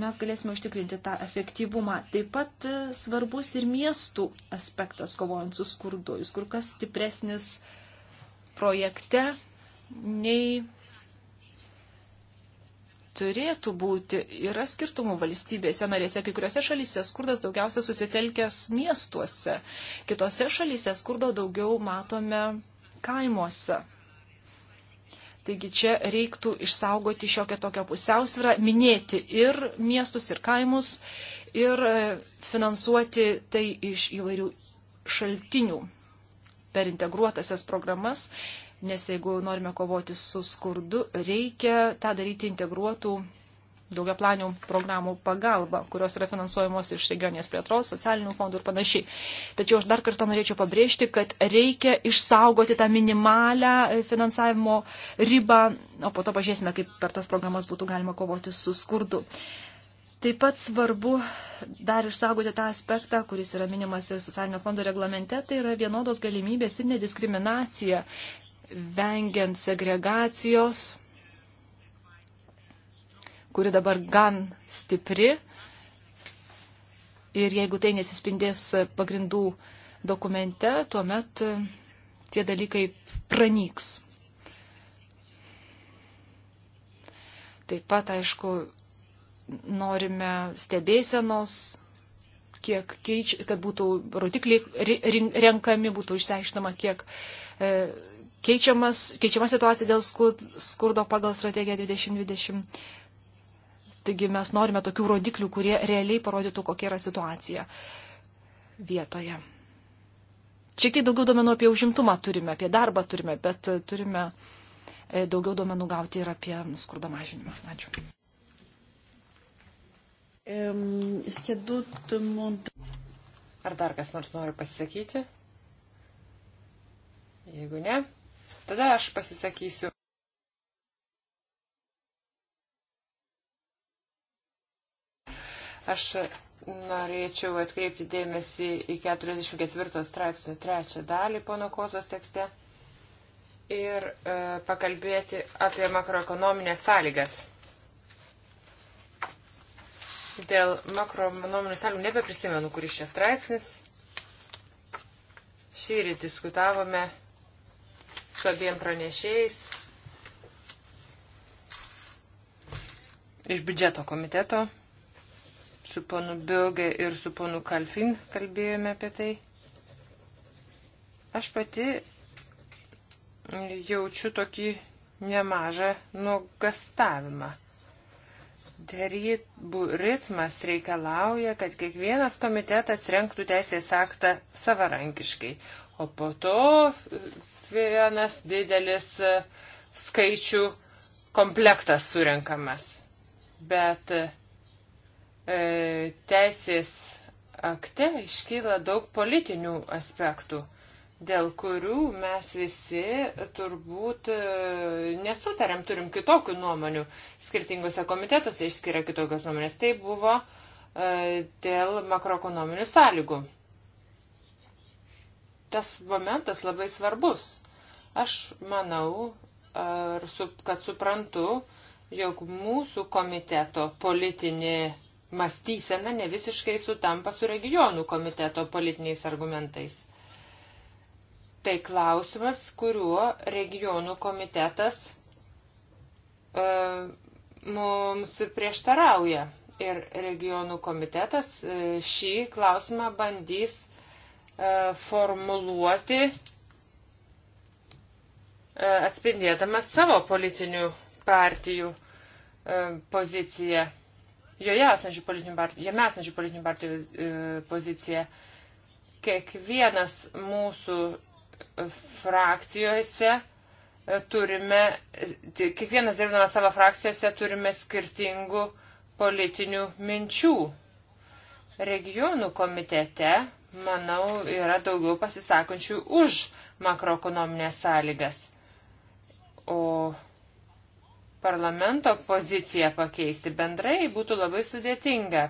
mes galėsime užtikrinti tą efektyvumą. Taip pat e, svarbus ir miestų aspektas kovojant su skurdu. Jis kur kas stipresnis projekte nei turėtų būti. Yra skirtumų valstybėse narėse. Kai kuriuose šalyse skurdas daugiausia susitelkęs miestuose, kitose šalyse skurdo daugiau matome kaimuose. Taigi čia reiktų išsaugoti šiokią tokią pusiausvyrą, minėti ir miestus, ir kaimus, ir e, finansuoti tai iš įvairių šaltinių per integruotasias programas nes jeigu norime kovoti su skurdu, reikia tą daryti integruotų daugiaplanių programų pagalba, kurios yra finansuojamos iš regioninės plėtros, socialinių fondų ir panašiai. Tačiau aš dar kartą norėčiau pabrėžti, kad reikia išsaugoti tą minimalę finansavimo ribą, o po to pažiūrėsime, kaip per tas programas būtų galima kovoti su skurdu. Taip pat svarbu dar išsaugoti tą aspektą, kuris yra minimas ir socialinio fondo reglamente, tai yra vienodos galimybės ir nediskriminacija vengiant segregacijos, kuri dabar gan stipri. Ir jeigu tai nesispindės pagrindų dokumente, tuomet e, tie dalykai pranyks. Taip pat, aišku, norime stebėsenos, kiek keič, kad būtų rodikliai renkami, būtų išsiaiškinama, kiek, e, keičiamas, keičiama situacija dėl skurdo pagal strategiją 2020. Taigi mes norime tokių rodiklių, kurie realiai parodytų, kokia yra situacija vietoje. Šiek tiek daugiau duomenų apie užimtumą turime, apie darbą turime, bet turime e, daugiau duomenų gauti ir apie skurdo mažinimą. Ačiū. Ar dar kas nors nori pasisakyti? Jeigu ne, Tada aš pasisakysiu. Aš norėčiau atkreipti dėmesį į 44 straipsnių trečią dalį pono Kozos tekste ir e, pakalbėti apie makroekonominės sąlygas. Dėl makroekonominių sąlygų nebeprisimenu, kuris čia straipsnis. Šįryt diskutavome su abiem pranešėjais iš biudžeto komiteto. Su ponu Bilge ir su ponu Kalfin kalbėjome apie tai. Aš pati jaučiu tokį nemažą nuogastavimą. Darybų ritmas reikalauja, kad kiekvienas komitetas renktų teisės aktą savarankiškai, o po to vienas didelis e, skaičių komplektas surinkamas. Bet e, teisės akte iškyla daug politinių aspektų, dėl kurių mes visi turbūt e, nesutarėm, turim kitokių nuomonių. Skirtingose komitetuose išskiria kitokios nuomonės. Tai buvo e, dėl makroekonominių sąlygų. Tas momentas labai svarbus. Aš manau, ar, kad suprantu, jog mūsų komiteto politinė mąstysena ne visiškai sutampa su regionų komiteto politiniais argumentais. Tai klausimas, kuriuo regionų komitetas e, mums prieštarauja. Ir regionų komitetas e, šį klausimą bandys e, formuluoti E, atspindėdamas savo politinių partijų e, poziciją, joje esančių politinių partijų, jame esančių politinių partijų e, poziciją. Kiekvienas mūsų frakcijose turime, kiekvienas dirbdamas savo frakcijose turime skirtingų politinių minčių. Regionų komitete, manau, yra daugiau pasisakančių už makroekonominės sąlygas. O parlamento poziciją pakeisti bendrai būtų labai sudėtinga.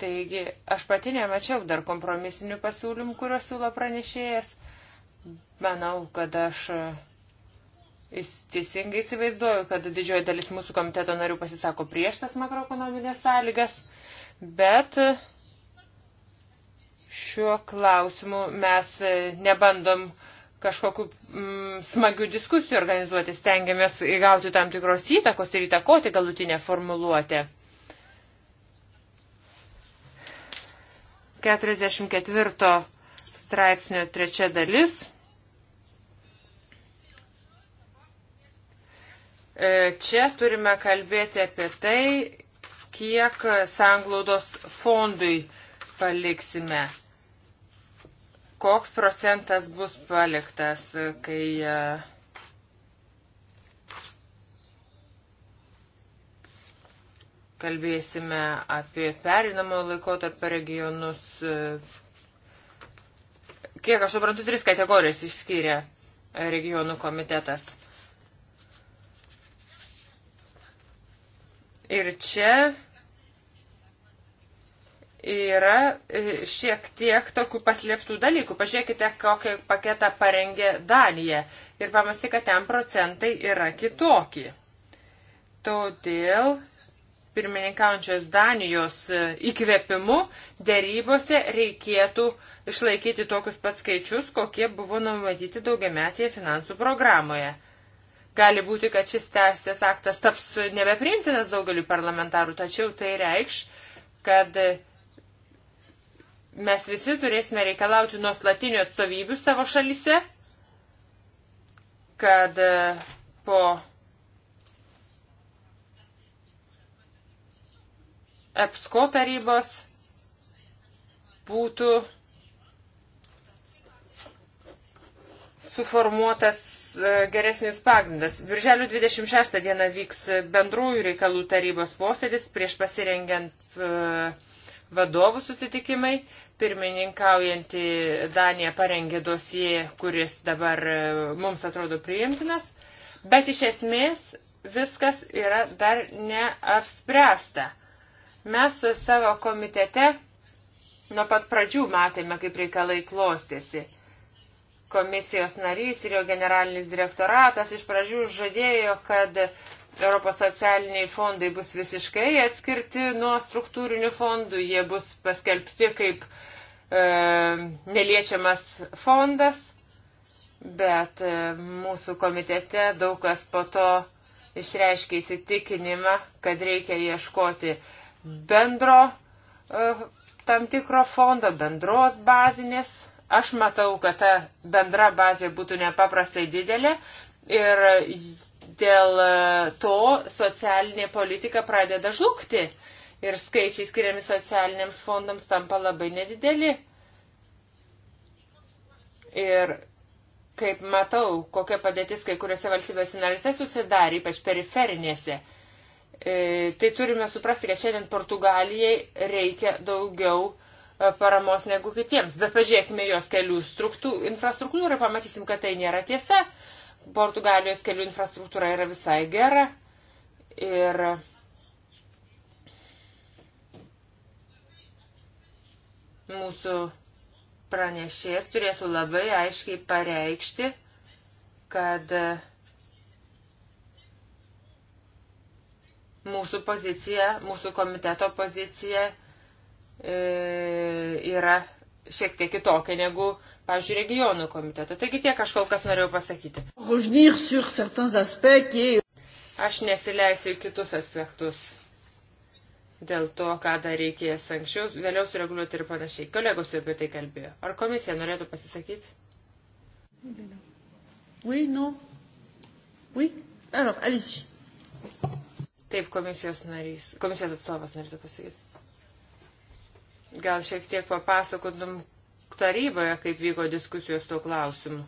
Taigi, aš pati nemačiau dar kompromisinių pasiūlymų, kuriuos siūlo pranešėjas. Manau, kad aš teisingai įsivaizduoju, kad didžioji dalis mūsų komiteto narių pasisako prieš tas makroekonominės sąlygas, bet šiuo klausimu mes nebandom uh, kažkokiu mm, smagiu diskusiju organizuoti, stengiamės įgauti tam tikros įtakos ir įtakoti galutinę formuluotę. 44 straipsnio trečia dalis. E, čia turime kalbėti apie tai, kiek sanglaudos fondui paliksime koks procentas bus paliktas, kai e, kalbėsime apie perinamo laikotarpio regionus. E, kiek aš suprantu, tris kategorijas išskyrė regionų komitetas. Ir čia yra e, šiek tiek tokių paslėptų dalykų. Pažiūrėkite, kokį paketą parengė Danija ir pamasty, kad ten procentai yra kitokie. Todėl pirmininkaujančios Danijos e, įkvėpimu dėrybose reikėtų išlaikyti tokius pat skaičius, kokie buvo numatyti daugiametėje finansų programoje. Gali būti, kad šis teisės aktas taps nebepriimtinas daugeliu parlamentarų, tačiau tai reikš, kad mes visi turėsime reikalauti nuoslatinių atstovybių savo šalise, kad e, po EPSCO tarybos būtų suformuotas e, geresnis pagrindas. Virželio 26 dieną vyks bendrųjų reikalų tarybos posėdis prieš pasirengiant e, vadovų susitikimai. Pirmininkaujanti Danija parengė dosiją, kuris dabar e, mums atrodo priimtinas, bet iš esmės viskas yra dar neapspręsta. Mes savo komitete nuo pat pradžių matėme, kaip reikalai klostėsi. Komisijos narys ir jo generalinis direktoratas iš pradžių žadėjo, kad Europos socialiniai fondai bus visiškai atskirti nuo struktūrinių fondų, jie bus paskelbti kaip e, neliečiamas fondas, bet e, mūsų komitete daug kas po to išreiškia įsitikinimą, kad reikia ieškoti bendro e, tam tikro fondo, bendros bazinės. Aš matau, kad ta bendra bazė būtų nepaprastai didelė ir Dėl e, to socialinė politika pradeda žlugti ir skaičiai skiriami socialiniams fondams tampa labai nedideli. Ir kaip matau, kokia padėtis kai kuriuose valstybės narėse susidarė, ypač periferinėse, e, tai turime suprasti, kad šiandien Portugalijai reikia daugiau e, paramos negu kitiems. Bet pažiūrėkime jos kelių infrastruktūrą ir pamatysim, kad tai nėra tiesa. Portugalijos kelių infrastruktūra yra visai gera. Ir mūsų pranešėjas turėtų labai aiškiai pareikšti, kad mūsų pozicija, mūsų komiteto pozicija e, yra šiek tiek kitokia negu e, pavyzdžiui, regionų komiteto. Taigi tiek aš kol kas norėjau pasakyti. Aš nesileisiu į kitus aspektus dėl to, ką dar reikės anksčiau, vėliau sureguliuoti ir panašiai. Kolegos apie tai kalbėjo. Ar komisija norėtų pasisakyti? Oui, non. Oui. Alors, allez-y. Taip, komisijos narys, komisijos atstovas norėtų pasakyti. Gal šiek tiek papasakotum, taryboje, kaip vyko diskusijos tuo klausimu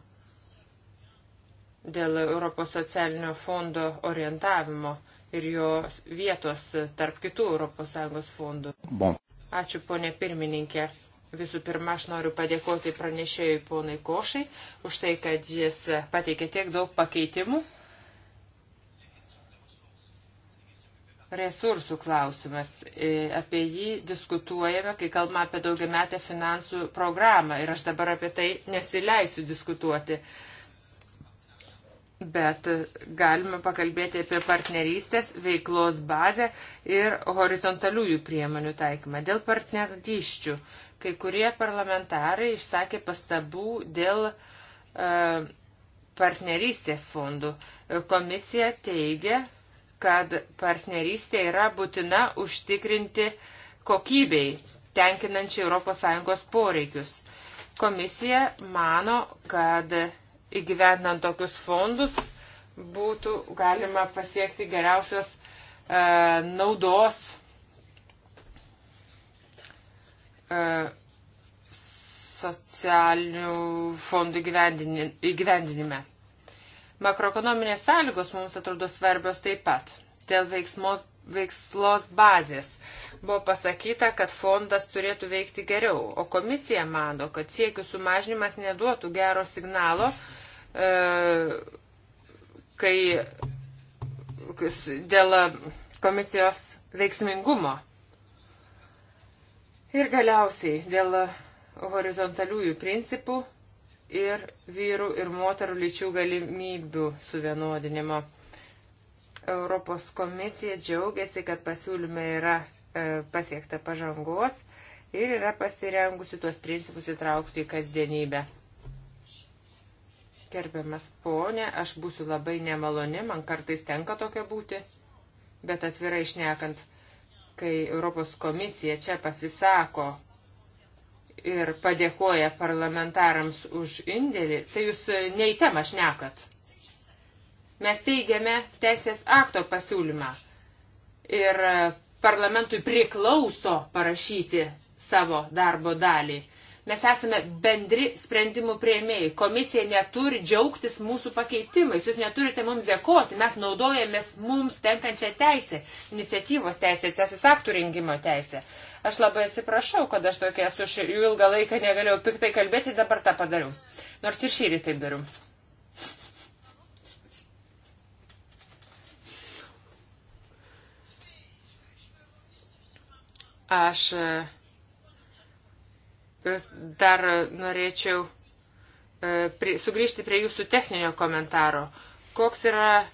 dėl Europos socialinio fondo orientavimo ir jo vietos tarp kitų ES fondų. Bon. Ačiū, ponė pirmininkė. Visų pirma, aš noriu padėkoti pranešėjui ponai Košai už tai, kad jis pateikė tiek daug pakeitimų resursų klausimas. E, apie jį diskutuojame, kai kalbame apie daugiametę finansų programą. Ir aš dabar apie tai nesileisiu diskutuoti. Bet galime pakalbėti apie partnerystės, veiklos bazę ir horizontaliųjų priemonių taikymą. Dėl partnerysčių kai kurie parlamentarai išsakė pastabų dėl uh, partnerystės fondų. Komisija teigia, kad partnerystė yra būtina užtikrinti kokybei, tenkinančiai ES poreikius. Komisija mano, kad įgyvendant tokius fondus būtų galima pasiekti geriausios e, naudos e, socialinių fondų įgyvendinime. Makroekonominės sąlygos mums atrodo svarbios taip pat. Dėl veiksmos, veikslos bazės buvo pasakyta, kad fondas turėtų veikti geriau, o komisija mano, kad siekių sumažinimas neduotų gero signalo, e, kai dėl komisijos veiksmingumo. Ir galiausiai dėl horizontaliųjų principų ir vyrų ir moterų lyčių galimybių suvienodinimo. Europos komisija džiaugiasi, kad pasiūlyme yra e, pasiekta pažangos ir yra pasirengusi tuos principus įtraukti į kasdienybę. Gerbiamas ponė, aš būsiu labai nemaloni, man kartais tenka tokia būti, bet atvirai išnekant, kai Europos komisija čia pasisako ir padėkoja parlamentarams už indėlį, tai jūs e, neįtem aš nekat. Mes teigiame teisės akto pasiūlymą ir e, parlamentui priklauso parašyti savo darbo dalį. Mes esame bendri sprendimų prieimėjai. Komisija neturi džiaugtis mūsų pakeitimais. Jūs neturite mums dėkoti. Mes naudojamės mums tenkančią teisę, iniciatyvos teisę, teisės aktų rengimo teisę. Aš labai atsiprašau, kad aš tokia esu, aš jų ilgą laiką negalėjau piktai kalbėti, dabar tą padariau. Nors ir šį rytą taip dariau. Aš e, dar norėčiau e, prie, sugrįžti prie jūsų techninio komentaro. Koks yra e,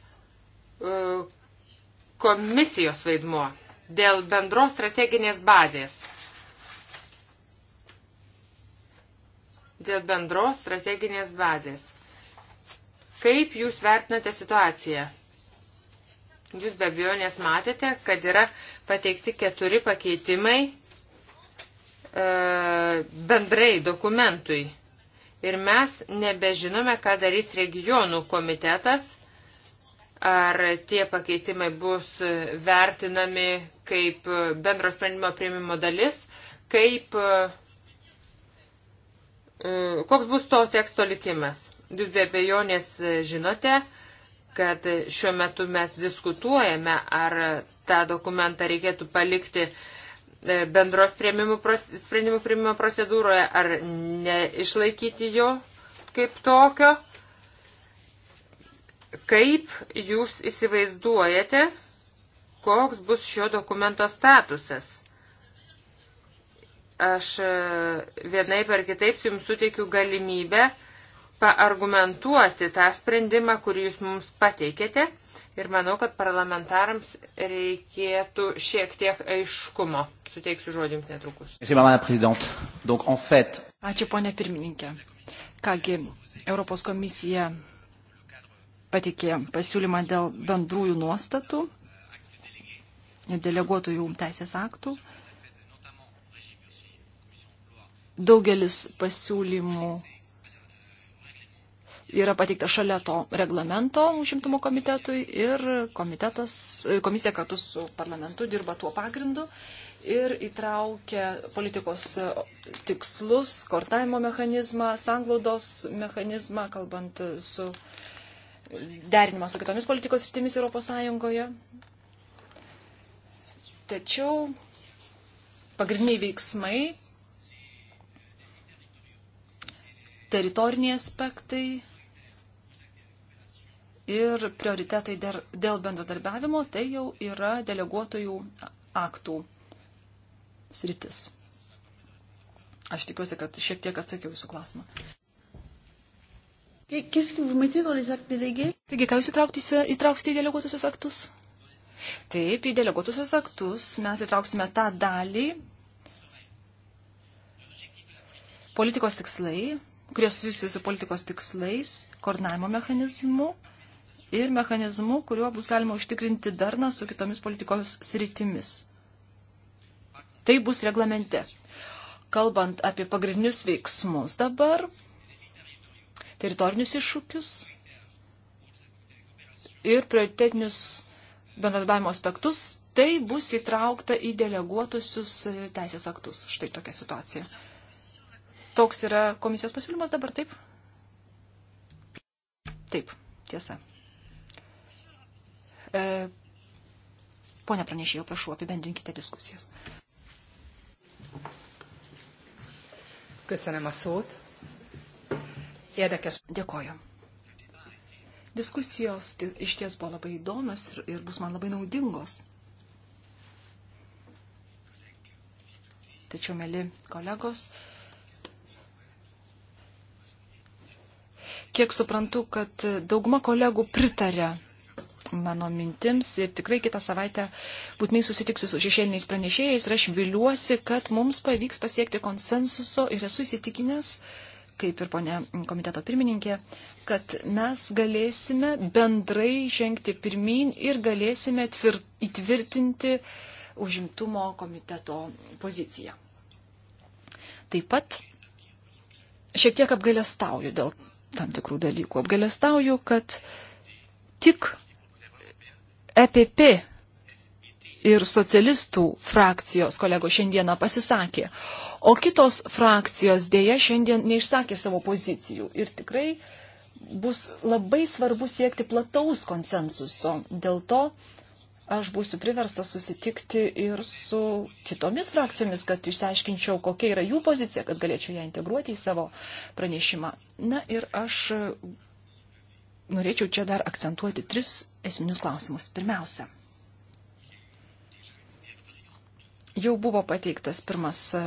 komisijos vaidmuo? dėl bendros strateginės bazės. Dėl bendros strateginės bazės. Kaip jūs vertinate situaciją? Jūs be abejo nesmatėte, kad yra pateikti keturi pakeitimai e, bendrai dokumentui. Ir mes nebežinome, ką darys regionų komitetas ar tie pakeitimai bus vertinami kaip bendro sprendimo prieimimo dalis, kaip e, koks bus to teksto likimas. Jūs be abejonės žinote, kad šiuo metu mes diskutuojame, ar tą dokumentą reikėtų palikti e, bendros sprendimų priimimo procedūroje, ar neišlaikyti jo kaip tokio. Kaip jūs įsivaizduojate, koks bus šio dokumento statusas? Aš e, vienai per kitaip jums suteikiu galimybę paargumentuoti tą sprendimą, kurį jūs mums pateikėte ir manau, kad parlamentarams reikėtų šiek tiek aiškumo. Suteiksiu žodį jums netrukus. Ačiū, ponė pirmininkė. Kągi, Europos komisija patikė pasiūlymą dėl bendrųjų nuostatų ir deleguotojų teisės aktų. Daugelis pasiūlymų yra pateikta šalia to reglamento užimtumo komitetui ir komitetas, komisija kartu su parlamentu dirba tuo pagrindu ir įtraukia politikos tikslus, kortavimo mechanizmą, sanglaudos mechanizmą, kalbant su derinimą su kitomis politikos rytimis Europos Sąjungoje. Tačiau pagrindiniai veiksmai, teritoriniai aspektai ir prioritetai dėl bendradarbiavimo, tai jau yra deleguotojų aktų sritis. Aš tikiuosi, kad šiek tiek atsakiau jūsų klausimą. Taigi, ką jūs įtrauksite į deleguotusius aktus? Taip, į deleguotusius aktus mes įtrauksime tą dalį politikos tikslai, kurie susijusi su politikos tikslais, koordinavimo mechanizmu ir mechanizmu, kuriuo bus galima užtikrinti darną su kitomis politikos sritimis. Tai bus reglamente. Kalbant apie pagrindinius veiksmus dabar, teritorinius iššūkius ir prioritetinius bendradarbiavimo aspektus, tai bus įtraukta į deleguotusius teisės aktus. Štai tokia situacija. Toks yra komisijos pasiūlymas dabar, taip? Taip, tiesa. E, Pone pranešėjo, prašau, apibendrinkite diskusijas. Köszönöm a szót érdekes. Dėkoju. Diskusijos iš ties buvo labai įdomios ir, ir bus man labai naudingos. Tačiau, mėly kolegos, kiek suprantu, kad dauguma kolegų pritarė mano mintims ir tikrai kitą savaitę būtinai susitiksiu su šešėliniais pranešėjais ir aš viliuosi, kad mums pavyks pasiekti konsensuso ir esu įsitikinęs, kad kaip ir ponė komiteto pirmininkė, kad mes galėsime bendrai žengti pirmin ir galėsime tvir, įtvirtinti užimtumo komiteto poziciją. Taip pat šiek tiek apgailestauju dėl tam tikrų dalykų. Apgailestauju, kad tik EPP ir socialistų frakcijos kolegos šiandieną pasisakė, O kitos frakcijos dėja šiandien neišsakė savo pozicijų. Ir tikrai bus labai svarbu siekti plataus konsensuso. Dėl to aš būsiu priversta susitikti ir su kitomis frakcijomis, kad išsiaiškinčiau, kokia yra jų pozicija, kad galėčiau ją integruoti į savo pranešimą. Na ir aš norėčiau čia dar akcentuoti tris esminius klausimus. Pirmiausia, Jau buvo pateiktas pirmas e,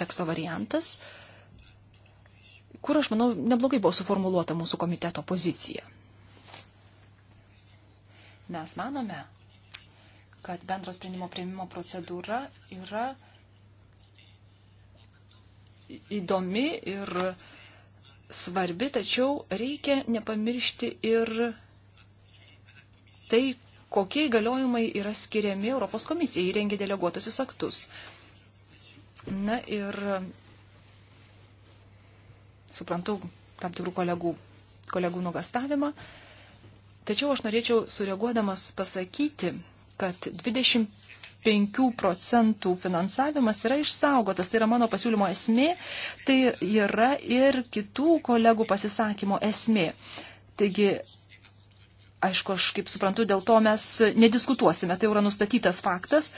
teksto variantas, kur, aš manau, neblogai buvo suformuoluota mūsų komiteto pozicija. Mes manome, kad bendro sprendimo prieimimo procedūra yra įdomi ir svarbi, tačiau reikia nepamiršti ir tai, kokie įgaliojimai yra skiriami Europos komisijai įrengia deleguotusius aktus. Na ir suprantu tam tikrų kolegų, kolegų nugastavimą, tačiau aš norėčiau sureaguodamas pasakyti, kad 20 5 procentų finansavimas yra išsaugotas. Tai yra mano pasiūlymo esmė, tai yra ir kitų kolegų pasisakymo esmė. Taigi Aišku, aš kaip suprantu, dėl to mes nediskutuosime, tai jau yra nustatytas faktas.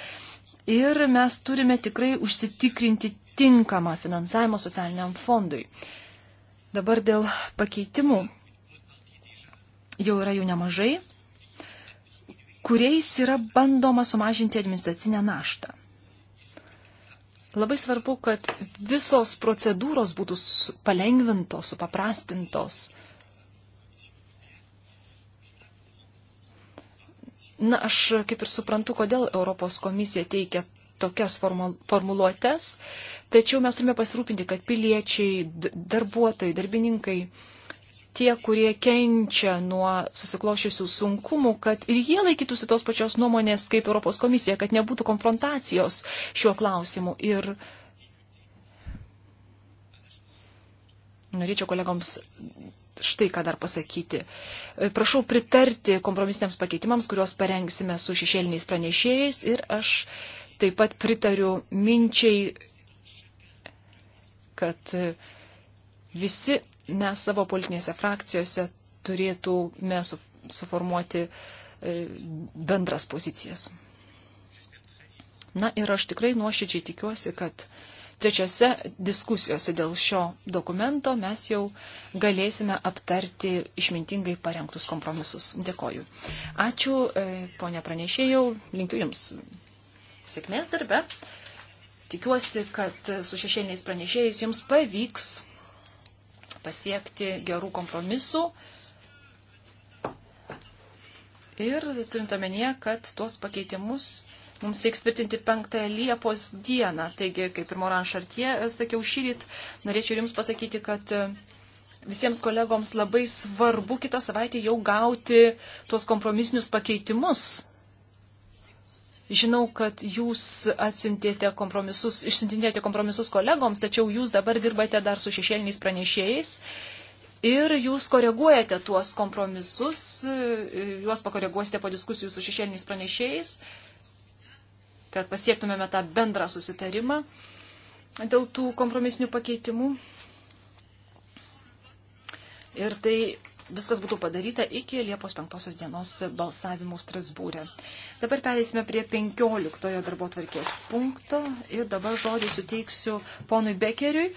Ir mes turime tikrai užsitikrinti tinkamą finansavimą socialiniam fondui. Dabar dėl pakeitimų jau yra jų nemažai, kuriais yra bandoma sumažinti administracinę naštą. Labai svarbu, kad visos procedūros būtų palengvintos, supaprastintos. Na, aš kaip ir suprantu, kodėl Europos komisija teikia tokias formuluotės, tačiau mes turime pasirūpinti, kad piliečiai, darbuotojai, darbininkai, tie, kurie kenčia nuo susiklošiusių sunkumų, kad ir jie laikytųsi tos pačios nuomonės kaip Europos komisija, kad nebūtų konfrontacijos šiuo klausimu. Ir norėčiau kolegoms štai ką dar pasakyti. E, prašau pritarti kompromisiniams pakeitimams, kuriuos parengsime su šešėliniais pranešėjais ir aš taip pat pritariu minčiai, kad e, visi mes savo politinėse frakcijose turėtume suformuoti e, bendras pozicijas. Na ir aš tikrai nuoširdžiai tikiuosi, kad trečiose diskusijose dėl šio dokumento mes jau galėsime aptarti išmintingai parengtus kompromisus. Dėkoju. Ačiū, e, ponė pranešėjau, linkiu Jums sėkmės darbe. Tikiuosi, kad su šešėliniais pranešėjais Jums pavyks pasiekti gerų kompromisų. Ir turint omenyje, kad tuos pakeitimus Mums reiks tvirtinti 5 Liepos dieną. Taigi, kaip ir Moran Šartie e, sakiau šyryt, norėčiau Jums pasakyti, kad e, visiems kolegoms labai svarbu kitą savaitę jau gauti tuos kompromisinius pakeitimus. Žinau, kad jūs atsintėte kompromisus, išsintinėte kompromisus kolegoms, tačiau jūs dabar dirbate dar su šešėliniais pranešėjais ir jūs koreguojate tuos kompromisus, e, juos pakoreguosite po diskusijų su šešėliniais pranešėjais. Uh, kad pasiektumėme tą bendrą susitarimą dėl tų kompromisinių pakeitimų. Ir tai viskas būtų padaryta iki Liepos 5 dienos balsavimų Strasbūrė. Dabar pereisime prie 15 darbo tvarkės punkto ir dabar žodį suteiksiu ponui Bekeriui.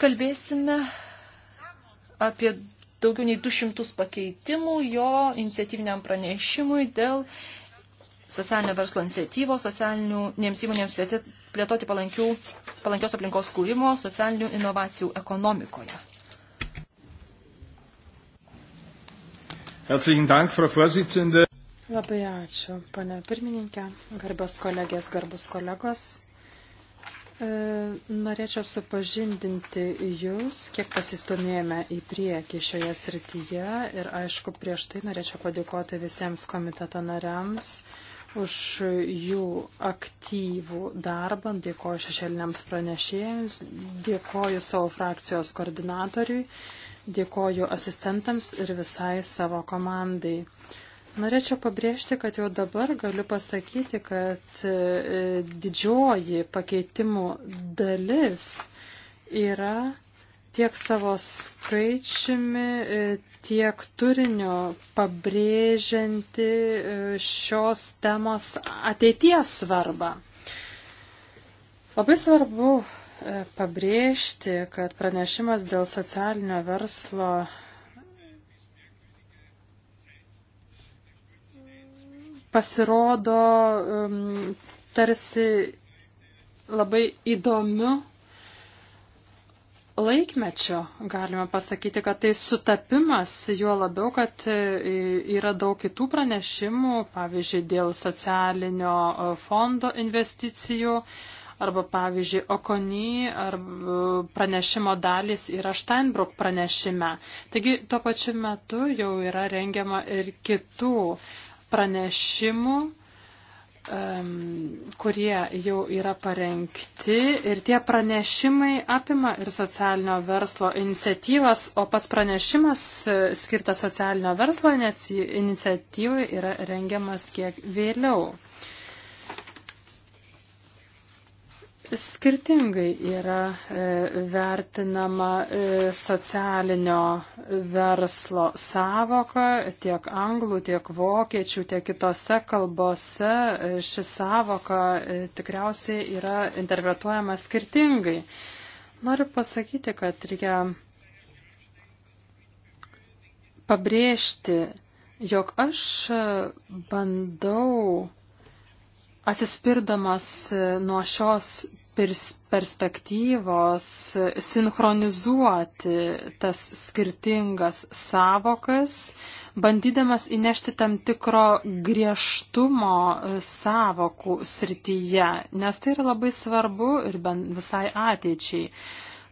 Kalbėsime apie daugiau nei 200 pakeitimų jo iniciatyviniam pranešimui dėl socialinio verslo iniciatyvos, socialinėms įmonėms plėtoti palankių, palankios aplinkos kūrimo, socialinių inovacijų ekonomikoje. Labai ačiū, pane pirmininkė, garbės kolegės, garbus kolegos. E, norėčiau supažindinti Jūs, kiek pasistumėjome į priekį šioje srityje ir aišku, prieš tai norėčiau padėkoti visiems komiteto nariams už jų aktyvų darbą, dėkoju šešėliniams pranešėjams, dėkoju savo frakcijos koordinatoriui, dėkoju asistentams ir visai savo komandai. Norėčiau pabrėžti, kad jau dabar galiu pasakyti, kad e, didžioji pakeitimų dalis yra tiek savo skaičiumi, e, tiek turiniu pabrėžianti e, šios temos ateities svarbą. Labai svarbu e, pabrėžti, kad pranešimas dėl socialinio verslo pasirodo tarsi labai įdomiu laikmečio. Galima pasakyti, kad tai sutapimas, juo labiau, kad e, yra daug kitų pranešimų, pavyzdžiui, dėl socialinio e, fondo investicijų arba, pavyzdžiui, Okony ar e, pranešimo dalys yra Steinbrück pranešime. Taigi, tuo pačiu metu jau yra rengiama ir kitų pranešimų kurie jau yra parengti ir tie pranešimai apima ir socialinio verslo iniciatyvas, o pats pranešimas e, skirtas socialinio verslo iniciatyvai yra rengiamas kiek vėliau. Skirtingai yra e, vertinama e, socialinio verslo savoka tiek anglų, tiek vokiečių, tiek kitose kalbose. E, ši savoka tikriausiai yra interpretuojama skirtingai. Noriu pasakyti, kad reikia pabrėžti, jog aš bandau atsispirdamas nuo šios perspektyvos sinchronizuoti tas skirtingas savokas, bandydamas įnešti tam tikro griežtumo savokų srityje, nes tai yra labai svarbu ir visai ateičiai.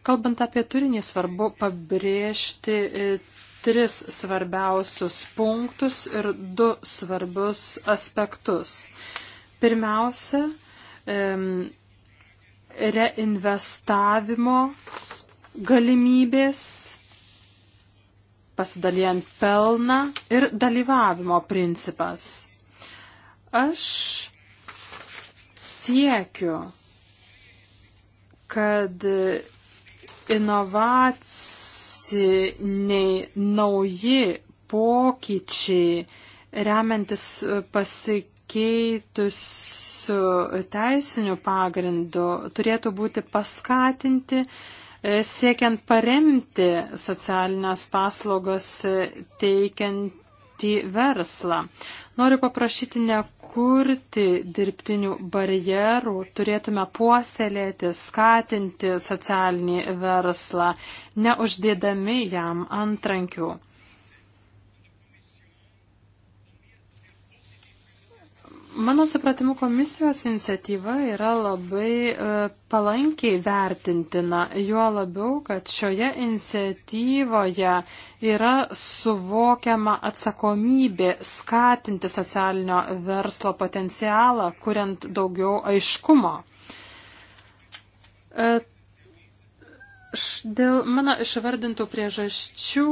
Kalbant apie turinį, svarbu pabrėžti e, tris svarbiausius punktus ir du svarbius aspektus. Pirmiausia, reinvestavimo galimybės, pasidalijant pelną ir dalyvavimo principas. Aš siekiu, kad inovaciniai nauji pokyčiai remiantis pasikeitimu pasikeitusiu teisiniu pagrindu turėtų būti paskatinti e, siekiant paremti socialinės paslaugas e, teikiantį verslą. Noriu paprašyti nekurti dirbtinių barjerų, turėtume puoselėti, skatinti socialinį verslą, neuždėdami jam antrankių. Mano supratimu, komisijos iniciatyva yra labai e, palankiai vertintina, juo labiau, kad šioje iniciatyvoje yra suvokiama atsakomybė skatinti socialinio verslo potencialą, kuriant daugiau aiškumo. E, Dėl mano išvardintų priežasčių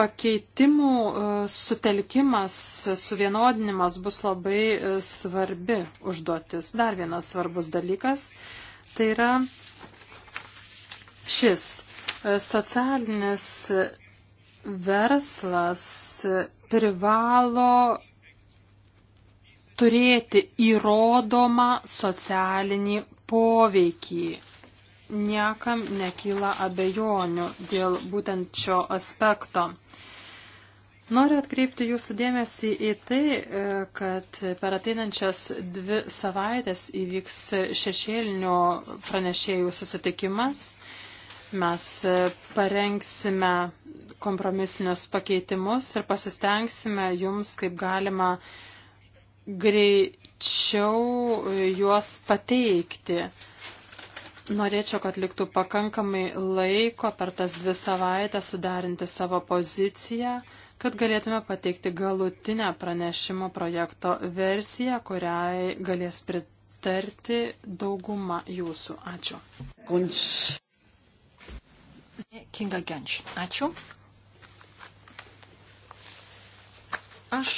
pakeitimų sutelkimas, suvienodinimas bus labai e, svarbi užduotis. Dar vienas svarbus dalykas tai yra šis e, socialinis verslas privalo turėti įrodomą socialinį poveikį niekam nekyla abejonių dėl būtent šio aspekto. Noriu atkreipti jūsų dėmesį į tai, e, kad per ateinančias dvi savaitės įvyks šešėlinio pranešėjų susitikimas. Mes e, parengsime kompromisinius pakeitimus ir pasistengsime jums kaip galima greičiau juos pateikti. Norėčiau, kad liktų pakankamai laiko per tas dvi savaitės sudarinti savo poziciją, kad galėtume pateikti galutinę pranešimo projekto versiją, kuriai galės pritarti dauguma jūsų. Ačiū. Kunč. Kinga Genč. Ačiū. Aš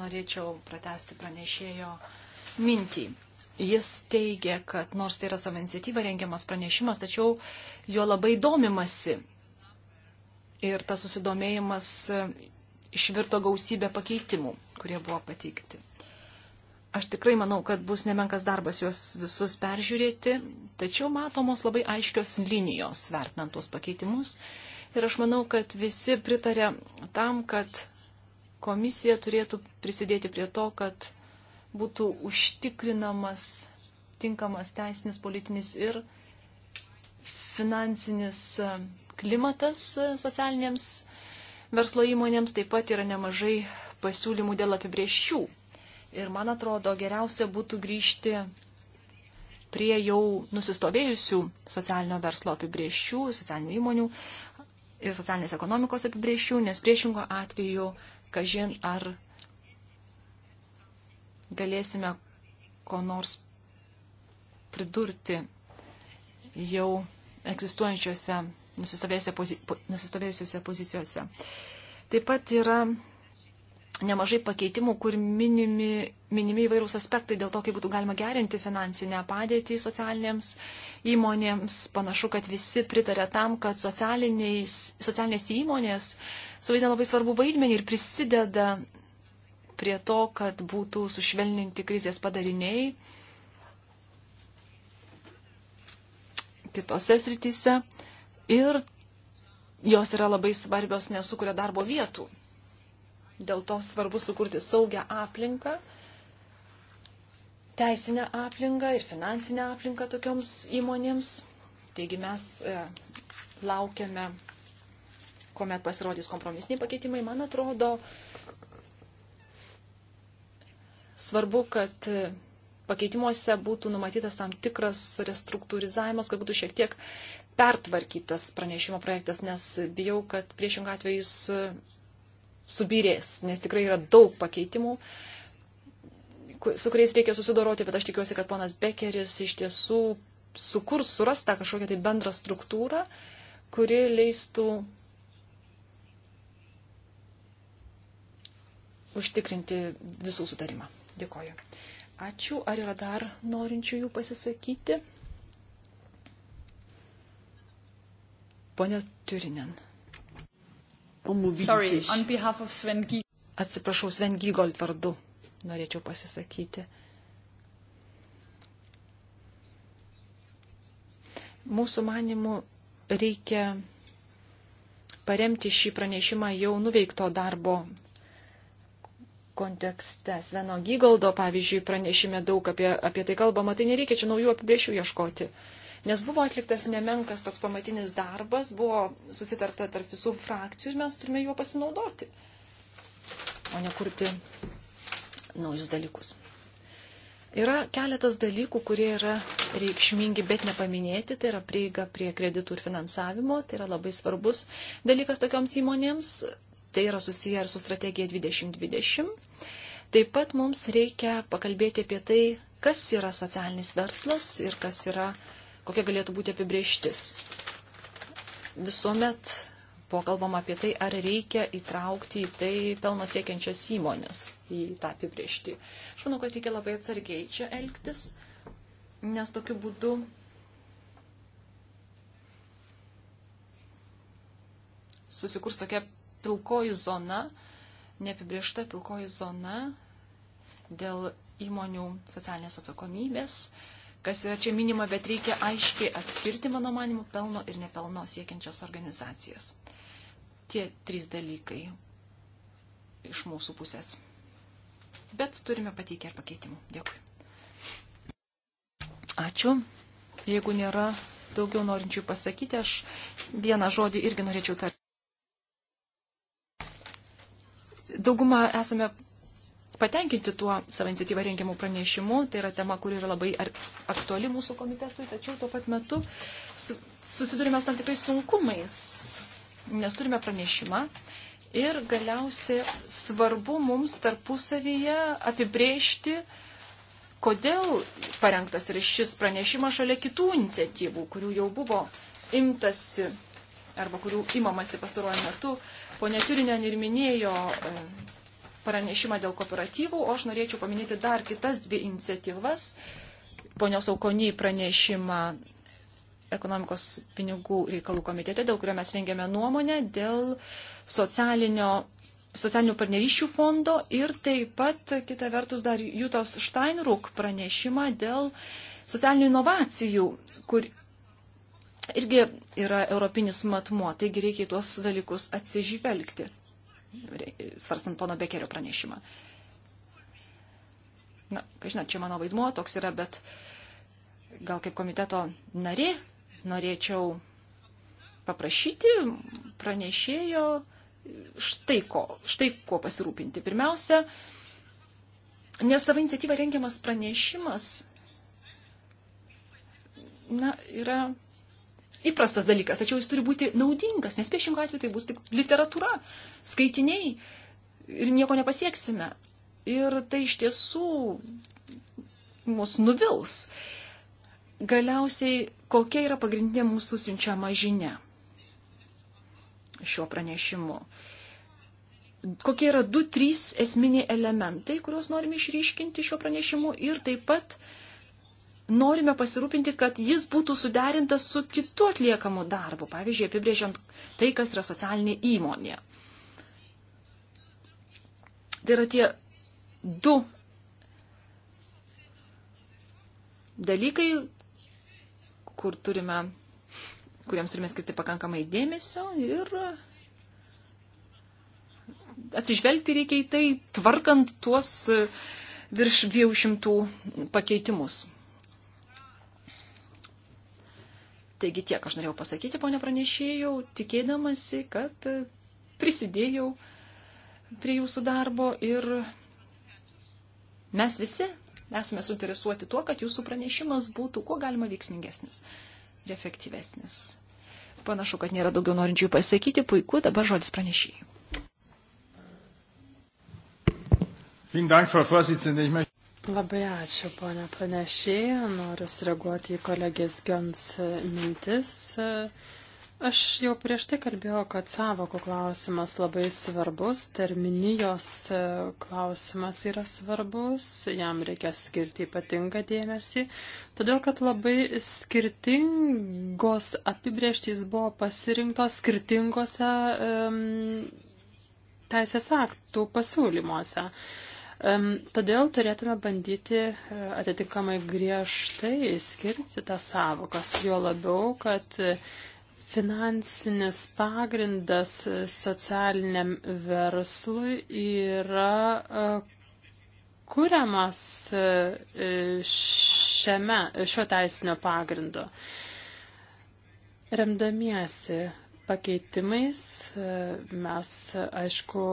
norėčiau pratesti pranešėjo mintį. Jis teigia, kad nors tai yra savo iniciatyva rengiamas pranešimas, tačiau juo labai domimasi. Ir tas susidomėjimas išvirto gausybę pakeitimų, kurie buvo pateikti. Aš tikrai manau, kad bus nemenkas darbas juos visus peržiūrėti, tačiau matomos labai aiškios linijos vertinant tuos pakeitimus. Ir aš manau, kad visi pritarė tam, kad komisija turėtų prisidėti prie to, kad būtų užtikrinamas tinkamas teisinis, politinis ir finansinis e, klimatas e, socialinėms verslo įmonėms. Taip pat yra nemažai pasiūlymų dėl apibrieščių. Ir man atrodo, geriausia būtų grįžti prie jau nusistovėjusių socialinio verslo apibrieščių, socialinių įmonių ir socialinės ekonomikos apibrieščių, nes priešingo atveju kažin ar galėsime ko nors pridurti jau egzistuojančiose nusistovėjusiose pozicijose. Taip pat yra nemažai pakeitimų, kur minimi, minimi įvairūs aspektai dėl to, kaip būtų galima gerinti finansinę padėtį socialinėms įmonėms. Panašu, kad visi pritarė tam, kad socialinės įmonės suvaidina labai svarbu vaidmenį ir prisideda prie to, kad būtų sušvelninti krizės padariniai kitose srityse. Ir jos yra labai svarbios, nesukuria darbo vietų. Dėl to svarbu sukurti saugią aplinką, teisinę aplinką ir finansinę aplinką tokioms įmonėms. Taigi mes e, laukiame kuomet pasirodys kompromisiniai pakeitimai, man atrodo svarbu, kad pakeitimuose būtų numatytas tam tikras restruktūrizavimas, kad būtų šiek tiek pertvarkytas pranešimo projektas, nes bijau, kad priešingą atveju jis e, subirės, nes tikrai yra daug pakeitimų su kuriais reikia susidoroti, bet aš tikiuosi, kad ponas Bekeris iš tiesų sukurs, suras tą kažkokią tai bendrą struktūrą, kuri leistų užtikrinti visų sutarimą. Dėkoju. Ačiū. Ar yra dar norinčių jų pasisakyti? Pone Turinen. Sorry, on behalf of Sven Giegold. Atsiprašau, Sven Giegold vardu norėčiau pasisakyti. Mūsų manimų reikia paremti šį pranešimą jau nuveikto darbo kontekste. Sveno Gygaldo, pavyzdžiui, pranešime daug apie, apie tai kalbama, tai nereikia čia naujų apibrėžimų ieškoti. Nes buvo atliktas nemenkas toks pamatinis darbas, buvo susitarta tarp visų frakcijų ir mes turime juo pasinaudoti, o ne kurti naujus dalykus. Yra keletas dalykų, kurie yra reikšmingi, bet nepaminėti, tai yra prieiga prie kreditų ir finansavimo, tai yra labai svarbus dalykas tokioms įmonėms, tai yra susiję ir su strategija 2020. Taip pat mums reikia pakalbėti apie tai, kas yra socialinis verslas ir kas yra, kokia galėtų būti apibrieštis. Visuomet buvo kalbama apie tai, ar reikia įtraukti į tai pelno siekiančias įmonės į tą apibriešti. Aš manau, kad reikia labai atsargiai čia elgtis, nes tokiu būdu susikurs tokia pilkoji zona, neapibriešta pilkoji zona dėl įmonių socialinės atsakomybės, kas yra čia minima, bet reikia aiškiai atskirti, mano manimu, pelno ir nepelno siekiančias organizacijas. Tie trys dalykai iš mūsų pusės. Bet turime pateikę ir pakeitimų. Dėkui. Ačiū. Jeigu nėra daugiau norinčių pasakyti, aš vieną žodį irgi norėčiau tarti. dauguma esame patenkinti tuo savo iniciatyvą rengiamų pranešimų. Tai yra tema, kuri yra labai aktuali mūsų komitetui, tačiau tuo pat metu susidurime su tam tikrais sunkumais, nes turime pranešimą. Ir galiausiai svarbu mums tarpusavyje apibrėžti, kodėl parengtas ir šis pranešimas šalia kitų iniciatyvų, kurių jau buvo imtasi arba kurių imamasi pastaruoju metu Pone Turinen ir minėjo e, pranešimą dėl kooperatyvų, o aš norėčiau paminėti dar kitas dvi iniciatyvas. Ponios Aukonį pranešimą ekonomikos pinigų reikalų komitete, dėl kurio mes rengėme nuomonę, dėl socialinio socialinių partnerysčių fondo ir taip pat, kita vertus, dar Jūtos Steinruk pranešimą dėl socialinių inovacijų, kur irgi yra europinis matmuo, taigi reikia į tuos dalykus atsižvelgti, svarstant pono Bekerio pranešimą. Na, kažinat, čia mano vaidmuo toks yra, bet gal kaip komiteto nari norėčiau paprašyti pranešėjo štai ko, štai ko pasirūpinti. Pirmiausia, nes savo iniciatyvą rengiamas pranešimas na, yra įprastas dalykas, tačiau jis turi būti naudingas, nes priešingų atveju tai bus tik literatūra, skaitiniai ir nieko nepasieksime. Ir tai iš tiesų mus nuvils. Galiausiai, kokia yra pagrindinė mūsų siunčiama žinia šiuo pranešimu? Kokie yra du, trys esminiai elementai, kuriuos norime išryškinti šiuo pranešimu ir taip pat uh, norime pasirūpinti, kad jis būtų suderintas su kitu atliekamu darbu, pavyzdžiui, apibrėžiant tai, kas yra socialinė įmonė. Tai yra tie du dalykai, kur turime, kuriems turime skirti pakankamai dėmesio ir atsižvelgti reikia į tai, tvarkant tuos virš 200 pakeitimus. Taigi tiek aš norėjau pasakyti, ponė pranešėjau, tikėdamasi, kad prisidėjau prie jūsų darbo ir mes visi esame suinteresuoti tuo, kad jūsų pranešimas būtų kuo galima veiksmingesnis ir efektyvesnis. Panašu, kad nėra daugiau norinčių pasakyti. Puiku, dabar žodis pranešėjai. Labai ačiū, ponia pranešėja. Noriu sureaguoti į kolegės Gions mintis. Aš jau prieš tai kalbėjau, kad savokų klausimas labai svarbus, terminijos klausimas yra svarbus, jam reikia skirti ypatingą dėmesį, todėl kad labai skirtingos apibrieštys buvo pasirinktos skirtingose um, teisės aktų pasiūlymuose. Uh, Todėl turėtume bandyti e, atitinkamai griežtai skirti tas savokas, jo labiau, kad e, finansinis pagrindas e, socialiniam verslui yra kuriamas šiame, šio teisinio pagrindo. Remdamiesi pakeitimais mes, aišku,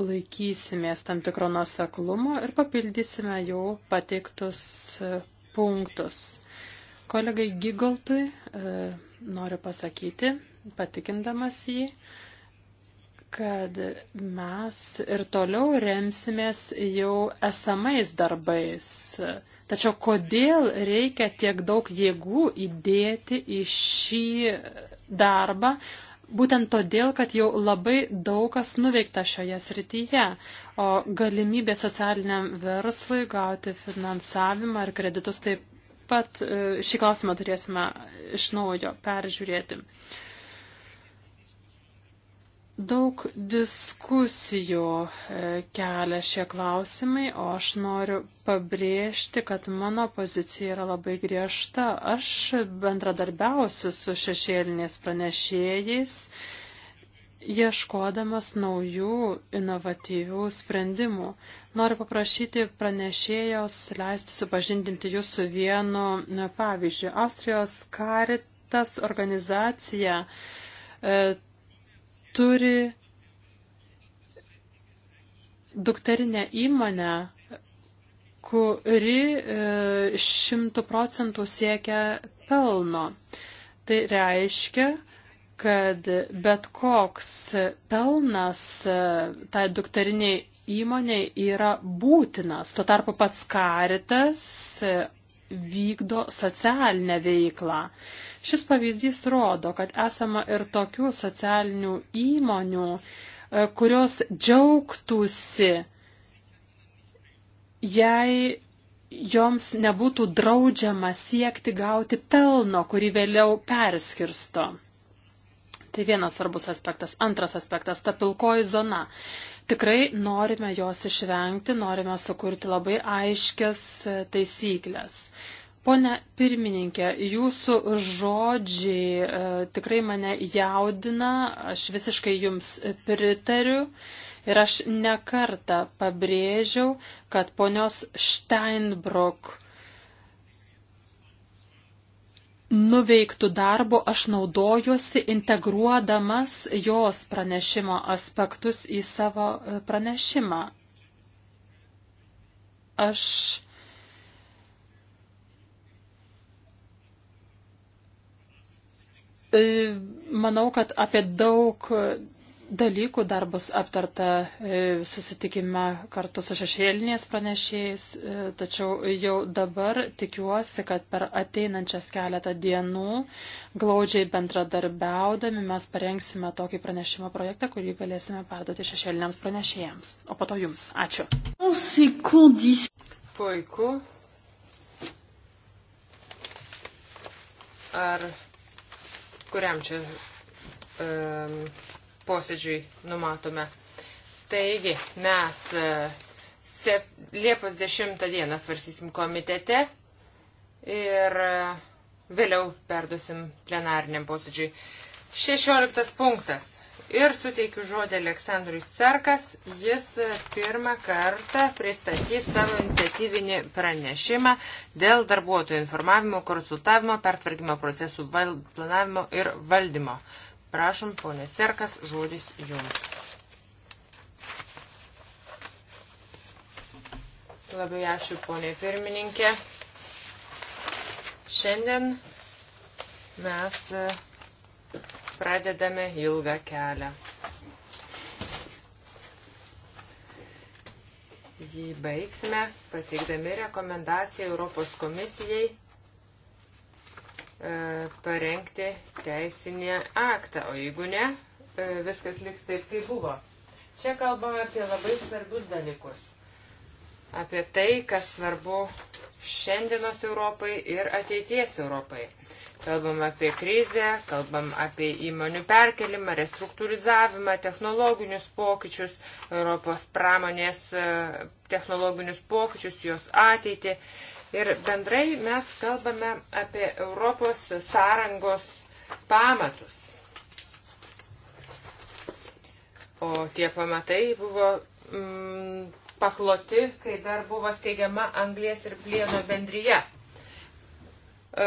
laikysimės tam tikro nuoseklumo ir papildysime jau pateiktus e, punktus. Kolegai Gigaltui e, noriu pasakyti, patikindamas jį, kad mes ir toliau remsimės jau esamais darbais. Tačiau kodėl reikia tiek daug jėgų įdėti į šį darbą, Būtent todėl, kad jau labai daug kas nuveikta šioje srityje, o galimybė socialiniam verslui gauti finansavimą ir kreditus taip pat e, šį klausimą turėsime iš naujo peržiūrėti. Daug diskusijų e, kelia šie klausimai, o aš noriu pabrėžti, kad mano pozicija yra labai griežta. Aš bendradarbiausiu su šešėliniais pranešėjais, ieškodamas naujų inovatyvių sprendimų. Noriu paprašyti pranešėjos leisti supažindinti jūs su vienu pavyzdžiu. Austrijos karitas organizacija e, turi dukterinę įmonę, kuri e, šimtų procentų siekia pelno. Tai reiškia, kad bet koks pelnas e, tai dukteriniai įmoniai yra būtinas. Tuo tarpu pats karitas vykdo socialinę veiklą. Šis pavyzdys rodo, kad esama ir tokių socialinių įmonių, e, kurios džiaugtųsi, jei joms nebūtų draudžiama siekti gauti pelno, kurį vėliau perskirsto. Tai vienas svarbus aspektas. Antras aspektas - ta pilkoji zona. Tikrai norime jos išvengti, norime sukurti labai aiškias e, taisyklės. Pone pirmininkė, jūsų žodžiai e, tikrai mane jaudina, aš visiškai jums pritariu ir aš nekartą pabrėžiau, kad ponios Steinbrook nuveiktų darbo aš naudojuosi integruodamas jos pranešimo aspektus į savo e, pranešimą. Aš e, manau, kad apie daug dalykų dar bus aptarta e, susitikime kartu su šešėliniais pranešėjais, e, tačiau jau dabar tikiuosi, kad per ateinančias keletą dienų glaudžiai bendradarbiaudami mes parengsime tokį pranešimo projektą, kurį galėsime perduoti šešėliniams pranešėjams. O po to jums. Ačiū. Puiku. Ar kuriam čia um, posėdžiui numatome. Taigi, mes e, Liepos 10 dieną svarstysim komitete ir e, vėliau perdusim plenariniam posėdžiui. 16 punktas. Ir suteikiu žodį Aleksandrui Serkas. Jis e, pirmą kartą pristatys savo iniciatyvinį pranešimą dėl darbuotojų informavimo, konsultavimo, pertvarkymo procesų planavimo ir valdymo. Prašom, ponė Serkas, žodis jums. Labai ačiū, ponė pirmininkė. Šiandien mes e, pradedame ilgą kelią. jį baigsime pateikdami rekomendaciją Europos komisijai E, parengti teisinį aktą, o jeigu ne, e, viskas liks taip, kaip buvo. Čia kalbame apie labai svarbius dalykus. Apie tai, kas svarbu šiandienos Europai ir ateities Europai. Kalbam apie krizę, kalbam apie įmonių perkelimą, restruktūrizavimą, technologinius pokyčius, Europos pramonės e, technologinius pokyčius, jos ateitį. Ir bendrai mes kalbame apie Europos sąrangos pamatus. O tie pamatai buvo mm, pakloti, kai dar buvo steigiama anglės ir plieno bendryje. E,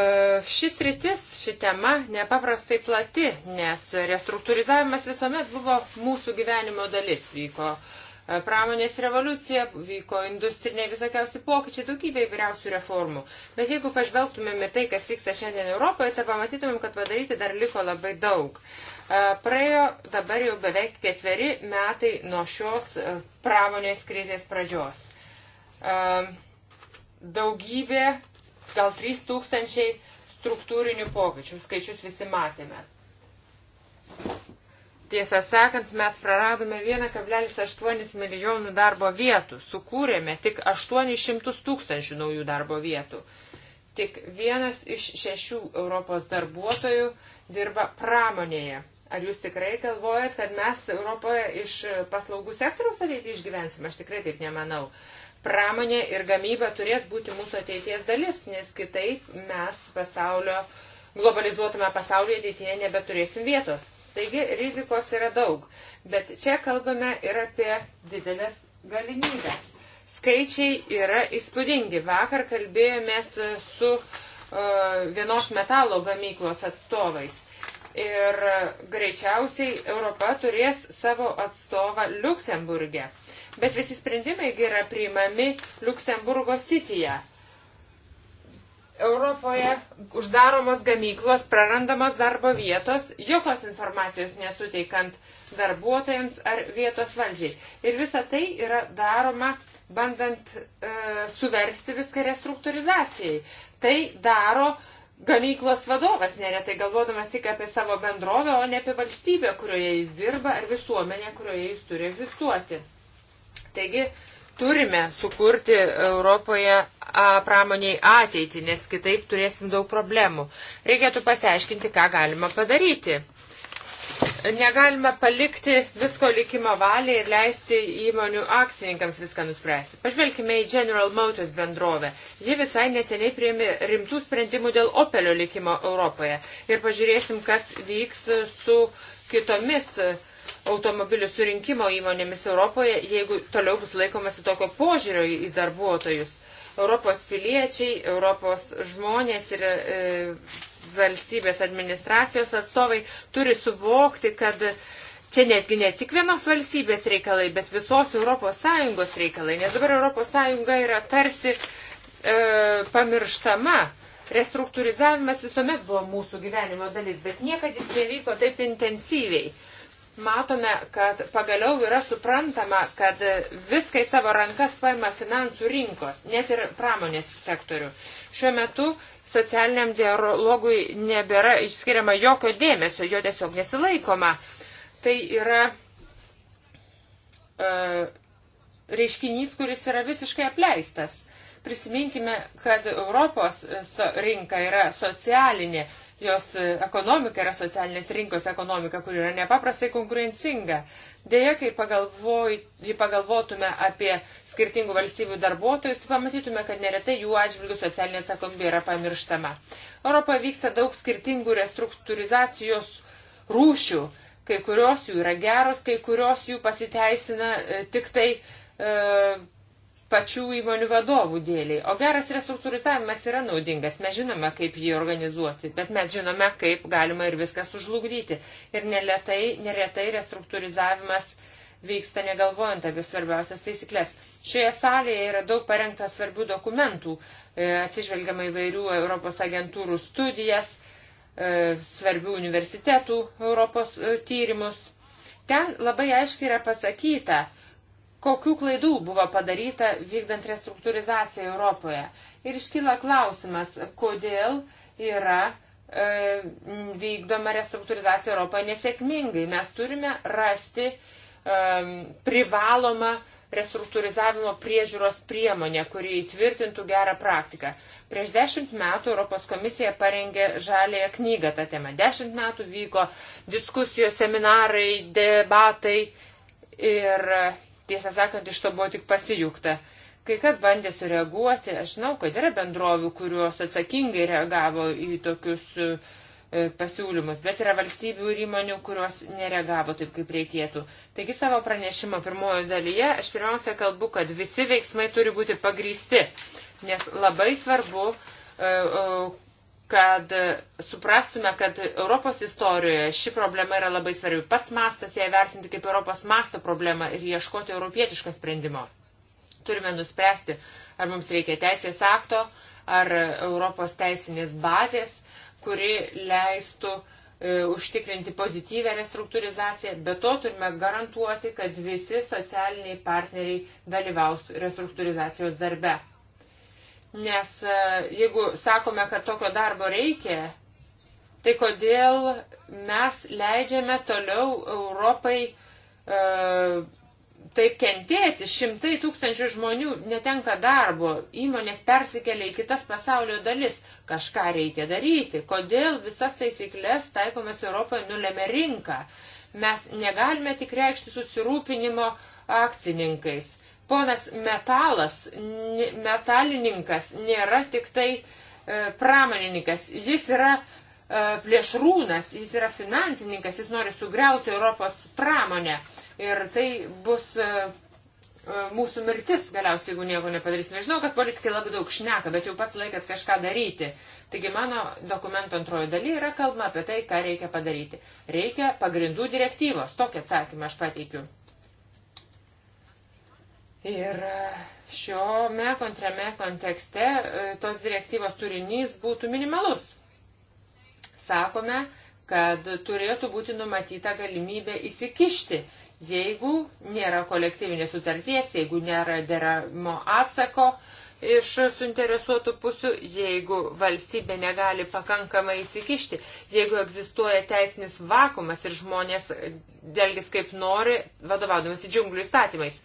šis rytis, ši tema nepaprastai plati, nes restruktūrizavimas visuomet buvo mūsų gyvenimo dalis. Vyko uh, E, pramonės revoliucija, vyko industriniai visokiausi pokyčiai, daugybė įvairiausių reformų. Bet jeigu pažvelgtumėme tai, kas vyksta šiandien Europoje, tai pamatytumėm, kad padaryti dar liko labai daug. E, praėjo dabar jau beveik ketveri metai nuo šios e, pramonės krizės pradžios. Daugybė, gal 3000 struktūrinių pokyčių, skaičius visi matėme Tiesą sakant, mes praradome 1,8 milijonų darbo vietų, sukūrėme tik 800 tūkstančių naujų darbo vietų. Tik vienas iš šešių Europos darbuotojų dirba pramonėje. Ar jūs tikrai galvojat, kad mes Europoje iš paslaugų sektoriaus ateitį išgyvensim? Aš tikrai taip nemanau. Pramonė ir gamyba turės būti mūsų ateities dalis, nes kitaip mes pasaulio, globalizuotame pasaulyje ateityje nebeturėsim vietos. Taigi rizikos yra daug, bet čia kalbame ir apie didelės galimybės. Skaičiai yra įspūdingi. Vakar kalbėjomės su uh, vienos metalo gamyklos atstovais ir greičiausiai Europa turės savo atstovą Luksemburgė. Bet visi sprendimai yra priimami Luksemburgo sityje. Europoje uždaromos gamyklos, prarandamos darbo vietos, jokios informacijos nesuteikant darbuotojams ar vietos valdžiai. Ir visa tai yra daroma bandant e, suversti viską restruktūrizacijai. Tai daro gamyklos vadovas, neretai galvodamas tik apie savo bendrovę, o ne apie valstybę, kurioje jis dirba, ar visuomenę, kurioje jis turi egzistuoti. Taigi, Turime sukurti Europoje pramoniai ateitį, nes kitaip turėsim daug problemų. Reikėtų pasiaiškinti, ką galima padaryti. Negalime palikti visko likimo valiai ir leisti įmonių akcininkams viską nuspręsti. Pažvelkime į General Motors bendrovę. Ji visai neseniai priėmė rimtų sprendimų dėl Opelio likimo Europoje. Ir pažiūrėsim, kas vyks su kitomis uh, automobilių surinkimo įmonėmis Europoje, jeigu toliau bus laikomasi tokio požiūrio į darbuotojus. Europos piliečiai, Europos žmonės ir e, valstybės administracijos atstovai turi suvokti, kad čia netgi ne tik vienos valstybės reikalai, bet visos ES reikalai, nes dabar ES yra tarsi e, pamirštama. Restruktūrizavimas visuomet buvo mūsų gyvenimo dalis, bet niekad jis nevyko taip intensyviai matome, kad pagaliau yra suprantama, kad viską į savo rankas paima finansų rinkos, net ir pramonės sektorių. Šiuo metu socialiniam dialogui nebėra išskiriama jokio dėmesio, jo tiesiog nesilaikoma. Tai yra e, reiškinys, kuris yra visiškai apleistas. Prisiminkime, kad Europos e, rinka yra socialinė, Jos ekonomika yra socialinės rinkos ekonomika, kur yra nepaprastai konkurencinga. Deja, kai pagalvoj, pagalvotume apie skirtingų valstybių darbuotojus, tai pamatytume, kad neretai jų atžvilgių socialinė atsakomybė yra pamirštama. Europoje vyksta daug skirtingų restruktūrizacijos rūšių. Kai kurios jų yra geros, kai kurios jų pasiteisina e, tik tai e, pačių įmonių vadovų dėliai. O geras restruktūrizavimas yra naudingas. Mes žinome, kaip jį organizuoti, bet mes žinome, kaip galima ir viską sužlugdyti. Ir neletai, neretai restruktūrizavimas vyksta negalvojant apie svarbiausias taisyklės. Šioje salėje yra daug parengta svarbių dokumentų, e, atsižvelgiama įvairių Europos agentūrų studijas, e, svarbių universitetų Europos e, tyrimus. Ten labai aiškiai yra pasakyta, kokių klaidų buvo padaryta vykdant restruktūrizaciją Europoje. Ir iškyla klausimas, kodėl yra e, vykdoma restruktūrizacija Europoje nesėkmingai. Mes turime rasti e, privalomą restruktūrizavimo priežiūros priemonę, kuri įtvirtintų gerą praktiką. Prieš dešimt metų Europos komisija parengė žalėją knygą tą temą. Dešimt metų vyko diskusijos, seminarai, debatai ir Tiesą sakant, iš to buvo tik pasijukta. Kai kas bandė sureaguoti, aš žinau, kad yra bendrovių, kurios atsakingai reagavo į tokius e, pasiūlymus, bet yra valstybių ir įmonių, kurios nereagavo taip, kaip reikėtų. Taigi savo pranešimo pirmojo dalyje aš pirmiausia kalbu, kad visi veiksmai turi būti pagrysti, nes labai svarbu, e, e, kad suprastume, kad Europos istorijoje ši problema yra labai svarbi. Pats mastas ją vertinti kaip Europos masto problemą ir ieškoti europietiško sprendimo. Turime nuspręsti, ar mums reikia teisės akto, ar Europos teisinės bazės, kuri leistų e, užtikrinti pozityvę restruktūrizaciją. Be to turime garantuoti, kad visi socialiniai partneriai dalyvaus restruktūrizacijos darbe. Nes e, jeigu sakome, kad tokio darbo reikia, tai kodėl mes leidžiame toliau Europai e, taip kentėti, šimtai tūkstančių žmonių netenka darbo, įmonės persikelia į kitas pasaulio dalis, kažką reikia daryti, kodėl visas taisyklės taikomas Europoje nulėmė rinką. Mes negalime tik reikšti susirūpinimo akcininkais. Ponas metalas, metalininkas nėra tik tai e, pramonininkas, jis yra e, plėšrūnas, jis yra finansininkas, jis nori sugriauti Europos pramonę. Ir tai bus e, mūsų mirtis galiausiai, jeigu nieko nepadarysime. Žinau, kad politikai labai daug šneka, bet jau pats laikas kažką daryti. Taigi mano dokumento antrojo daly yra kalba apie tai, ką reikia padaryti. Reikia pagrindų direktyvos. Tokį atsakymą aš pateikiu. Ir e, šiome kontrame kontekste e, tos direktyvos turinys būtų minimalus. Sakome, kad turėtų būti numatyta galimybė įsikišti, jeigu nėra kolektyvinės sutarties, jeigu nėra deramo atsako iš suinteresuotų pusių, jeigu valstybė negali pakankamai įsikišti, jeigu egzistuoja teisinis vakumas ir žmonės delgis kaip nori, vadovaudamas į džiunglių įstatymais.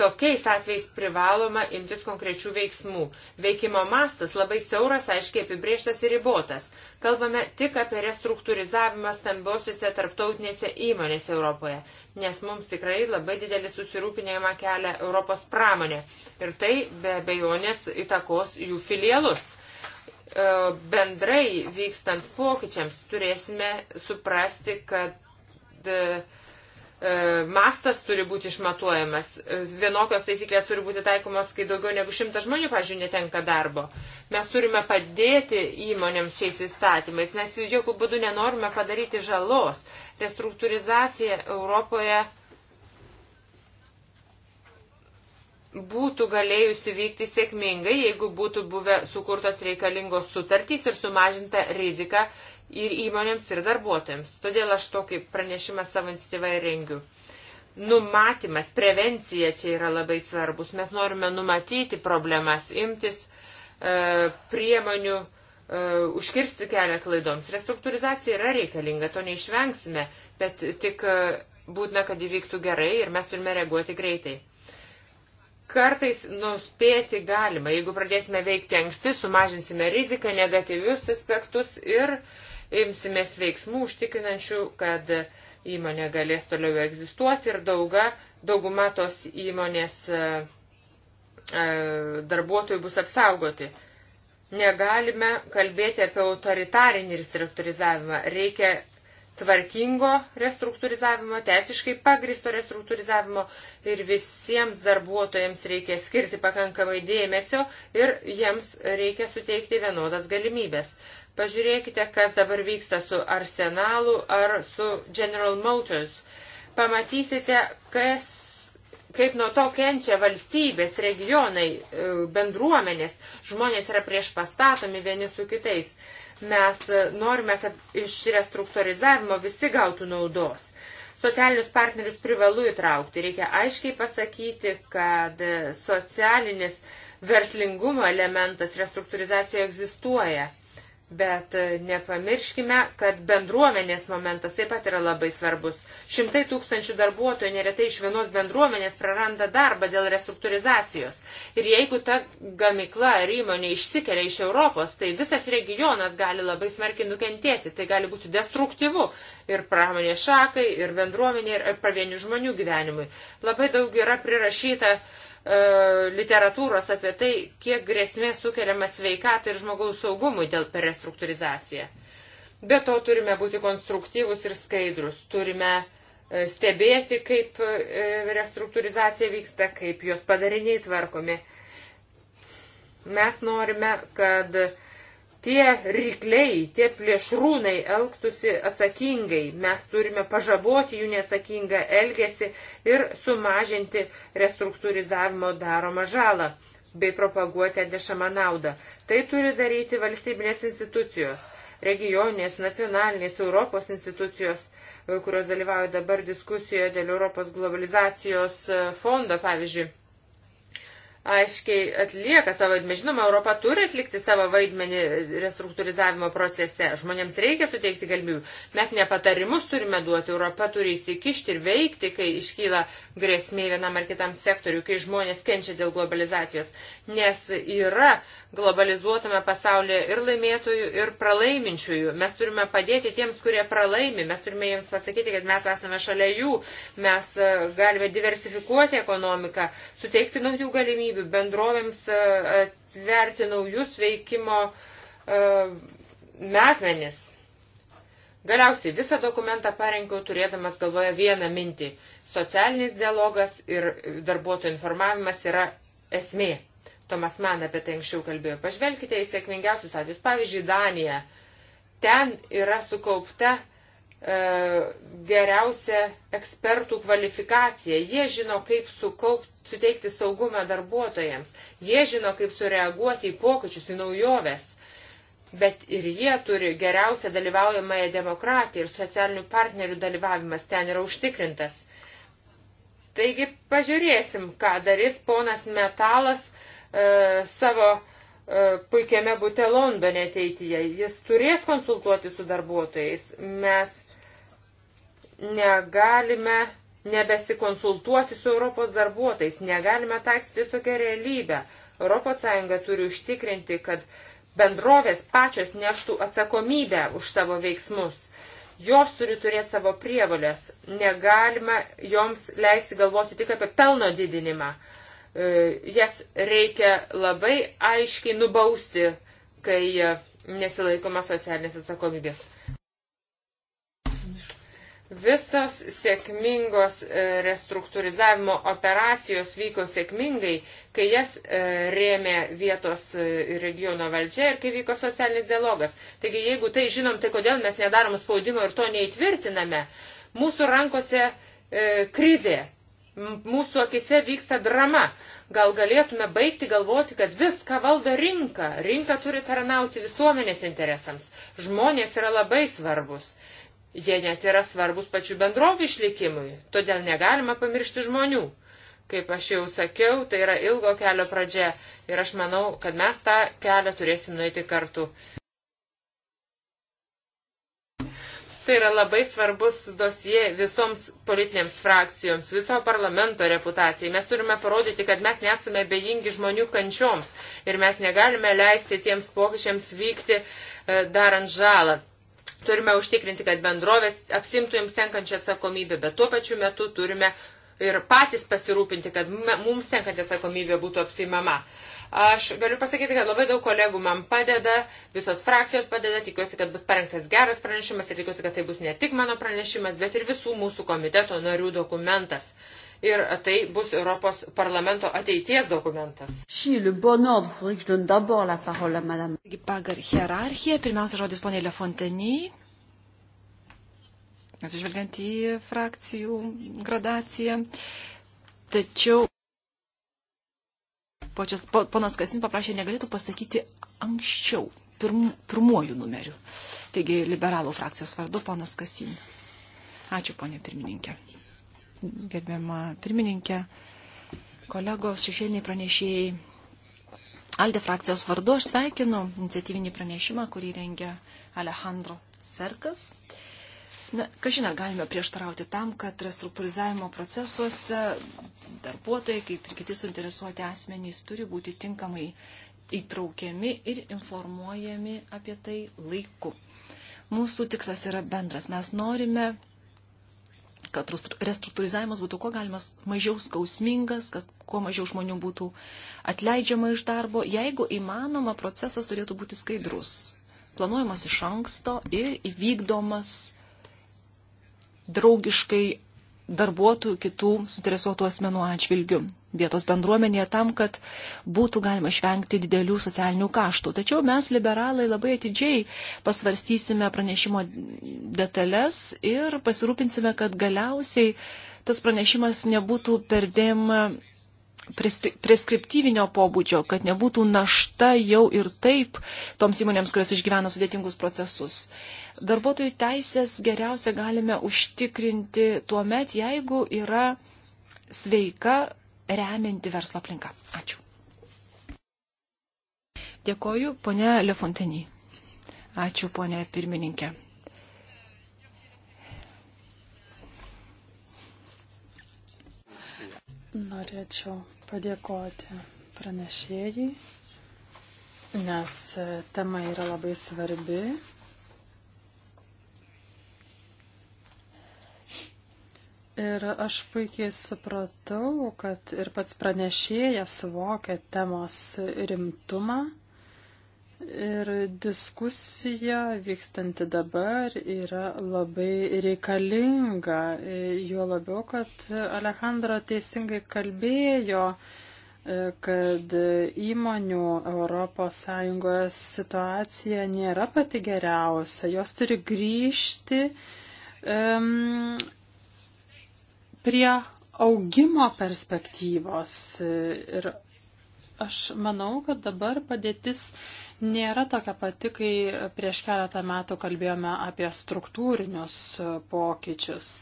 Tokiais atvejais privaloma imtis konkrečių veiksmų. Veikimo mastas labai siauras, aiškiai apibrieštas ir ribotas. Kalbame tik apie restruktūrizavimą stambiosiuose tarptautinėse įmonėse Europoje, nes mums tikrai labai didelį susirūpinėjimą kelia Europos pramonė. Ir tai be bejonės įtakos jų filialus e, bendrai vykstant pokyčiams turėsime suprasti, kad e, E, mastas turi būti išmatuojamas. E, vienokios taisyklės turi būti taikomos, kai daugiau negu šimtas žmonių, pažiūrėjau, netenka darbo. Mes turime padėti įmonėms šiais įstatymais, mes jokių būdų nenorime padaryti žalos. Restruktūrizacija Europoje būtų galėjusi vykti sėkmingai, jeigu būtų buvę sukurtos reikalingos sutartys ir sumažinta rizika uh, ir įmonėms, ir darbuotojams. Todėl aš tokį pranešimą savo iniciatyvą ir rengiu. Numatymas, prevencija čia yra labai svarbus. Mes norime numatyti problemas, imtis e, priemonių, e, užkirsti kelią klaidoms. Restruktūrizacija yra reikalinga, to neišvengsime, bet tik e, būtina, kad įvyktų gerai ir mes turime reaguoti greitai kartais nuspėti galima. Jeigu pradėsime veikti anksti, sumažinsime riziką, negatyvius aspektus ir uh, imsimės veiksmų užtikrinančių, kad įmonė galės toliau egzistuoti ir dauga, dauguma tos įmonės e, e, darbuotojų bus apsaugoti. Negalime kalbėti apie autoritarinį restruktūrizavimą. Reikia tvarkingo restruktūrizavimo, teisiškai pagristo restruktūrizavimo ir visiems darbuotojams reikia skirti pakankamai dėmesio ir jiems reikia suteikti vienodas galimybės. Pažiūrėkite, kas dabar vyksta su Arsenalu ar su General Motors. Pamatysite, kas, kaip nuo to kenčia valstybės, regionai, e, bendruomenės. Žmonės yra prieš pastatomi vieni su kitais. Mes e, norime, kad iš restruktūrizavimo visi gautų naudos socialinius partnerius privalu įtraukti. Reikia aiškiai pasakyti, kad e, socialinis verslingumo elementas restruktūrizacijoje egzistuoja. Bet e, nepamirškime, kad bendruomenės momentas taip pat yra labai svarbus. Šimtai tūkstančių darbuotojų neretai iš vienos bendruomenės praranda darbą dėl restruktūrizacijos. Ir jeigu ta gamikla ar įmonė išsikelia iš Europos, tai visas regionas gali labai smarkiai nukentėti. Tai gali būti destruktyvu ir pramonės šakai, ir bendruomenė, ir pavienių žmonių gyvenimui. Labai daug yra prirašyta uh, E, literatūros apie tai, kiek grėsmė sukeliama sveikatai ir žmogaus saugumui dėl perestruktūrizaciją. Be to turime būti konstruktyvus ir skaidrus, turime e, stebėti, kaip e, restruktūrizacija vyksta, kaip jos padariniai tvarkomi. Mes norime, kad uh, tie rykliai, tie plėšrūnai elgtųsi atsakingai. Mes turime pažaboti jų neatsakingą elgesį ir sumažinti restruktūrizavimo daromą žalą bei propaguoti atnešamą naudą. Tai turi daryti valstybinės institucijos, regioninės, nacionalinės, Europos institucijos, kurios dalyvauja dabar diskusijoje dėl Europos globalizacijos fondo, pavyzdžiui aiškiai atlieka savo vaidmenį. Žinoma, Europa turi atlikti savo vaidmenį restruktūrizavimo procese. Žmonėms reikia suteikti galimybių. Mes ne patarimus turime duoti, Europa turi įsikišti ir veikti, kai iškyla grėsmė vienam ar kitam sektoriu, kai žmonės kenčia dėl globalizacijos. Nes yra globalizuotame pasaulyje ir laimėtojų, ir pralaiminčiųjų. Mes turime padėti tiems, kurie pralaimi. Mes turime jiems pasakyti, kad mes esame šalia jų. Mes e, galime diversifikuoti ekonomiką, suteikti naujų galimybių galimybių bendrovėms e, atverti naujus veikimo e, metmenis. Galiausiai visą dokumentą parengiau turėdamas galvoje vieną mintį. Socialinis dialogas ir darbuotojų informavimas yra esmė. Tomas Man apie tai anksčiau kalbėjo. Pažvelkite į sėkmingiausius atvejus. Pavyzdžiui, Danija. Ten yra sukaupta e, geriausia ekspertų kvalifikacija. Jie žino, kaip sukaupti suteikti saugumą darbuotojams. Jie žino, kaip sureaguoti į pokyčius, į naujoves. Bet ir jie turi geriausią dalyvaujamąją demokratiją ir socialinių partnerių dalyvavimas ten yra užtikrintas. Taigi pažiūrėsim, ką darys ponas Metalas e, savo e, puikiame būte Londone ateityje. Jis turės konsultuoti su darbuotojais. Mes negalime nebesikonsultuoti su Europos darbuotojais, negalime taikstyti tokią realybę. ES turi užtikrinti, kad bendrovės pačios neštų atsakomybę už savo veiksmus. Jos turi turėti savo prievalės. Negalima joms leisti galvoti tik apie pelno didinimą. E, jas reikia labai aiškiai nubausti, kai e, nesilaikoma socialinės atsakomybės. Visos sėkmingos e, restruktūrizavimo operacijos vyko sėkmingai, kai jas e, rėmė vietos e, regiono valdžia ir kai vyko socialinis dialogas. Taigi, jeigu tai žinom, tai kodėl mes nedarom spaudimo ir to neįtvirtiname. Mūsų rankose krizė, mūsų akise vyksta drama. Gal galėtume baigti galvoti, kad viską valdo rinka. Rinka turi tarnauti visuomenės interesams. Žmonės yra labai svarbus Jie net yra svarbus pačių bendrovų išlikimui, todėl negalima pamiršti žmonių. Kaip aš jau sakiau, tai yra ilgo kelio pradžia ir aš manau, kad mes tą kelią turėsim nueiti kartu. Tai yra labai svarbus dosie visoms politinėms frakcijoms, viso parlamento reputacijai. Mes turime parodyti, kad mes nesame bejingi žmonių kančioms ir mes negalime leisti tiems pokyčiams vykti e, darant žalą Turime užtikrinti, kad bendrovės apsimtų jums tenkančią atsakomybę, bet tuo pačiu metu turime ir patys pasirūpinti, kad mums tenkanti atsakomybė būtų apsimama. Aš galiu pasakyti, kad labai daug kolegų man padeda, visos frakcijos padeda, tikiuosi, kad bus parengtas geras pranešimas ir tikiuosi, kad tai bus ne tik mano pranešimas, bet ir visų mūsų komiteto narių dokumentas ir tai bus Europos parlamento ateities dokumentas. Pagal hierarchiją, pirmiausia žodis ponė Lefonteniai, atsižvelgiant į frakcijų gradaciją. Tačiau pačias, ponas Kasin paprašė, negalėtų pasakyti anksčiau, pirm, pirmuoju numeriu. Taigi liberalų frakcijos vardu ponas Kasin. Ačiū, ponė pirmininkė gerbiama pirmininkė, kolegos, šešėliniai pranešėjai. Alde frakcijos vardu aš sveikinu iniciatyvinį pranešimą, kurį rengia Alejandro Serkas. Na, kažin ar galime prieštarauti tam, kad restruktūrizavimo procesuose darbuotojai, kaip ir kiti suinteresuoti asmenys, turi būti tinkamai įtraukiami ir informuojami apie tai laiku. Mūsų tikslas yra bendras. Mes norime kad restruktūrizavimas būtų kuo galima mažiau skausmingas, kad kuo mažiau žmonių būtų atleidžiama iš darbo. Jeigu įmanoma, procesas turėtų būti skaidrus, planuojamas iš anksto ir įvykdomas draugiškai darbuotojų, kitų suinteresuotų asmenų atžvilgių vietos bendruomenėje tam, kad būtų galima išvengti didelių socialinių kaštų. Tačiau mes, liberalai, labai atidžiai pasvarstysime pranešimo detalės ir pasirūpinsime, kad galiausiai tas pranešimas nebūtų perdėm preskriptyvinio pobūdžio, kad nebūtų našta jau ir taip toms įmonėms, kurios išgyvena sudėtingus procesus. Darbuotojų teisės geriausia galime užtikrinti tuo met, jeigu yra sveika remianti verslo aplinka. Ačiū. Dėkoju, ponė Lefontenį. Ačiū, ponė pirmininkė. Norėčiau padėkoti pranešėjai, nes tema yra labai svarbi Ir aš puikiai supratau, kad ir pats pranešėjas suvokia temos rimtumą. Ir diskusija vykstanti dabar yra labai reikalinga. Juo labiau, kad Alejandro teisingai kalbėjo, kad įmonių ES situacija nėra pati geriausia. Jos turi grįžti um, prie augimo perspektyvos. Ir aš manau, kad dabar padėtis nėra tokia pati, kai prieš keletą metų kalbėjome apie struktūrinius pokyčius.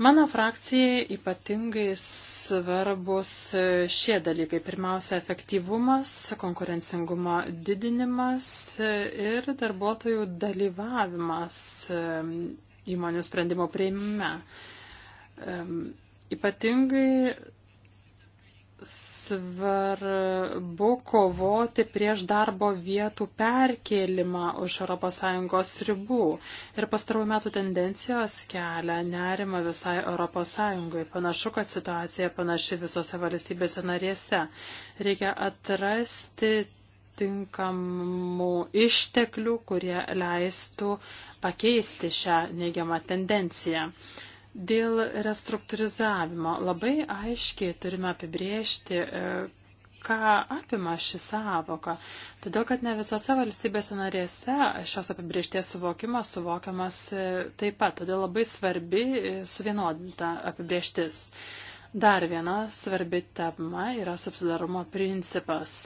Mano frakcijai ypatingai svarbus šie dalykai. Pirmiausia, efektyvumas, konkurencingumo didinimas ir darbuotojų dalyvavimas įmonių sprendimo prieimime. Ypatingai svarbu kovoti prieš darbo vietų perkėlimą už ES ribų. Ir pastarų metų tendencijos kelia nerima visai ES. Panašu, kad situacija panaši visose valstybėse narėse. Reikia atrasti tinkamų išteklių, kurie leistų pakeisti šią neigiamą tendenciją. Dėl restruktūrizavimo labai aiškiai turime apibriežti, e, ką apima ši savoka, todėl kad ne visose valstybėse narėse šios apibriežties suvokimas suvokiamas e, taip pat, todėl labai svarbi e, suvienodinta apibriežtis. Dar viena svarbi tema yra subsidarumo principas.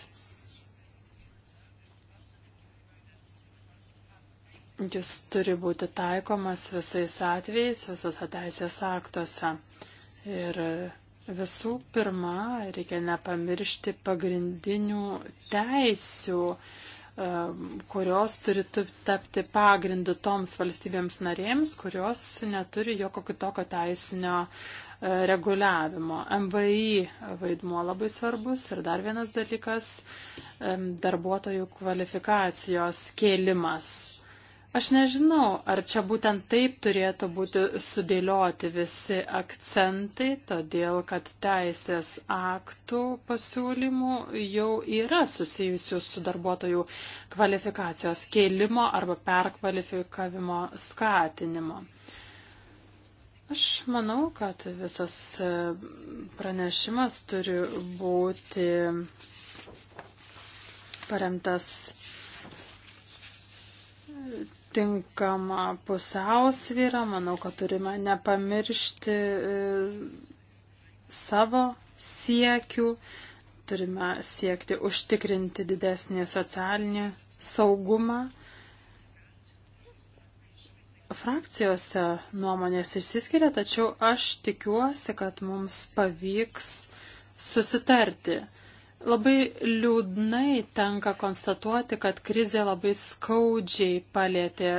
Jis turi būti taikomas visais atvejais, visose teisės aktuose. Ir visų pirma, reikia nepamiršti pagrindinių teisių, um, kurios turi tapti pagrindu toms valstybėms narėms, kurios neturi jokio kitokio teisinio uh, reguliavimo. MVI vaidmuo labai svarbus ir dar vienas dalykas um, - darbuotojų kvalifikacijos kėlimas. Aš nežinau, ar čia būtent taip turėtų būti sudėlioti visi akcentai, todėl kad teisės aktų pasiūlymų jau yra susijusių su darbuotojų kvalifikacijos kėlimo arba perkvalifikavimo skatinimo. Aš manau, kad visas e, pranešimas turi būti paremtas tinkamą pusiausvyrą. Manau, kad turime nepamiršti e, savo siekių, turime siekti užtikrinti didesnį socialinį saugumą. Frakcijose nuomonės išsiskiria, tačiau aš tikiuosi, kad mums pavyks susitarti. Labai liūdnai tenka konstatuoti, kad krizė labai skaudžiai palėtė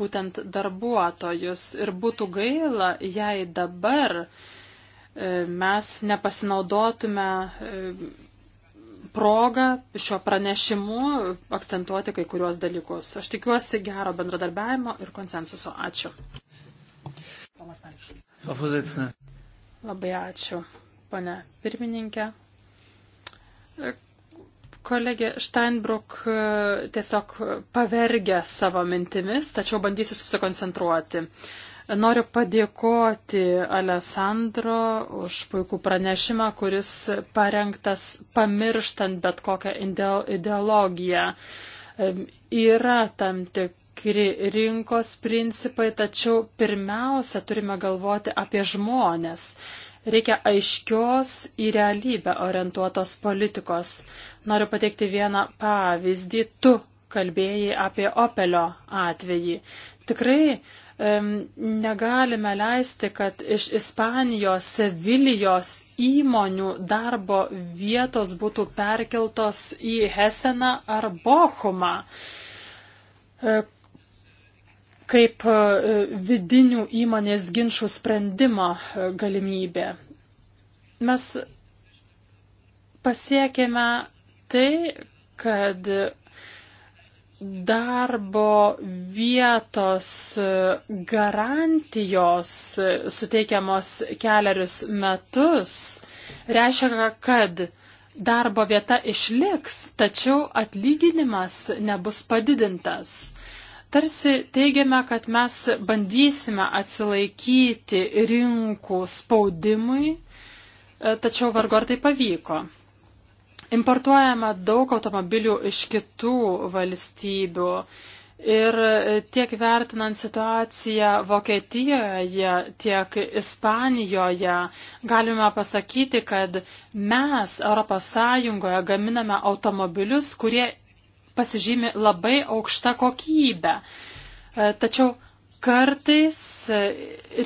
būtent darbuotojus ir būtų gaila, jei dabar e, mes nepasinaudotume e, progą šio pranešimu akcentuoti kai kuriuos dalykus. Aš tikiuosi gero bendradarbiavimo ir konsensuso. Ačiū. Labai ačiū, pane pirmininkė. Kolegė Steinbruck e, tiesiog pavergia savo mintimis, tačiau bandysiu susikoncentruoti. Noriu padėkoti Alessandro už puikų pranešimą, kuris parengtas pamirštant bet kokią ideologiją. E, yra tam tikri rinkos principai, tačiau pirmiausia turime galvoti apie žmonės. Reikia aiškios į realybę orientuotos politikos. Noriu pateikti vieną pavyzdį. Tu kalbėjai apie Opelio atvejį. Tikrai um, negalime leisti, kad iš Ispanijos, Sevilijos įmonių darbo vietos būtų perkeltos į Heseną ar Bochumą e, kaip e, vidinių įmonės ginčių sprendimo e, galimybė. Mes pasiekėme tai, kad darbo vietos e, garantijos suteikiamos keliarius metus reiškia, kad darbo vieta išliks, tačiau atlyginimas nebus padidintas. Tarsi teigiame, kad mes bandysime atsilaikyti rinkų spaudimui, e, tačiau vargu ar tai pavyko. Importuojame daug automobilių iš kitų valstybių. Ir tiek vertinant situaciją Vokietijoje, tiek Ispanijoje, galime pasakyti, kad mes ES gaminame automobilius, kurie pasižymi labai aukšta kokybė. E, tačiau kartais e,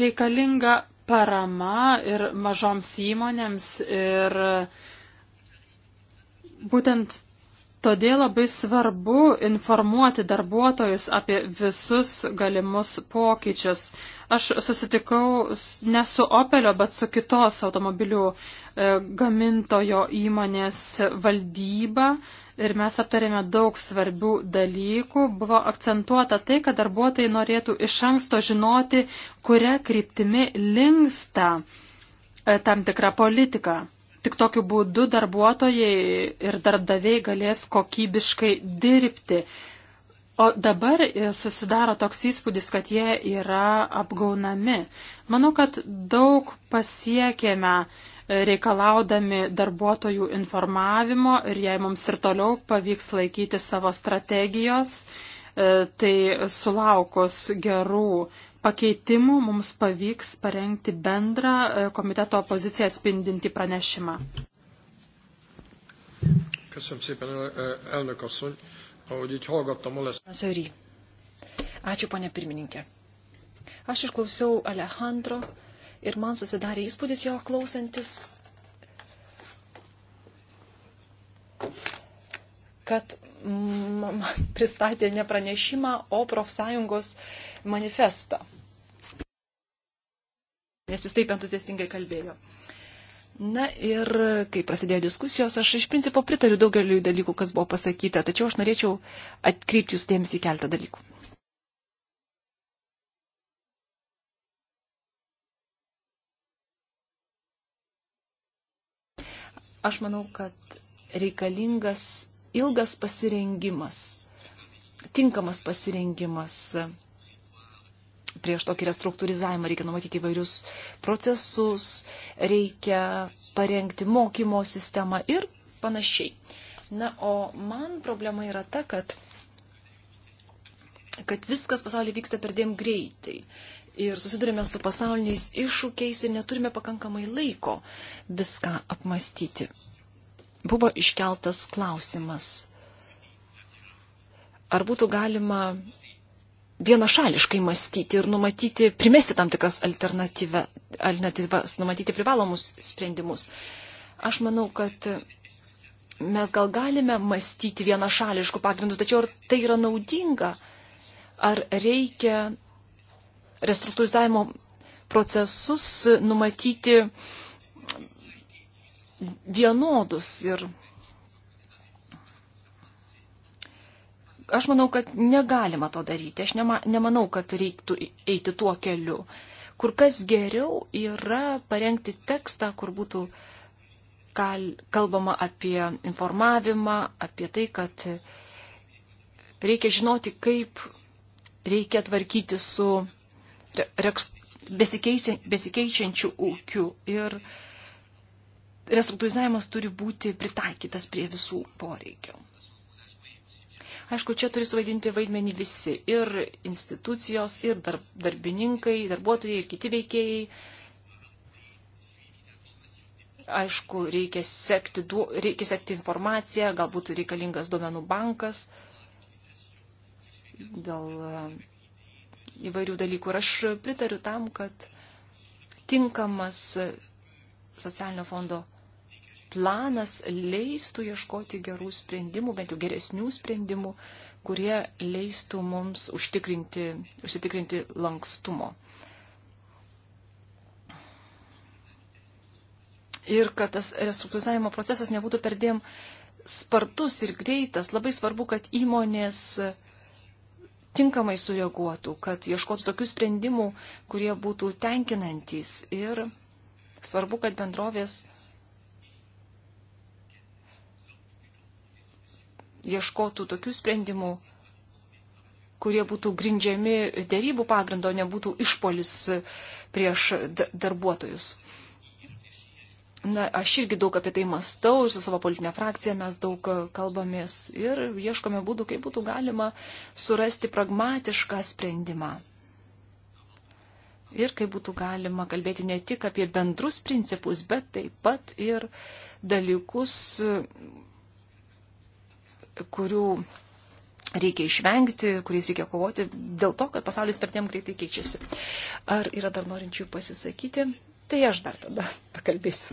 reikalinga parama ir mažoms įmonėms ir e, būtent todėl labai svarbu informuoti darbuotojus apie visus galimus pokyčius. Aš susitikau ne su Opelio, bet su kitos automobilių gamintojo įmonės valdyba ir mes aptarėme daug svarbių dalykų. Buvo akcentuota tai, kad darbuotojai norėtų iš anksto žinoti, kuria kryptimi linksta e, tam tikra politika. Tik tokiu būdu darbuotojai ir darbdaviai galės kokybiškai dirbti. O dabar e, susidaro toks įspūdis, kad jie yra apgaunami. Manau, kad daug pasiekėme uh, reikalaudami darbuotojų informavimo ir jei mums ir toliau pavyks laikyti savo strategijos, e, tai sulaukus gerų pakeitimų mums pavyks parengti bendrą e, komiteto poziciją spindinti pranešimą. Köszönöm szépen, e, elnök asszony. Ahogy így hallgattam, Ačiū, ponė pirmininkė. Aš išklausiau Alejandro Ir man susidarė įspūdis jo klausantis, kad man pristatė ne pranešimą, o profsąjungos manifestą. Nes jis taip entuziastingai kalbėjo. Na ir kai prasidėjo diskusijos, aš iš principo pritariu daugeliu dalykų, kas buvo pasakyta, tačiau aš norėčiau atkreipti jūs dėmesį į keltą dalykų. Aš manau, kad reikalingas ilgas pasirengimas, tinkamas pasirengimas prieš tokį restruktūrizavimą reikia numatyti įvairius procesus, reikia parengti mokymo sistemą ir panašiai. Na, o man problema yra ta, kad, kad viskas pasaulyje vyksta per dėm greitai ir susidurime su pasauliniais iššūkiais ir neturime pakankamai laiko viską apmastyti. Buvo iškeltas klausimas, ar būtų galima vienašališkai mąstyti ir numatyti, primesti tam tikras alternatyvas, numatyti privalomus sprendimus. Aš manau, kad mes gal galime mąstyti vienašališkų pagrindų, tačiau ar tai yra naudinga, ar reikia restruktūrizavimo procesus numatyti vienodus. Ir aš manau, kad negalima to daryti. Aš nema, nemanau, kad reiktų eiti tuo keliu. Kur kas geriau yra parengti tekstą, kur būtų kal, kalbama apie informavimą, apie tai, kad reikia žinoti, kaip reikia tvarkyti su reks, besikeičiančių ūkių ir restruktūrizavimas turi būti pritaikytas prie visų poreikių. Aišku, čia turi suvaidinti vaidmenį visi - ir institucijos, ir dar, darbininkai, darbuotojai, ir kiti veikėjai. Aišku, reikia sekti, du, reikia sekti informaciją, galbūt reikalingas duomenų bankas dėl įvairių dalykų. Ir aš pritariu tam, kad tinkamas socialinio fondo planas leistų ieškoti gerų sprendimų, bent jau geresnių sprendimų, kurie leistų mums užtikrinti, užsitikrinti lankstumo. Ir kad tas restruktūrizavimo procesas nebūtų perdėm spartus ir greitas. Labai svarbu, kad įmonės uh, tinkamai sureaguotų, kad ieškotų tokių sprendimų, kurie būtų tenkinantis. Ir svarbu, kad bendrovės ieškotų tokių sprendimų, kurie būtų grindžiami dėrybų pagrindo, nebūtų išpolis prieš darbuotojus. Na, aš irgi daug apie tai mastau, su savo politinė frakcija mes daug e, kalbamės ir ieškome būdų, kaip būtų galima surasti pragmatišką sprendimą. Ir kaip būtų galima kalbėti ne tik apie bendrus principus, bet taip pat ir dalykus, e, kurių reikia išvengti, kuriais reikia kovoti, dėl to, kad pasaulis per tiem greitai keičiasi. Ar yra dar norinčių pasisakyti? Tai aš dar tada pakalbėsiu.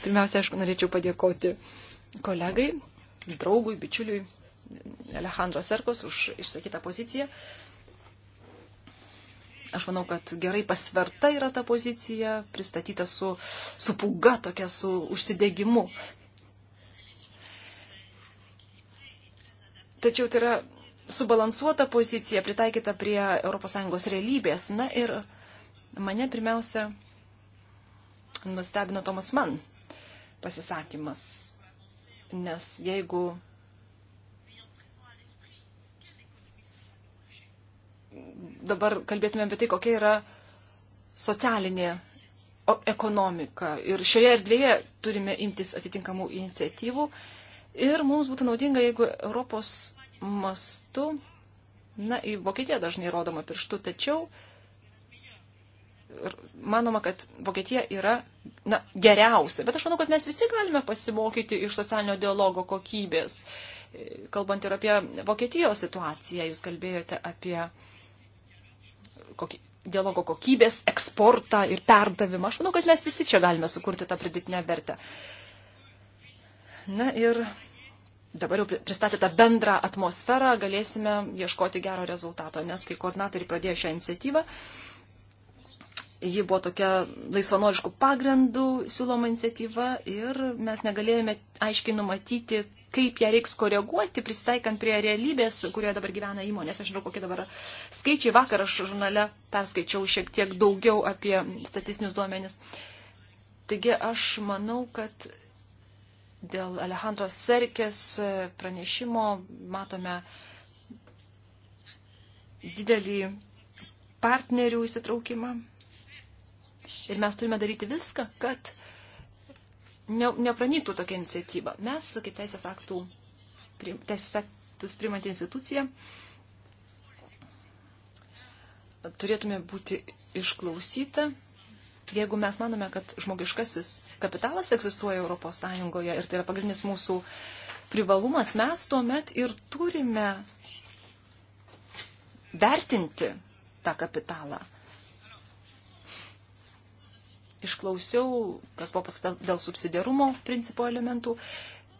Pirmiausia, aš norėčiau padėkoti kolegai, draugui, bičiuliui Alejandro Serkos už išsakytą poziciją. Aš manau, kad gerai pasverta yra ta pozicija, pristatyta su, su puga, tokia su užsidėgymu. Tačiau tai yra subalansuota pozicija, pritaikyta prie ES realybės. Na ir mane pirmiausia nustebino Tomas Mann pasisakymas. Nes jeigu dabar kalbėtume apie tai, kokia yra socialinė ekonomika. Ir šioje erdvėje turime imtis atitinkamų iniciatyvų. Ir mums būtų naudinga, jeigu Europos mastu, na, į Vokietiją dažnai rodoma pirštu, tačiau uh, manoma, kad Vokietija yra na, geriausia. Bet aš manau, kad mes visi galime pasimokyti iš socialinio dialogo kokybės. Kalbant ir apie Vokietijos situaciją, jūs kalbėjote apie kokį, dialogo kokybės eksportą ir perdavimą. Aš manau, kad mes visi čia galime sukurti tą pridėtinę vertę. Na ir dabar jau pristatė tą bendrą atmosferą, galėsime ieškoti gero rezultato, nes kai koordinatoriai pradėjo šią iniciatyvą, uh, Ji buvo tokia laisvanoriškų pagrindų siūloma iniciatyva ir mes negalėjome aiškiai numatyti, kaip ją reiks koreguoti, pristaikant prie realybės, kurioje dabar gyvena įmonės. Aš žinau, kokie dabar skaičiai. Vakar aš žurnale perskaičiau šiek tiek daugiau apie statistinius duomenis. Taigi aš manau, kad dėl Alejandro Serkės pranešimo matome didelį partnerių įsitraukimą. Ir mes turime daryti viską, kad ne, nepranytų tokia iniciatyva. Mes, kaip teisės, aktų, teisės aktus primant instituciją, turėtume būti išklausyti. Jeigu mes manome, kad žmogiškasis kapitalas egzistuoja ES ir tai yra pagrindinis mūsų privalumas, mes tuomet ir turime vertinti tą kapitalą išklausiau, kas buvo pasakyta dėl subsidiarumo principo elementų.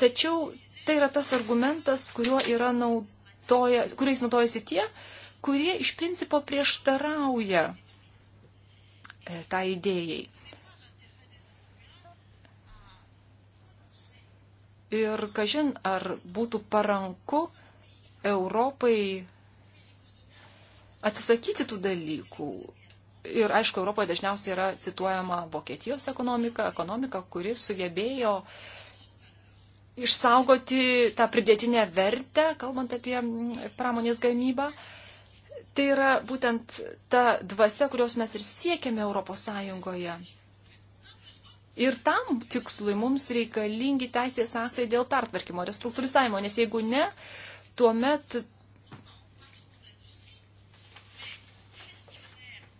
Tačiau tai yra tas argumentas, kuriuo yra naudoja, kuriais naudojasi tie, kurie iš principo prieštarauja e, tą tai idėjai. Ir kažin, ar būtų paranku Europai atsisakyti tų dalykų, Ir aišku, Europoje dažniausiai yra cituojama Vokietijos ekonomika, ekonomika, kuri sugebėjo išsaugoti tą pridėtinę vertę, kalbant apie pramonės gamybą. Tai yra būtent ta dvasia, kurios mes ir siekiame Europos Sąjungoje. Ir tam tikslui mums reikalingi teisės aktai dėl pertvarkymo, restruktūrizavimo, nes jeigu ne, tuomet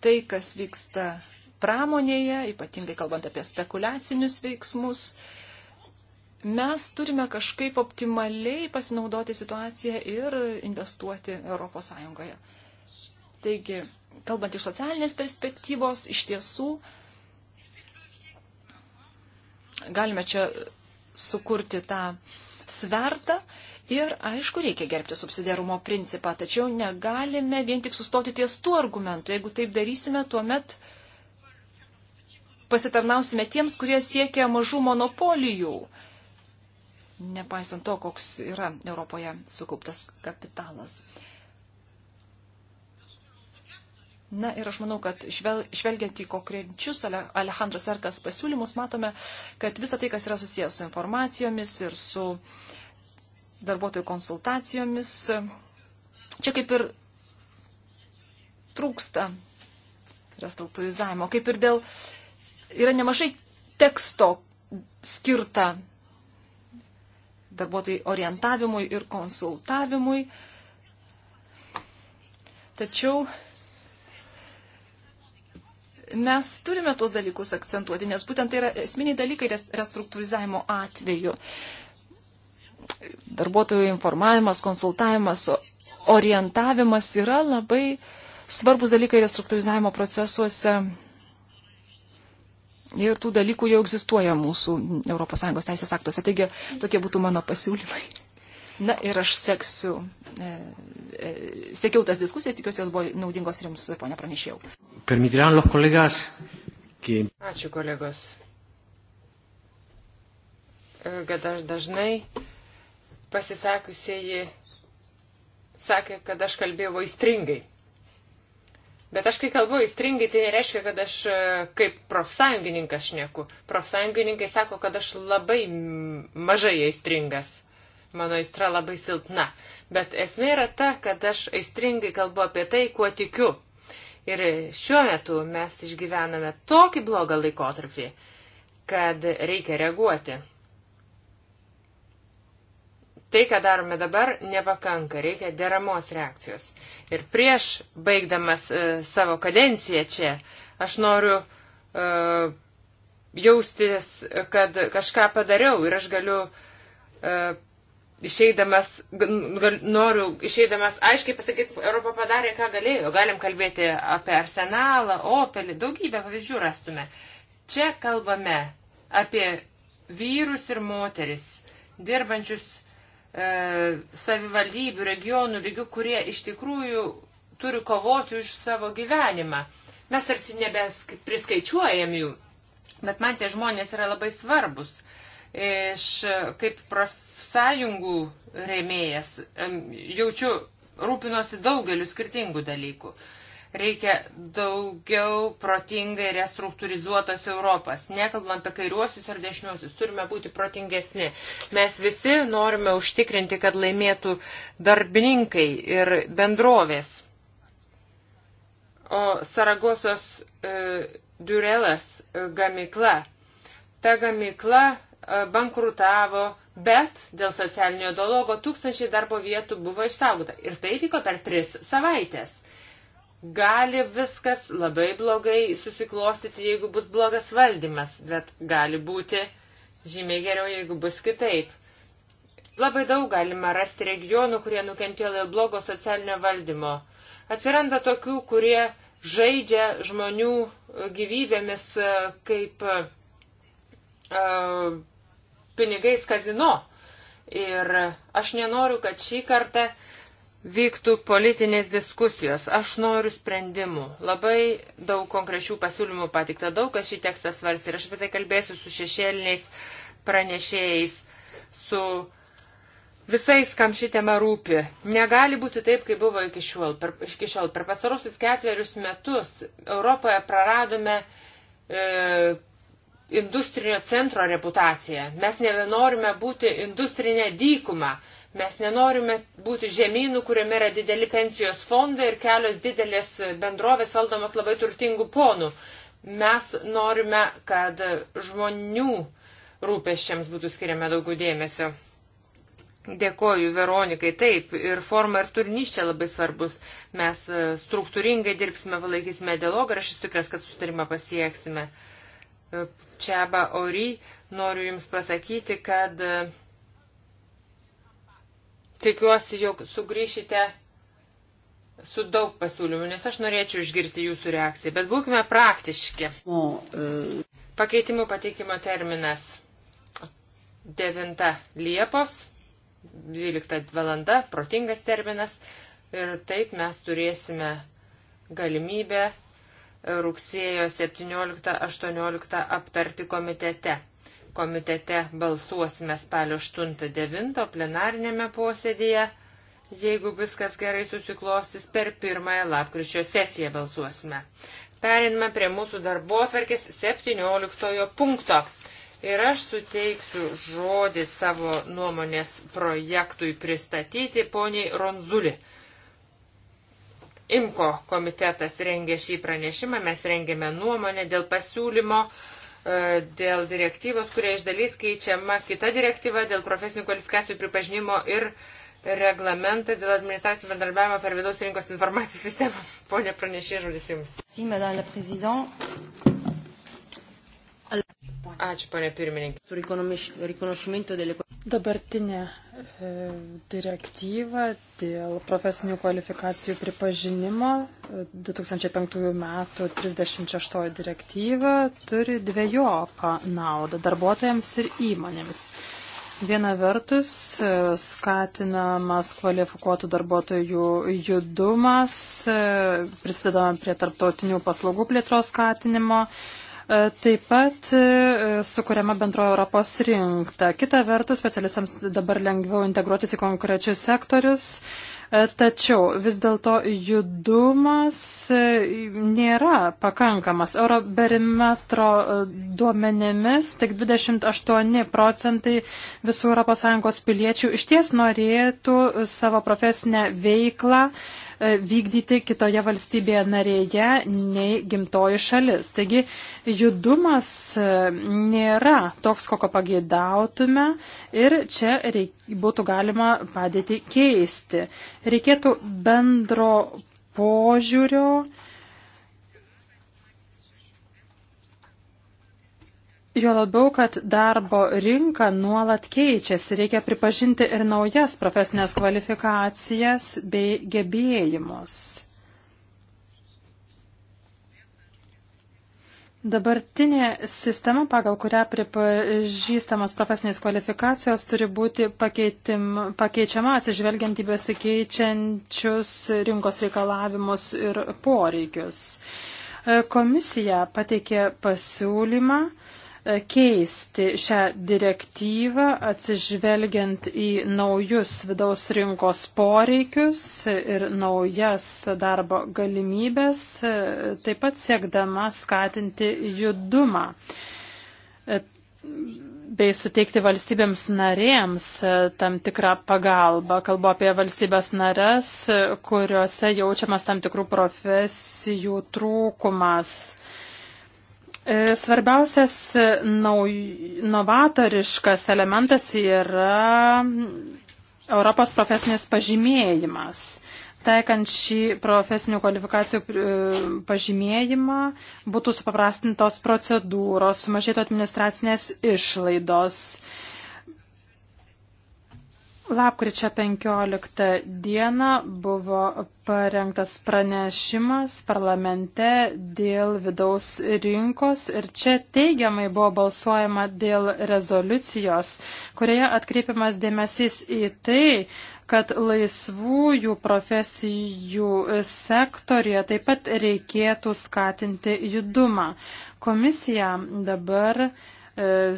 tai, kas vyksta pramonėje, ypatingai kalbant apie spekulacinius veiksmus, mes turime kažkaip optimaliai pasinaudoti situaciją ir investuoti ES. Taigi, kalbant iš socialinės perspektyvos, iš tiesų galime čia sukurti tą svertą Ir aišku, reikia gerbti subsidiarumo principą, tačiau negalime vien tik sustoti ties tuo argumentu. Jeigu taip darysime, tuomet pasitarnausime tiems, kurie siekia mažų monopolijų, nepaisant to, koks yra Europoje sukauptas kapitalas. Na ir aš manau, kad žvel, žvelgiant į konkrečius Alejandro Serkas pasiūlymus, matome, kad visa tai, kas yra susijęs su informacijomis ir su uh, darbuotojų konsultacijomis. Čia kaip ir trūksta restruktūrizavimo, kaip ir dėl yra nemažai teksto skirta darbuotojai orientavimui ir konsultavimui. Tačiau mes turime tuos dalykus akcentuoti, nes būtent tai yra esminiai dalykai restruktūrizavimo atveju. Uh, darbuotojų informavimas, konsultavimas, orientavimas yra labai svarbus dalykai restruktūrizavimo procesuose. Ir tų dalykų jau egzistuoja mūsų ES teisės aktuose. Taigi tokie būtų mano pasiūlymai. Na ir aš seksiu, e, e, sekiau tas diskusijas, tikiuosi jos buvo naudingos ir jums, ponia, pranešiau. Ačiū kolegos. E, kad aš dažnai pasisakiusieji sakė, kad aš kalbėjau aistringai. Bet aš kai kalbu aistringai, tai reiškia, kad aš e, kaip profsąjungininkas šneku. Profsąjungininkai sako, kad aš labai mažai aistringas. Mano aistra labai silpna. Bet esmė yra ta, kad aš aistringai kalbu apie tai, kuo tikiu. Ir šiuo metu mes išgyvename tokį blogą laikotarpį, kad reikia reaguoti tai, ką darome dabar, nepakanka, reikia deramos reakcijos. Ir prieš baigdamas e, savo kadenciją čia, aš noriu e, jaustis, kad kažką padariau ir aš galiu e, išeidamas, gal, noriu išeidamas aiškiai pasakyti, Europa padarė, ką galėjo. Galim kalbėti apie arsenalą, opelį, daugybę pavyzdžių rastume. Čia kalbame apie vyrus ir moteris dirbančius E, savivaldybių, regionų lygių, kurie iš tikrųjų turi kovoti už savo gyvenimą. Mes tarsi nebepriskaičiuojam jų, bet man tie žmonės yra labai svarbus. Iš kaip profsąjungų rėmėjas jaučiu rūpinosi daugeliu skirtingų dalykų. Reikia daugiau protingai restruktūrizuotos Europas. Nekalbam apie kairiuosius ar dešiniuosius. Turime būti protingesni. Mes visi norime užtikrinti, kad laimėtų darbininkai ir bendrovės. O Saragosos e, Durelas e, gamykla. Ta gamykla e, bankrutavo Bet dėl socialinio dialogo tūkstančiai darbo vietų buvo išsaugota. Ir tai vyko per tris savaitės. Gali viskas labai blogai susiklostyti, jeigu bus blogas valdymas, bet gali būti žymiai geriau, jeigu bus kitaip. Labai daug galima rasti regionų, kurie nukentėjo dėl blogo socialinio valdymo. Atsiranda tokių, kurie žaidžia žmonių e, gyvybėmis e, kaip uh, pinigais kazino. Ir aš nenoriu, kad šį kartą uh, vyktų politinės diskusijos. Aš noriu sprendimų. Labai daug konkrečių pasiūlymų patikta, daug kas šį tekstą svarsi ir aš apie tai kalbėsiu su šešėliniais pranešėjais, su visais, kam ši tema rūpi. Negali būti taip, kaip buvo iki šiol. Per, iki šiol. per pasarosius ketverius metus Europoje praradome e, industrinio centro reputaciją. Mes nebenorime būti industrinė dykuma. Mes nenorime būti žemynų, kuriame yra dideli pensijos fondai ir kelios didelės bendrovės valdomos labai turtingų ponų. Mes norime, kad žmonių rūpeščiams būtų skiriama daugiau dėmesio. Dėkoju Veronikai, taip, ir forma ir turinys čia labai svarbus. Mes e, struktūringai dirbsime, palaikysime dialogą ir aš esu tikras, kad sustarimą pasieksime. E, Čiaba Ori, noriu Jums pasakyti, kad uh, Tikiuosi, jog sugrįšite su daug pasiūlymų, nes aš norėčiau išgirti jūsų reakciją, bet būkime praktiški. E, Pakeitimų pateikimo terminas 9 Liepos, 12 valanda, protingas terminas ir taip mes turėsime galimybę rugsėjo 17-18 aptarti komitete komitete balsuosime spalio 8-9 plenarinėme posėdėje. Jeigu viskas gerai susiklostys, per pirmąją lapkričio sesiją balsuosime. Perinime prie mūsų darbo atvarkės 17 punkto. Ir aš suteiksiu žodį savo nuomonės projektui pristatyti poniai Ronzuli. IMKO komitetas rengė šį pranešimą, mes rengėme nuomonę dėl pasiūlymo uh, E, dėl direktyvos, kurie iš dalies keičiama kita direktyva dėl profesinių kvalifikacijų pripažinimo ir reglamentas dėl administracinio bendarbiavimo per vidaus rinkos informacijų sistemą. Pone pranešė, žodis Jums. Ačiū, ponė pirmininkė. Dabartinė e, direktyva dėl profesinių kvalifikacijų pripažinimo 2005 e, metų 36 direktyva turi dviejopą naudą darbuotojams ir įmonėms. Viena vertus e, skatinamas kvalifikuotų darbuotojų judumas, e, prisidedama prie tarptautinių paslaugų plėtros skatinimo, E, taip pat e, sukuriama bendroja Europos rinkta. Kita vertus, specialistams dabar lengviau integruotis į konkrečius sektorius, e, tačiau vis dėlto judumas nėra pakankamas. Euroberimetro duomenimis tik 28 procentai visų ES piliečių iš ties norėtų savo profesinę veiklą E, vykdyti kitoje valstybėje narėje nei gimtoji šalis. Taigi judumas e, nėra toks, kokio pageidautume ir čia reik, būtų galima padėti keisti. Reikėtų bendro požiūrio Jo labiau, kad darbo rinka nuolat keičiasi, reikia pripažinti ir naujas profesinės kvalifikacijas bei gebėjimus. Dabartinė sistema, pagal kurią pripažįstamos profesinės kvalifikacijos, turi būti pakeitim, pakeičiama atsižvelgiant į besikeičiančius rinkos reikalavimus ir poreikius. Komisija pateikė pasiūlymą E, keisti šią direktyvą atsižvelgiant į naujus vidaus rinkos poreikius ir naujas darbo galimybės, e, taip pat siekdama skatinti judumą e, bei suteikti valstybėms narėms tam tikrą pagalbą. Kalbu apie valstybės narės, kuriuose jaučiamas tam tikrų profesijų trūkumas. E, svarbiausias e, novatoriškas elementas yra Europos profesinės pažymėjimas. Taikant šį profesinių kvalifikacijų e, pažymėjimą būtų supaprastintos procedūros, sumažėtų administracinės išlaidos. Lapkričio 15 dieną buvo parengtas pranešimas parlamente dėl vidaus rinkos ir čia teigiamai buvo balsuojama dėl rezoliucijos, kurioje atkreipiamas dėmesys į tai, kad laisvųjų profesijų sektorija taip pat reikėtų skatinti judumą. Komisija dabar e,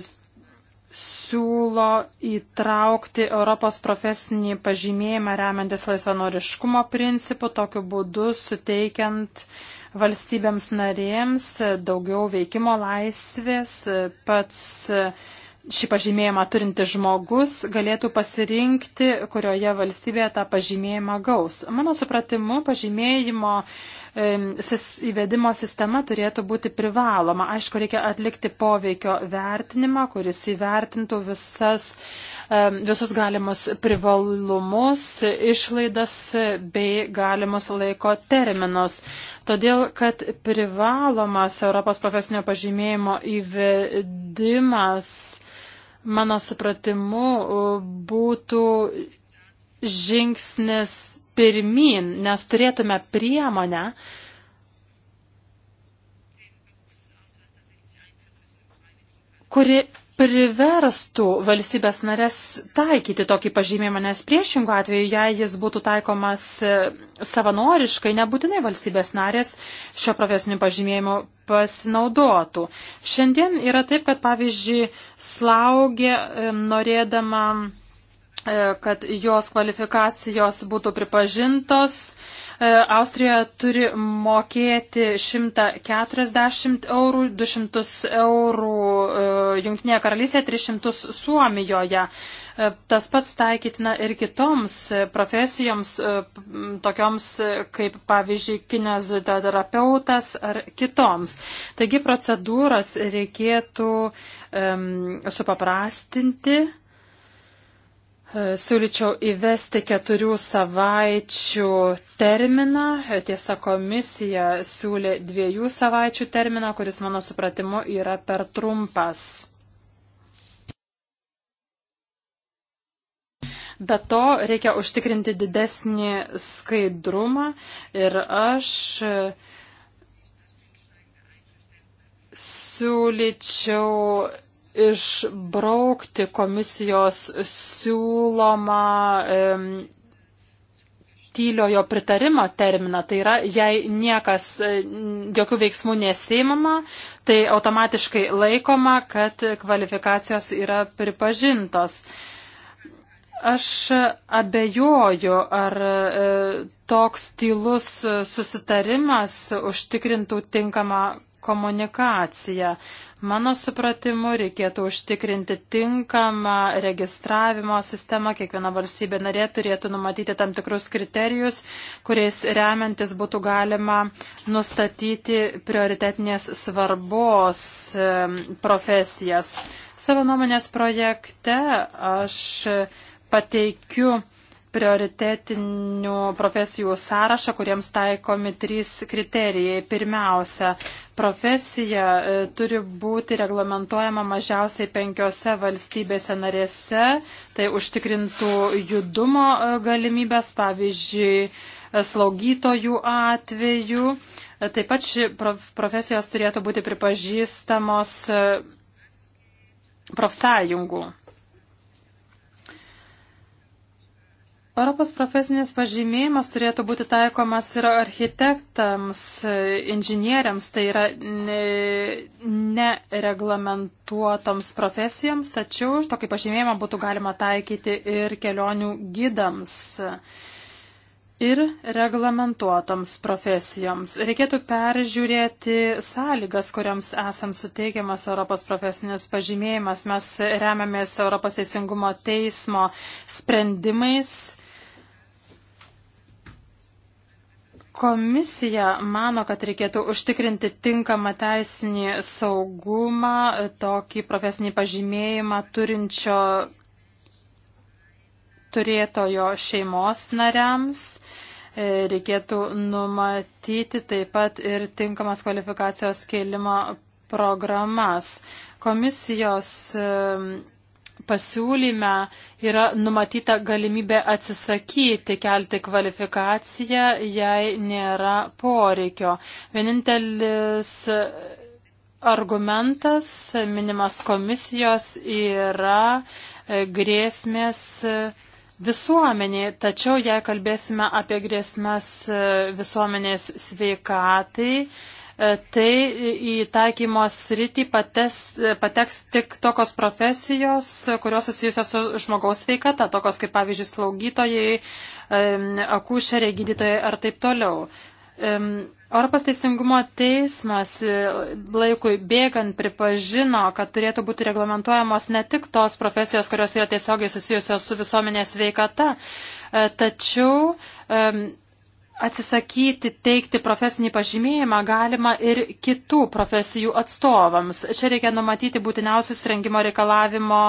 siūlo įtraukti Europos profesinį pažymėjimą remiantis laisvanoriškumo principu, tokiu būdu suteikiant valstybėms narėms daugiau veikimo laisvės, pats šį pažymėjimą turinti žmogus galėtų pasirinkti, kurioje valstybėje tą pažymėjimą gaus. Mano supratimu, pažymėjimo įvedimo sistema turėtų būti privaloma. Aišku, reikia atlikti poveikio vertinimą, kuris įvertintų visas, visus galimus privalumus, išlaidas bei galimus laiko terminus. Todėl, kad privalomas Europos profesinio pažymėjimo įvedimas, mano supratimu, būtų žingsnis pirmin, nes turėtume priemonę, kuri priverstų valstybės narės taikyti tokį pažymėjimą, nes priešingų atveju, jei jis būtų taikomas e, savanoriškai, nebūtinai valstybės narės šio profesinių pažymėjimų pasinaudotų. Šiandien yra taip, kad pavyzdžiui, slaugė e, norėdama E, kad jos kvalifikacijos būtų pripažintos. E, Austrija turi mokėti 140 eurų, 200 eurų e, Junktinėje karalystėje, 300 Suomijoje. Tas pats taikytina ir kitoms profesijoms, tokioms kaip pavyzdžiui kinezoterapeutas ar kitoms. Taigi procedūras reikėtų um, supaprastinti E, siūlyčiau įvesti keturių savaičių terminą. E, tiesa, komisija siūlė dviejų savaičių terminą, kuris mano supratimu yra per trumpas. Be to reikia užtikrinti didesnį skaidrumą ir aš siūlyčiau išbraukti komisijos siūlomą e, tyliojo pritarimo terminą. Tai yra, jei niekas e, jokių veiksmų nesimama, tai automatiškai laikoma, kad kvalifikacijos yra pripažintos. Aš abejoju, ar e, toks tylus susitarimas užtikrintų tinkamą komunikaciją. Mano supratimu, reikėtų užtikrinti tinkamą registravimo sistemą. Kiekviena valstybė narė turėtų numatyti tam tikrus kriterijus, kuriais remiantis būtų galima nustatyti prioritetinės svarbos profesijas. Savo nuomonės projekte aš pateikiu prioritetinių profesijų sąrašą, kuriems taikomi trys kriterijai. Pirmiausia, profesija e, turi būti reglamentojama mažiausiai penkiose valstybėse narėse, tai užtikrintų judumo e, galimybės, pavyzdžiui, e, slaugytojų atveju. Taip pat ši profesijos turėtų būti pripažįstamos profsąjungų. Europos profesinis pažymėjimas turėtų būti taikomas ir architektams, inžinieriams, tai yra nereglamentuotoms ne profesijoms, tačiau tokį pažymėjimą būtų galima taikyti ir kelionių gidams ir reglamentuotoms profesijoms. Reikėtų peržiūrėti sąlygas, kuriams esam suteikiamas Europos profesinis pažymėjimas. Mes remiamės Europos teisingumo teismo sprendimais Komisija mano, kad reikėtų užtikrinti tinkamą teisinį saugumą, tokį profesinį pažymėjimą turinčio turėtojo šeimos nariams. E, reikėtų numatyti taip pat ir tinkamas kvalifikacijos kėlimo programas. Komisijos e, pasiūlyme yra numatyta galimybė atsisakyti kelti kvalifikaciją, jei nėra poreikio. Vienintelis argumentas minimas komisijos yra e, grėsmės e, visuomenė. Tačiau, jei kalbėsime apie grėsmės e, visuomenės sveikatai, E, tai į taikymo sritį pates, e, pateks tik tokios profesijos, kurios susijusios su žmogaus sveikata, tokios kaip pavyzdžiui slaugytojai, akušeriai, gydytojai ar taip toliau. Europos teisingumo teismas e, laikui bėgant pripažino, kad turėtų būti reglamentuojamos ne tik tos profesijos, kurios yra tiesiogiai susijusios su visuomenės veikata, tačiau Atsisakyti teikti profesinį pažymėjimą galima ir kitų profesijų atstovams. Čia reikia numatyti būtiniausius rengimo reikalavimo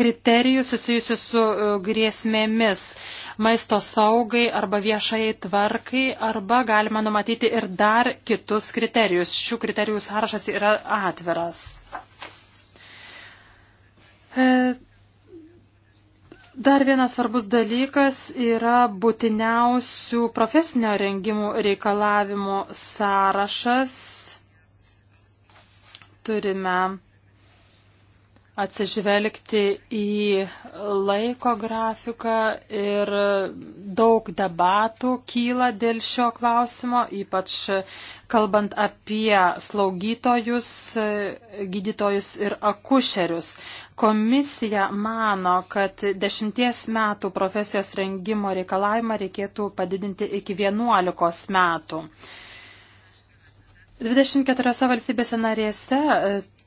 kriterijus susijusius su e, grėsmėmis maisto saugai arba viešai tvarkai, arba galima numatyti ir dar kitus kriterijus. Šių kriterijų sąrašas yra atviras. E, Dar vienas svarbus dalykas yra būtiniausių profesinio rengimų reikalavimų sąrašas. Turime atsižvelgti į laiko grafiką ir daug debatų kyla dėl šio klausimo, ypač kalbant apie slaugytojus, gydytojus ir akušerius. Komisija mano, kad dešimties metų profesijos rengimo reikalavimą reikėtų padidinti iki vienuolikos metų. 24 valstybėse narėse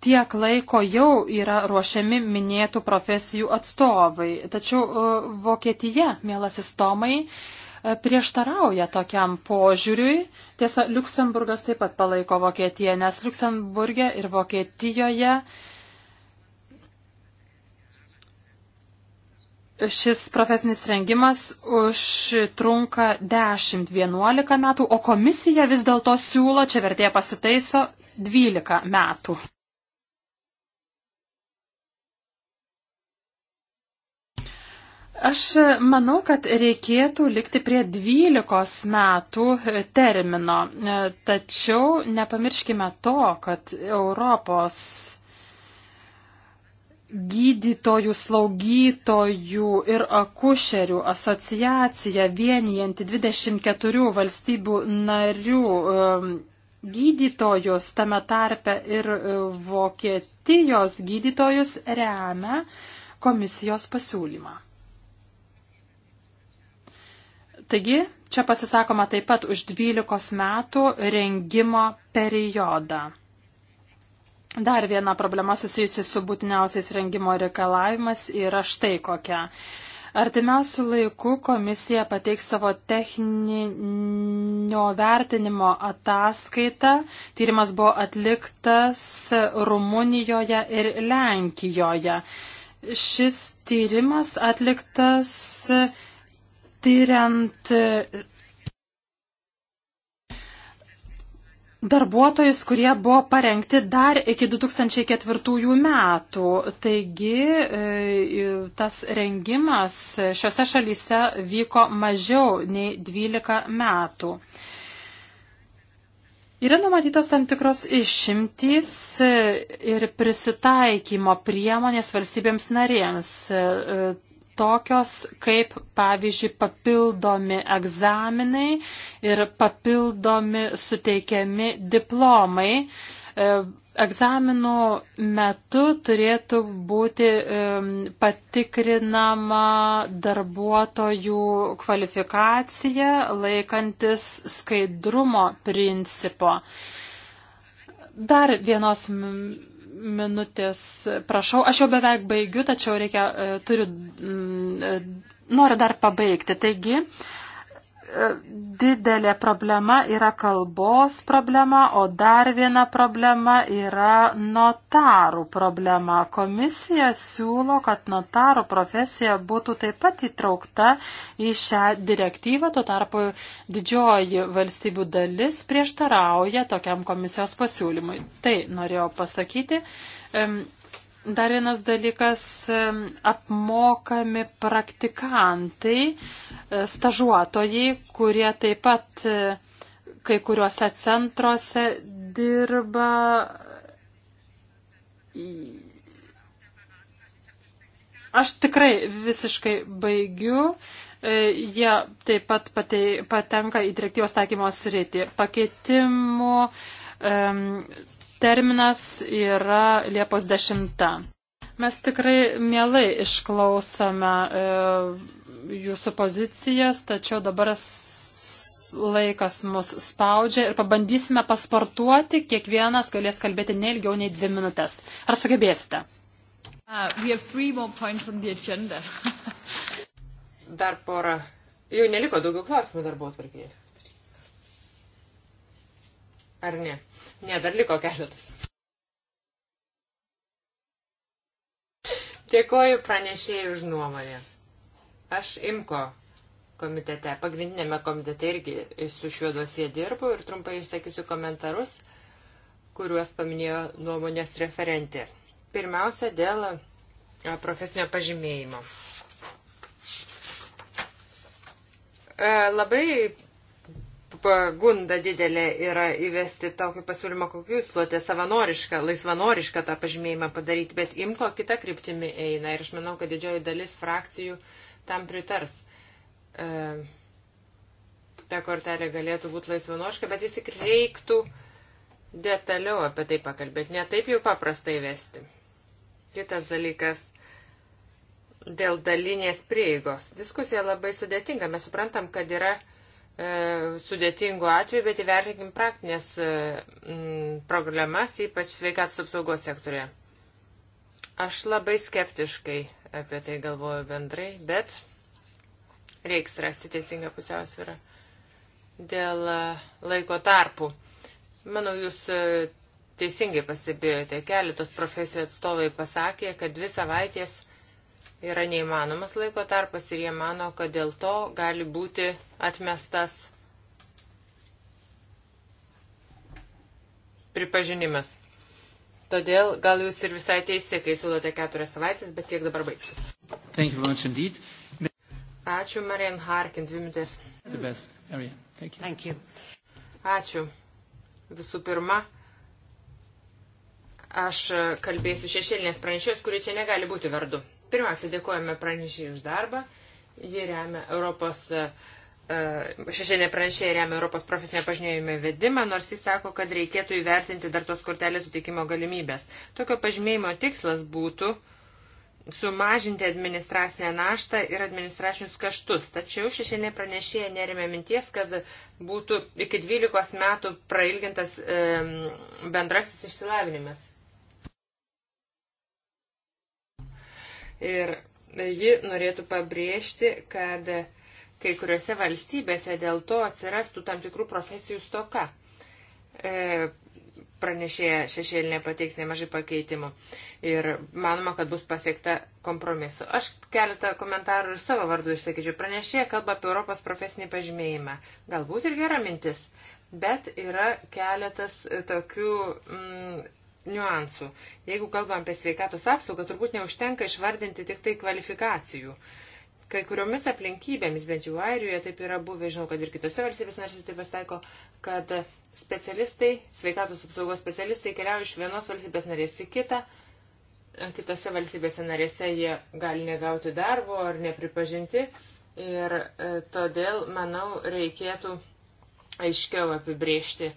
tiek laiko jau yra ruošiami minėtų profesijų atstovai. Tačiau e, Vokietija, mielasis Tomai, e, prieštarauja tokiam požiūriui. Tiesa, Luksemburgas taip pat palaiko Vokietiją, nes Luksemburgė ir Vokietijoje šis profesinis rengimas užtrunka 10-11 metų, o komisija vis dėlto siūlo, čia vertėja pasitaiso, 12 metų. Aš e, manau, kad reikėtų likti prie 12 metų e, termino, e, tačiau nepamirškime to, kad Europos gydytojų, slaugytojų ir akušerių asociacija vienijanti 24 valstybių narių gydytojus, tame tarpe ir Vokietijos gydytojus remia komisijos pasiūlymą. Taigi, čia pasisakoma taip pat už 12 metų rengimo periodą. Dar viena problema susijusi su būtiniausiais rengimo reikalavimas yra štai kokia. Artimiausių laikų komisija pateiks savo techninio vertinimo ataskaitą. Tyrimas buvo atliktas Rumunijoje ir Lenkijoje. Šis tyrimas atliktas tyriant darbuotojais, kurie buvo parengti dar iki 2004 metų. Taigi e, tas rengimas šiuose šalyse vyko mažiau nei 12 metų. Yra numatytos tam tikros išimtys ir prisitaikymo priemonės valstybėms narėms. E, tokios kaip, pavyzdžiui, papildomi egzaminai ir papildomi suteikiami diplomai. E, egzaminų metu turėtų būti e, patikrinama darbuotojų kvalifikacija laikantis skaidrumo principo. Dar vienos minutės, prašau. Aš jau beveik baigiu, tačiau reikia, e, turiu, mm, e, noriu dar pabaigti. Taigi, uh, didelė problema yra kalbos problema, o dar viena problema yra notarų problema. Komisija siūlo, kad notarų profesija būtų taip pat įtraukta į šią direktyvą, tuo tarpu didžioji valstybių dalis prieštarauja tokiam komisijos pasiūlymui. Tai norėjau pasakyti. Dar vienas dalykas - apmokami praktikantai stažuotojai, kurie taip pat e, kai kuriuose centruose dirba Aš tikrai visiškai baigiu. E, jie taip pat patei, patenka į direktyvos taikymos rytį. Pakeitimų um, terminas yra Liepos 10. Mes tikrai mielai išklausome. Um, jūsų pozicijas, tačiau dabar laikas mus spaudžia ir pabandysime paspartuoti, kiekvienas galės kalbėti ne ilgiau nei dvi minutės. Ar sugebėsite? Uh, Dar porą. Jau neliko daugiau klausimų darbo atvarkėje. Ar ne? Ne, dar liko keletas. Dėkoju pranešėjai už nuomonę. Aš imko komitete, pagrindinėme komitete irgi su šiuo dosie dirbu ir trumpai išsakysiu komentarus, kuriuos paminėjo nuomonės referentė. Pirmiausia, dėl profesinio pažymėjimo. E, labai pagunda didelė yra įvesti tokį pasiūlymą, kokiu jūs slote, savanorišką, laisvanorišką tą pažymėjimą padaryti, bet imko kitą kryptimį eina ir aš manau, kad didžioji dalis frakcijų uh, tam pritars. E, ta kortelė galėtų būti laisvanoška, bet vis tik reiktų detaliau apie tai pakalbėti, netaip jau paprastai vesti. Kitas dalykas dėl dalinės prieigos. Diskusija labai sudėtinga. Mes suprantam, kad yra e, sudėtingų atvejų, bet įvertinkim praktinės e, m, problemas, ypač sveikatos apsaugos sektorėje. Aš labai skeptiškai apie tai galvoju bendrai, bet reiks rasti teisingą pusiausvyrą dėl e, laiko tarpų. Manau, jūs e, teisingai pastebėjote, keletos profesijų atstovai pasakė, kad dvi savaitės yra neįmanomas laiko tarpas ir jie mano, kad dėl to gali būti atmestas pripažinimas. Todėl gal jūs ir visai teisė, kai siūlote keturias savaitės, bet tiek dabar baigsiu. Ačiū, Marian Harkin, dvi minutės. Thank you. Thank you. Ačiū. Visų pirma, aš kalbėsiu šešėlinės pranešėjos, kurie čia negali būti vardu. Pirmiausia, dėkojame pranešėjai už darbą. Jie remia Europos uh, E, šešėlė pranešė remia Europos profesinio pažymėjimo vedimą, nors jis sako, kad reikėtų įvertinti dar tos kortelės sutikimo galimybės. Tokio pažymėjimo tikslas būtų sumažinti administracinę naštą ir administracinius kaštus. Tačiau šešėlė pranešėja nerime minties, kad būtų iki 12 metų prailgintas e, bendrasis išsilavinimas. Ir ji norėtų pabrėžti, kad e, Kai kuriuose valstybėse dėl to atsirastų tam tikrų profesijų stoka. E, pranešėja šešėlinė pateiks nemažai pakeitimų ir manoma, kad bus pasiekta kompromisu. Aš keletą komentarų ir savo vardu išsakyčiau. Pranešėja kalba apie Europos profesinį pažymėjimą. Galbūt ir gera mintis, bet yra keletas tokių. Mm, Niuansų. Jeigu kalbam apie sveikatos apsaugą, turbūt neužtenka išvardinti tik tai kvalifikacijų. Uh, Kai kuriomis aplinkybėmis, bent jau Airijoje taip yra buvę, žinau, kad ir kitose valstybės narėse taip pasitaiko, kad specialistai, sveikatos apsaugos specialistai keliauja iš vienos valstybės narės į kitą, kitose valstybėse narėse jie gali negauti darbo ar nepripažinti ir e, todėl, manau, reikėtų aiškiau apibriežti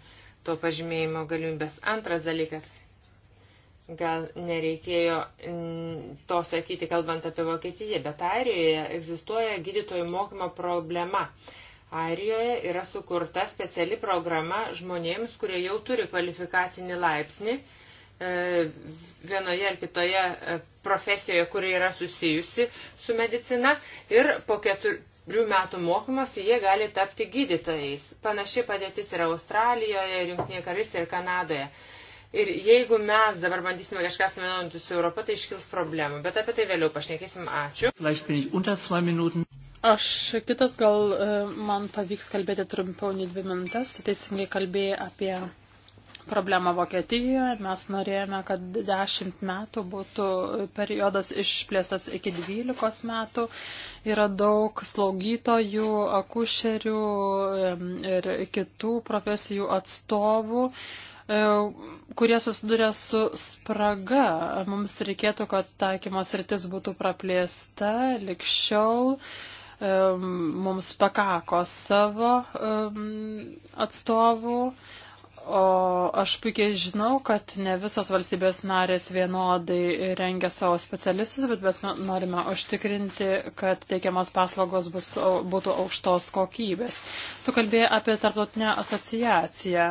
to pažymėjimo galimybės. Antras dalykas Gal nereikėjo to sakyti, kalbant apie Vokietiją, bet Airijoje egzistuoja gydytojų mokymo problema. Airijoje yra sukurta speciali programa žmonėms, kurie jau turi kvalifikacinį laipsnį e, vienoje ar kitoje e, profesijoje, kuri yra susijusi su medicina ir po keturių metų mokymosi jie gali tapti gydytojais. Panaši padėtis yra Australijoje, Junktinėje karalystėje ir Kanadoje. Ir jeigu mes dabar bandysime kažką suvienodinti su Europa, tai iškils problemų. Bet apie tai vėliau pašnekėsim. Ačiū. Aš kitas gal e, man pavyks kalbėti trumpiau nei dvi minutės. Tu teisingai kalbėjai apie problemą Vokietijoje. Mes norėjome, kad 10 metų būtų periodas išplėstas iki 12 metų. Yra daug slaugytojų, akušerių e, ir kitų profesijų atstovų e, kurie susiduria su spraga. Mums reikėtų, kad taikymos rytis būtų praplėsta, likščiau mums pakako savo atstovų, O aš puikiai žinau, kad ne visos valstybės narės vienodai rengia savo specialistus, bet mes norime užtikrinti, kad teikiamas paslaugos bus, būtų aukštos kokybės. Tu kalbėjai apie tarptautinę asociaciją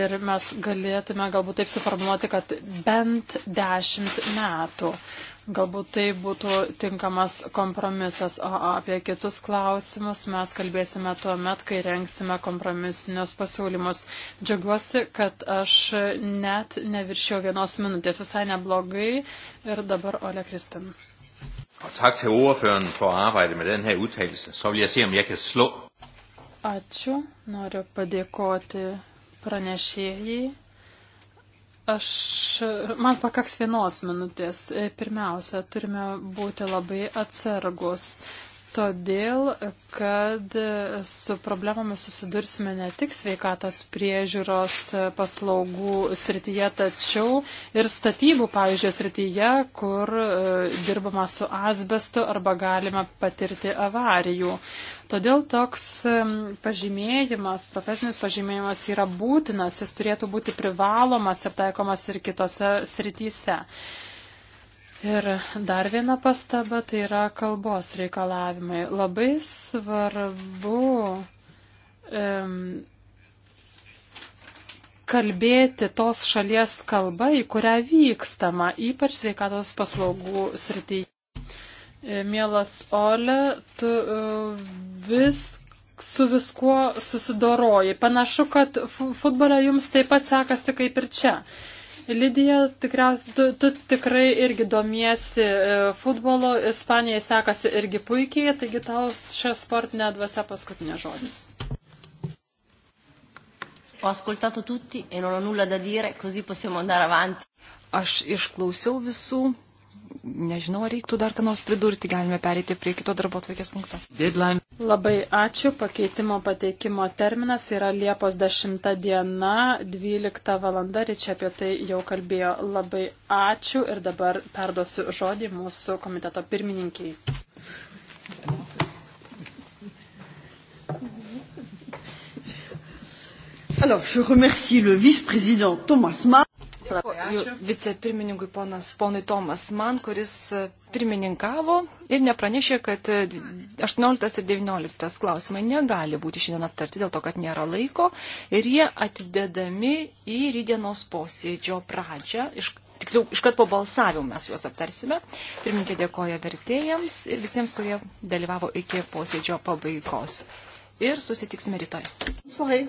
ir mes galėtume galbūt taip suformuoti, kad bent dešimt metų. Galbūt tai būtų tinkamas kompromisas, o apie kitus klausimus mes kalbėsime tuo met, kai renksime kompromisinius pasiūlymus. Džiaugiuosi, kad aš net neviršiau vienos minutės, visai neblogai. Ir dabar Ole Kristin. Og tak til ordføreren for at arbejde med den her udtalelse. Så vil jeg se, om jeg kan slå. Ačiū. Noriu padėkoti pranešėjai Aš, man pakaks vienos minutės. Pirmiausia, turime būti labai atsargus. Todėl, kad su problemomis susidursime ne tik sveikatos priežiūros paslaugų srityje, tačiau ir statybų, pavyzdžiui, srityje, kur e, dirbama su asbestu arba galima patirti avarijų. Todėl toks pažymėjimas, profesinis pažymėjimas yra būtinas, jis turėtų būti privalomas ir taikomas ir kitose srityse. Ir dar viena pastaba tai yra kalbos reikalavimai. Labai svarbu um, kalbėti tos šalies kalba, į kurią vykstama, ypač sveikatos paslaugų srityje. Mielas Ole, tu uh, viską su viskuo susidoroji. Panašu, kad futbole jums taip pat sekasi kaip ir čia. Lidija, tikriausiai, tu, tu tikrai irgi domiesi e, futbolo, Ispanijai sekasi irgi puikiai, taigi tau šią sportinę dvasę paskutinė žodis. Ho ascoltato tutti e non ho nulla da dire, così possiamo andare avanti. Aš išklausiau visų, nežinau, ar reiktų dar ką nors pridurti, galime perėti prie kito darbo atveikės punkto. Deadline. Labai ačiū. Pakeitimo pateikimo terminas yra Liepos 10 diena, 12 valanda. Ričia apie tai jau kalbėjo. Labai ačiū ir dabar perduosiu žodį mūsų komiteto pirmininkiai. Alors, je remercie le vice-président Thomas Mann. Vicepirmininkui ponas, ponui Tomas Man, kuris e, pirmininkavo ir nepranešė, kad 18 e, ir 19 klausimai negali būti šiandien aptarti dėl to, kad nėra laiko ir jie atidedami į rydienos posėdžio pradžią. Iš, tiksliau, iškart po balsavimo mes juos aptarsime. Pirmininkė dėkoja vertėjams ir visiems, kurie dalyvavo iki posėdžio pabaigos. Ir susitiksime rytoj. Sohai.